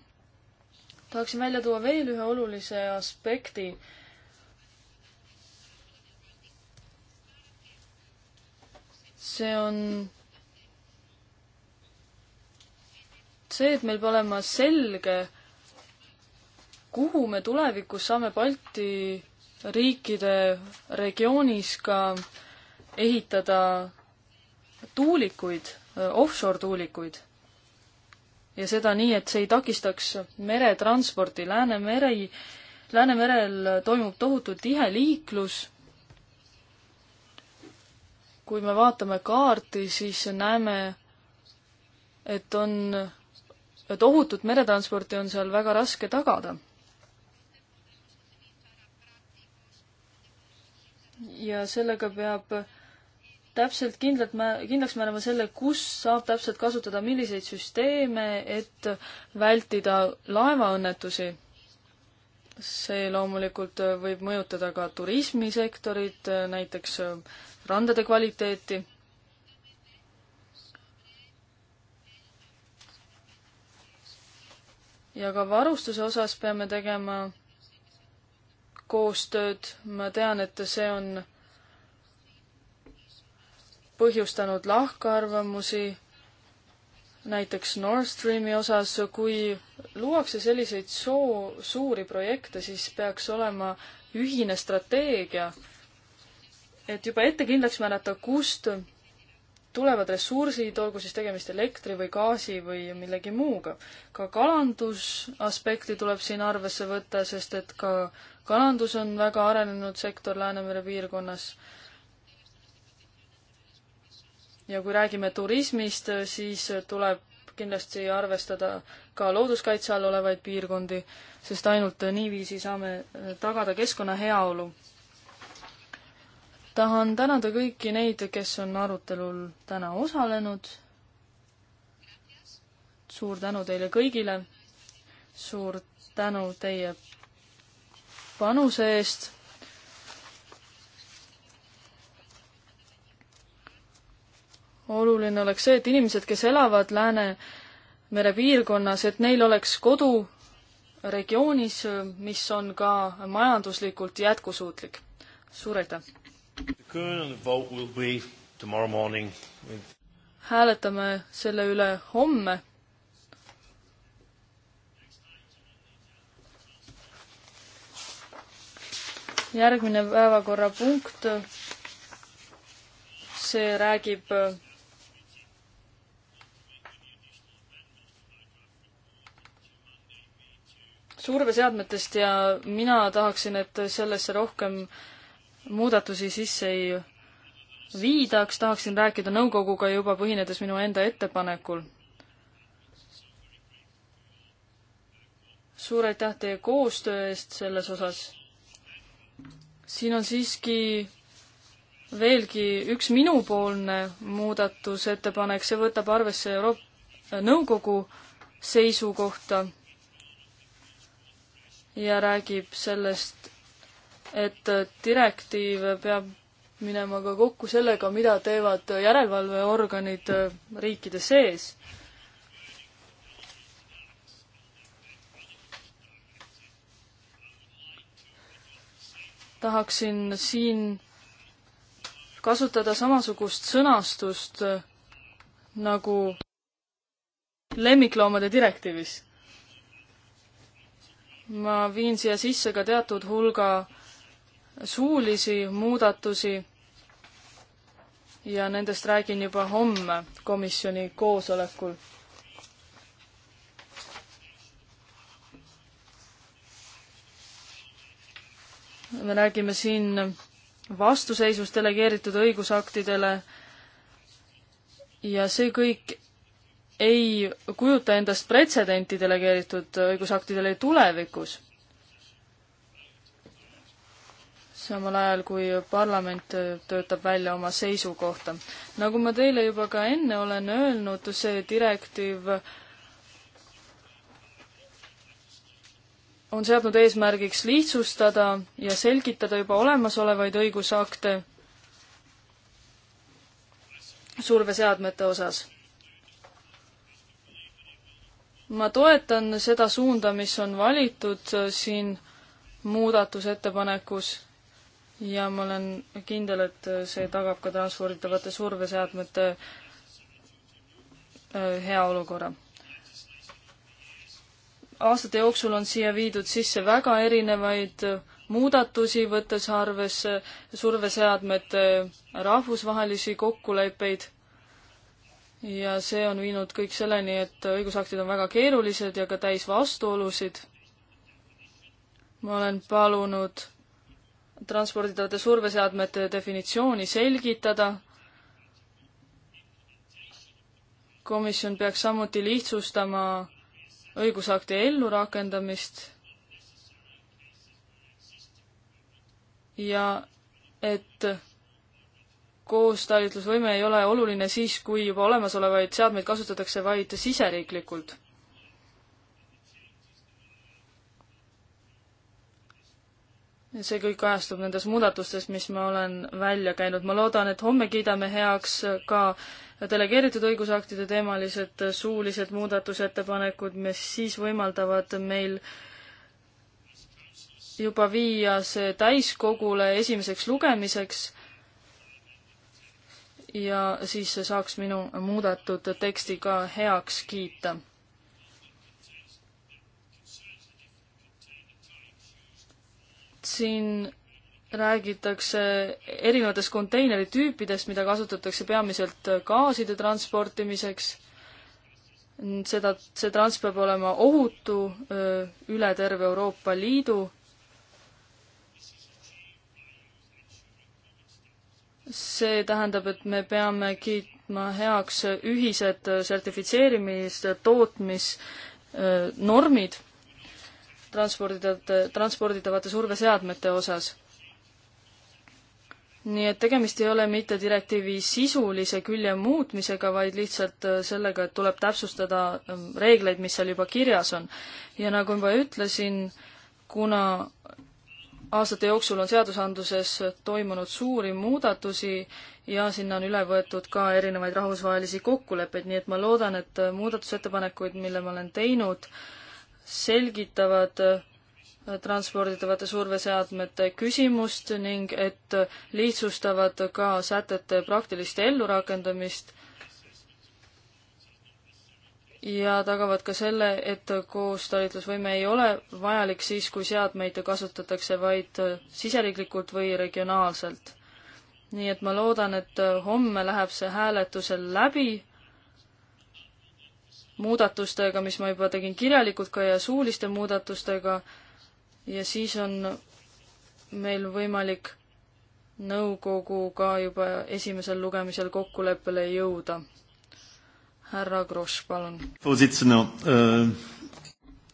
tahaksin välja tuua veel ühe olulise aspekti äh, see on see, et meil peab olema selge, kuhu me tulevikus saame Balti riikide regioonis ka ehitada tuulikuid, offshore tuulikuid. ja seda nii, et see ei takistaks meretransporti, Läänemeri, Läänemerel toimub tohutu tihe liiklus kui me vaatame kaarti, siis näeme, et on, et ohutut meretransporti on seal väga raske tagada. ja sellega peab täpselt kindlalt mä-, kindlaks määrama selle, kus saab täpselt kasutada milliseid süsteeme, et vältida laevaõnnetusi. see loomulikult võib mõjutada ka turismisektorit, näiteks äh, randade kvaliteeti. ja ka varustuse osas peame tegema koostööd, ma tean, et see on põhjustanud lahkarvamusi näiteks Nord Streami osas, kui luuakse selliseid soo-, suuri projekte, siis peaks olema ühine strateegia et juba ette kindlaks määrata, kust tulevad ressursid, olgu siis tegemist elektri või gaasi või millegi muuga. ka kalandusaspekti tuleb siin arvesse võtta, sest et ka kalandus on väga arenenud sektor Läänemere piirkonnas. ja kui räägime turismist, siis tuleb kindlasti arvestada ka looduskaitse all olevaid piirkondi, sest ainult niiviisi saame tagada keskkonna heaolu tahan tänada kõiki neid, kes on arutelul täna osalenud. suur tänu teile kõigile. suur tänu teie panuse eest. oluline oleks see, et inimesed, kes elavad Läänemere piirkonnas, et neil oleks kodu regioonis, mis on ka majanduslikult jätkusuutlik. suur aitäh! hääletame selle üle homme. järgmine päevakorrapunkt, see räägib äh, surveseadmetest ja mina tahaksin, et sellesse rohkem äh, muudatusi sisse ei viidaks, tahaksin rääkida nõukoguga juba põhinedes minu enda ettepanekul. suur aitäh teie koostöö eest selles osas. siin on siiski veelgi üks minupoolne muudatusettepanek, see võtab arvesse Euroop-, nõukogu seisukohta ja räägib sellest, et direktiiv peab minema ka kokku sellega, mida teevad järelevalveorganid riikide sees. tahaksin siin kasutada samasugust sõnastust nagu lemmikloomade direktiivis. ma viin siia sisse ka teatud hulga äh, suulisi muudatusi ja nendest räägin juba homme komisjoni koosolekul. me räägime siin vastuseisust delegeeritud õigusaktidele ja see kõik ei kujuta endast pretsedenti delegeeritud õigusaktidele tulevikus samal ajal, kui parlament töötab välja oma seisukohta. nagu ma teile juba ka enne olen öelnud, see direktiiv on seadnud eesmärgiks lihtsustada ja selgitada juba olemasolevaid õigusakte surveseadmete osas. ma toetan seda suunda, mis on valitud siin muudatusettepanekus ja ma olen kindel, et see tagab ka transporditavate surveseadmete äh, hea olukorra. aastate jooksul on siia viidud sisse väga erinevaid muudatusi, võttes arvesse surveseadmete rahvusvahelisi kokkuleppeid. ja see on viinud kõik selleni, et õigusaktid on väga keerulised ja ka täis vastuolusid. ma olen palunud transporditavate surveseadmete definitsiooni selgitada. komisjon peaks samuti lihtsustama õigusakti ellurakendamist ja et koostalitlusvõime ei ole oluline siis, kui juba olemasolevaid seadmeid kasutatakse vaid siseriiklikult see kõik kajastub nendes muudatustes, mis ma olen välja käinud. ma loodan, et homme kiidame heaks ka delegeeritud õigusaktide teemalised suulised muudatusettepanekud, mis siis võimaldavad meil juba viia see täiskogule esimeseks lugemiseks ja siis see saaks minu muudetud teksti ka heaks kiita siin räägitakse erinevatest konteineritüüpidest, mida kasutatakse peamiselt gaaside transportimiseks. seda, see trans peab olema ohutu üle terve Euroopa Liidu. see tähendab, et me peame kiitma heaks ühised sertifitseerimis-, tootmisnormid transporditavate, transporditavate surveseadmete osas. nii et tegemist ei ole mitte direktiivi sisulise külje muutmisega, vaid lihtsalt äh, sellega, et tuleb täpsustada ähm, reegleid, mis seal juba kirjas on. ja nagu ma ütlesin, kuna aastate jooksul on seadusandluses toimunud suuri muudatusi ja sinna on üle võetud ka erinevaid rahvusvahelisi kokkuleppeid, nii et ma loodan, et äh, muudatusettepanekuid, mille ma olen teinud, selgitavad äh, transporditavate surveseadmete küsimust ning et lihtsustavad ka sätete praktilist ellurakendamist ja tagavad ka selle, et koostalitlusvõime ei ole vajalik siis, kui seadmeid kasutatakse vaid äh, siseriiklikult või regionaalselt. nii et ma loodan, et äh, homme läheb see hääletusel läbi muudatustega, mis ma juba tegin kirjalikult ka ja suuliste muudatustega ja siis on meil võimalik nõukoguga juba esimesel lugemisel kokkuleppele jõuda. härra Grosch, palun. Eh,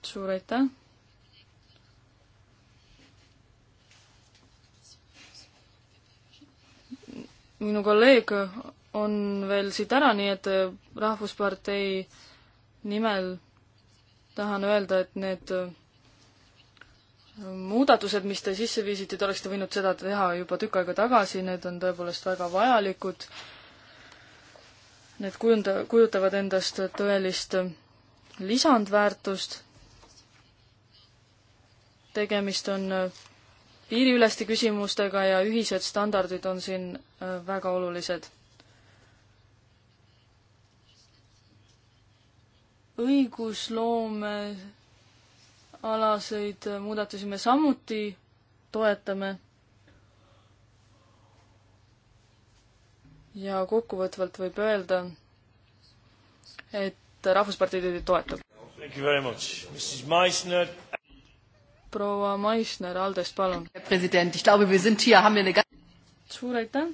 suur aitäh. minu kolleeg on veel siit ära, nii et Rahvuspartei nimel tahan öelda, et need äh, muudatused, mis te sisse viisite, te oleksite võinud seda teha juba tükk aega tagasi, need on tõepoolest väga vajalikud. Need kujunda-, kujutavad endast tõelist äh, lisandväärtust. tegemist on äh, piiriüleste küsimustega ja ühised standardid on siin väga olulised õigusloome alaseid muudatusi me samuti toetame. ja kokkuvõtvalt võib öelda, et Rahvuspartei teid toetab. proua Maisner Aldest, palun. suur aitäh!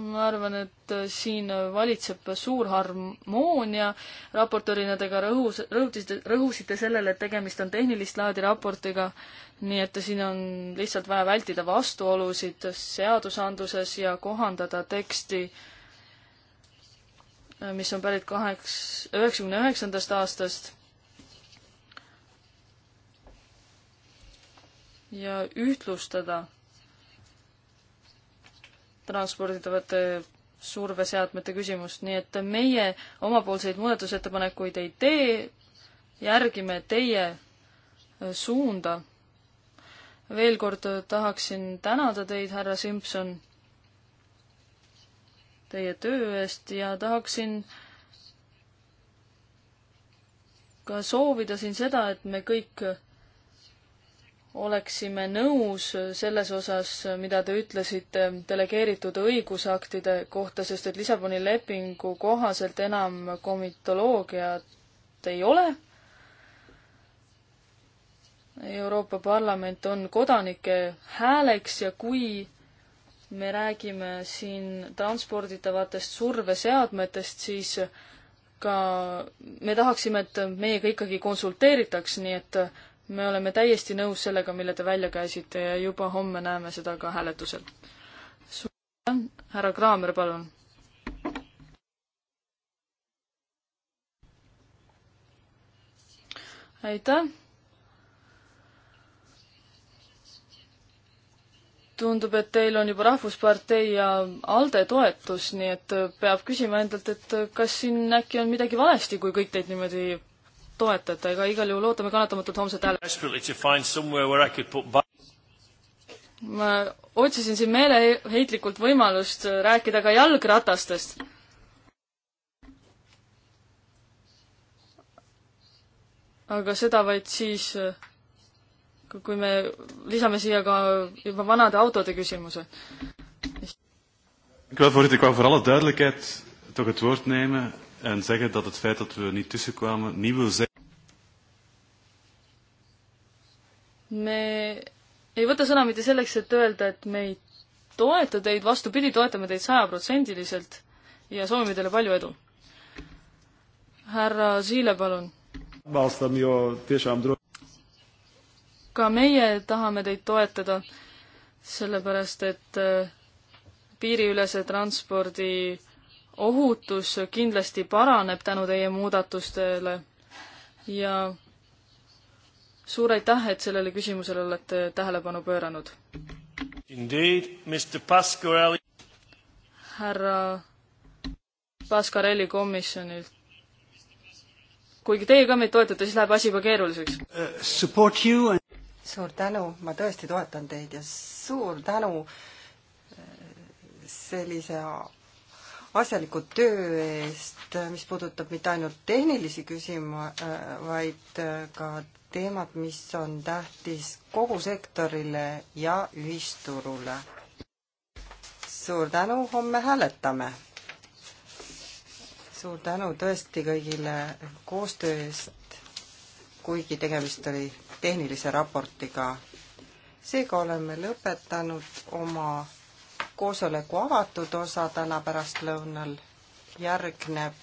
ma arvan, et äh, siin äh, valitseb suur harmoonia. raportöörina te ka rõhus, rõhutasite, rõhusite sellele, et tegemist on tehnilist laadi raportiga, nii et siin on lihtsalt vaja vältida vastuolusid seadusandluses ja kohandada teksti, äh, mis on pärit kaheks, üheksakümne üheksandast aastast. ja ühtlustada transporditavate surveseadmete küsimust, nii et meie omapoolseid muudatusettepanekuid ei tee, järgime teie suunda. veel kord tahaksin tänada teid, härra Simson, teie töö eest ja tahaksin ka soovida siin seda, et me kõik oleksime nõus selles osas, mida te ütlesite delegeeritud õigusaktide kohta, sest et Lissaboni lepingu kohaselt enam komitoloogiat ei ole. Euroopa Parlament on kodanike hääleks ja kui me räägime siin transporditavatest surveseadmetest, siis ka me tahaksime, et meiega ikkagi konsulteeritaks, nii et me oleme täiesti nõus sellega, mille te välja käisite ja juba homme näeme seda ka hääletusel. suur tänu, härra Kraamer, palun. aitäh. tundub, et teil on juba Rahvuspartei ja ALDE toetus, nii et peab küsima endalt, et kas siin äkki on midagi valesti, kui kõik teid niimoodi toetate, aga igal juhul ootame kannatamatult homset hääle. ma otsisin siin meeleheitlikult võimalust rääkida ka jalgratastest. aga seda vaid siis, kui me lisame siia ka juba vanade autode küsimuse. Ik wil voorzitter, ik wou voor alle duidelijkheid toch het woord nemen en zeggen dat het feit dat we niet tussenkwamen niet wil zeggen. me ei võta sõna mitte selleks, et öelda, et me ei toeta teid, vastupidi, toetame teid sajaprotsendiliselt ja soovime teile palju edu. härra Siile, palun. ka meie tahame teid toetada, sellepärast et eh, piiriülese transpordi ohutus kindlasti paraneb tänu teie muudatustele ja suur aitäh, et sellele küsimusele olete tähelepanu pööranud. härra Pascarelli komisjonilt. kuigi teie ka meid toetate, siis läheb asi juba keeruliseks uh,. And... suur tänu, ma tõesti toetan teid ja suur tänu uh, sellise asjaliku töö eest, mis puudutab mitte ainult tehnilisi küsima-, vaid äh, ka teemat, mis on tähtis kogu sektorile ja ühisturule. suur tänu, homme hääletame! suur tänu tõesti kõigile koostöö eest, kuigi tegemist oli tehnilise raportiga. seega oleme lõpetanud oma koosoleku avatud osa täna pärastlõunal järgneb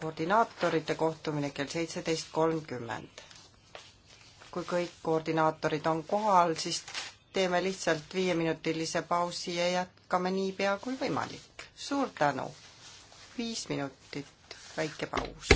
koordinaatorite kohtumine kell seitseteist kolmkümmend. kui kõik koordinaatorid on kohal, siis teeme lihtsalt viieminutilise pausi ja jätkame niipea kui võimalik. suur tänu! viis minutit, väike paus.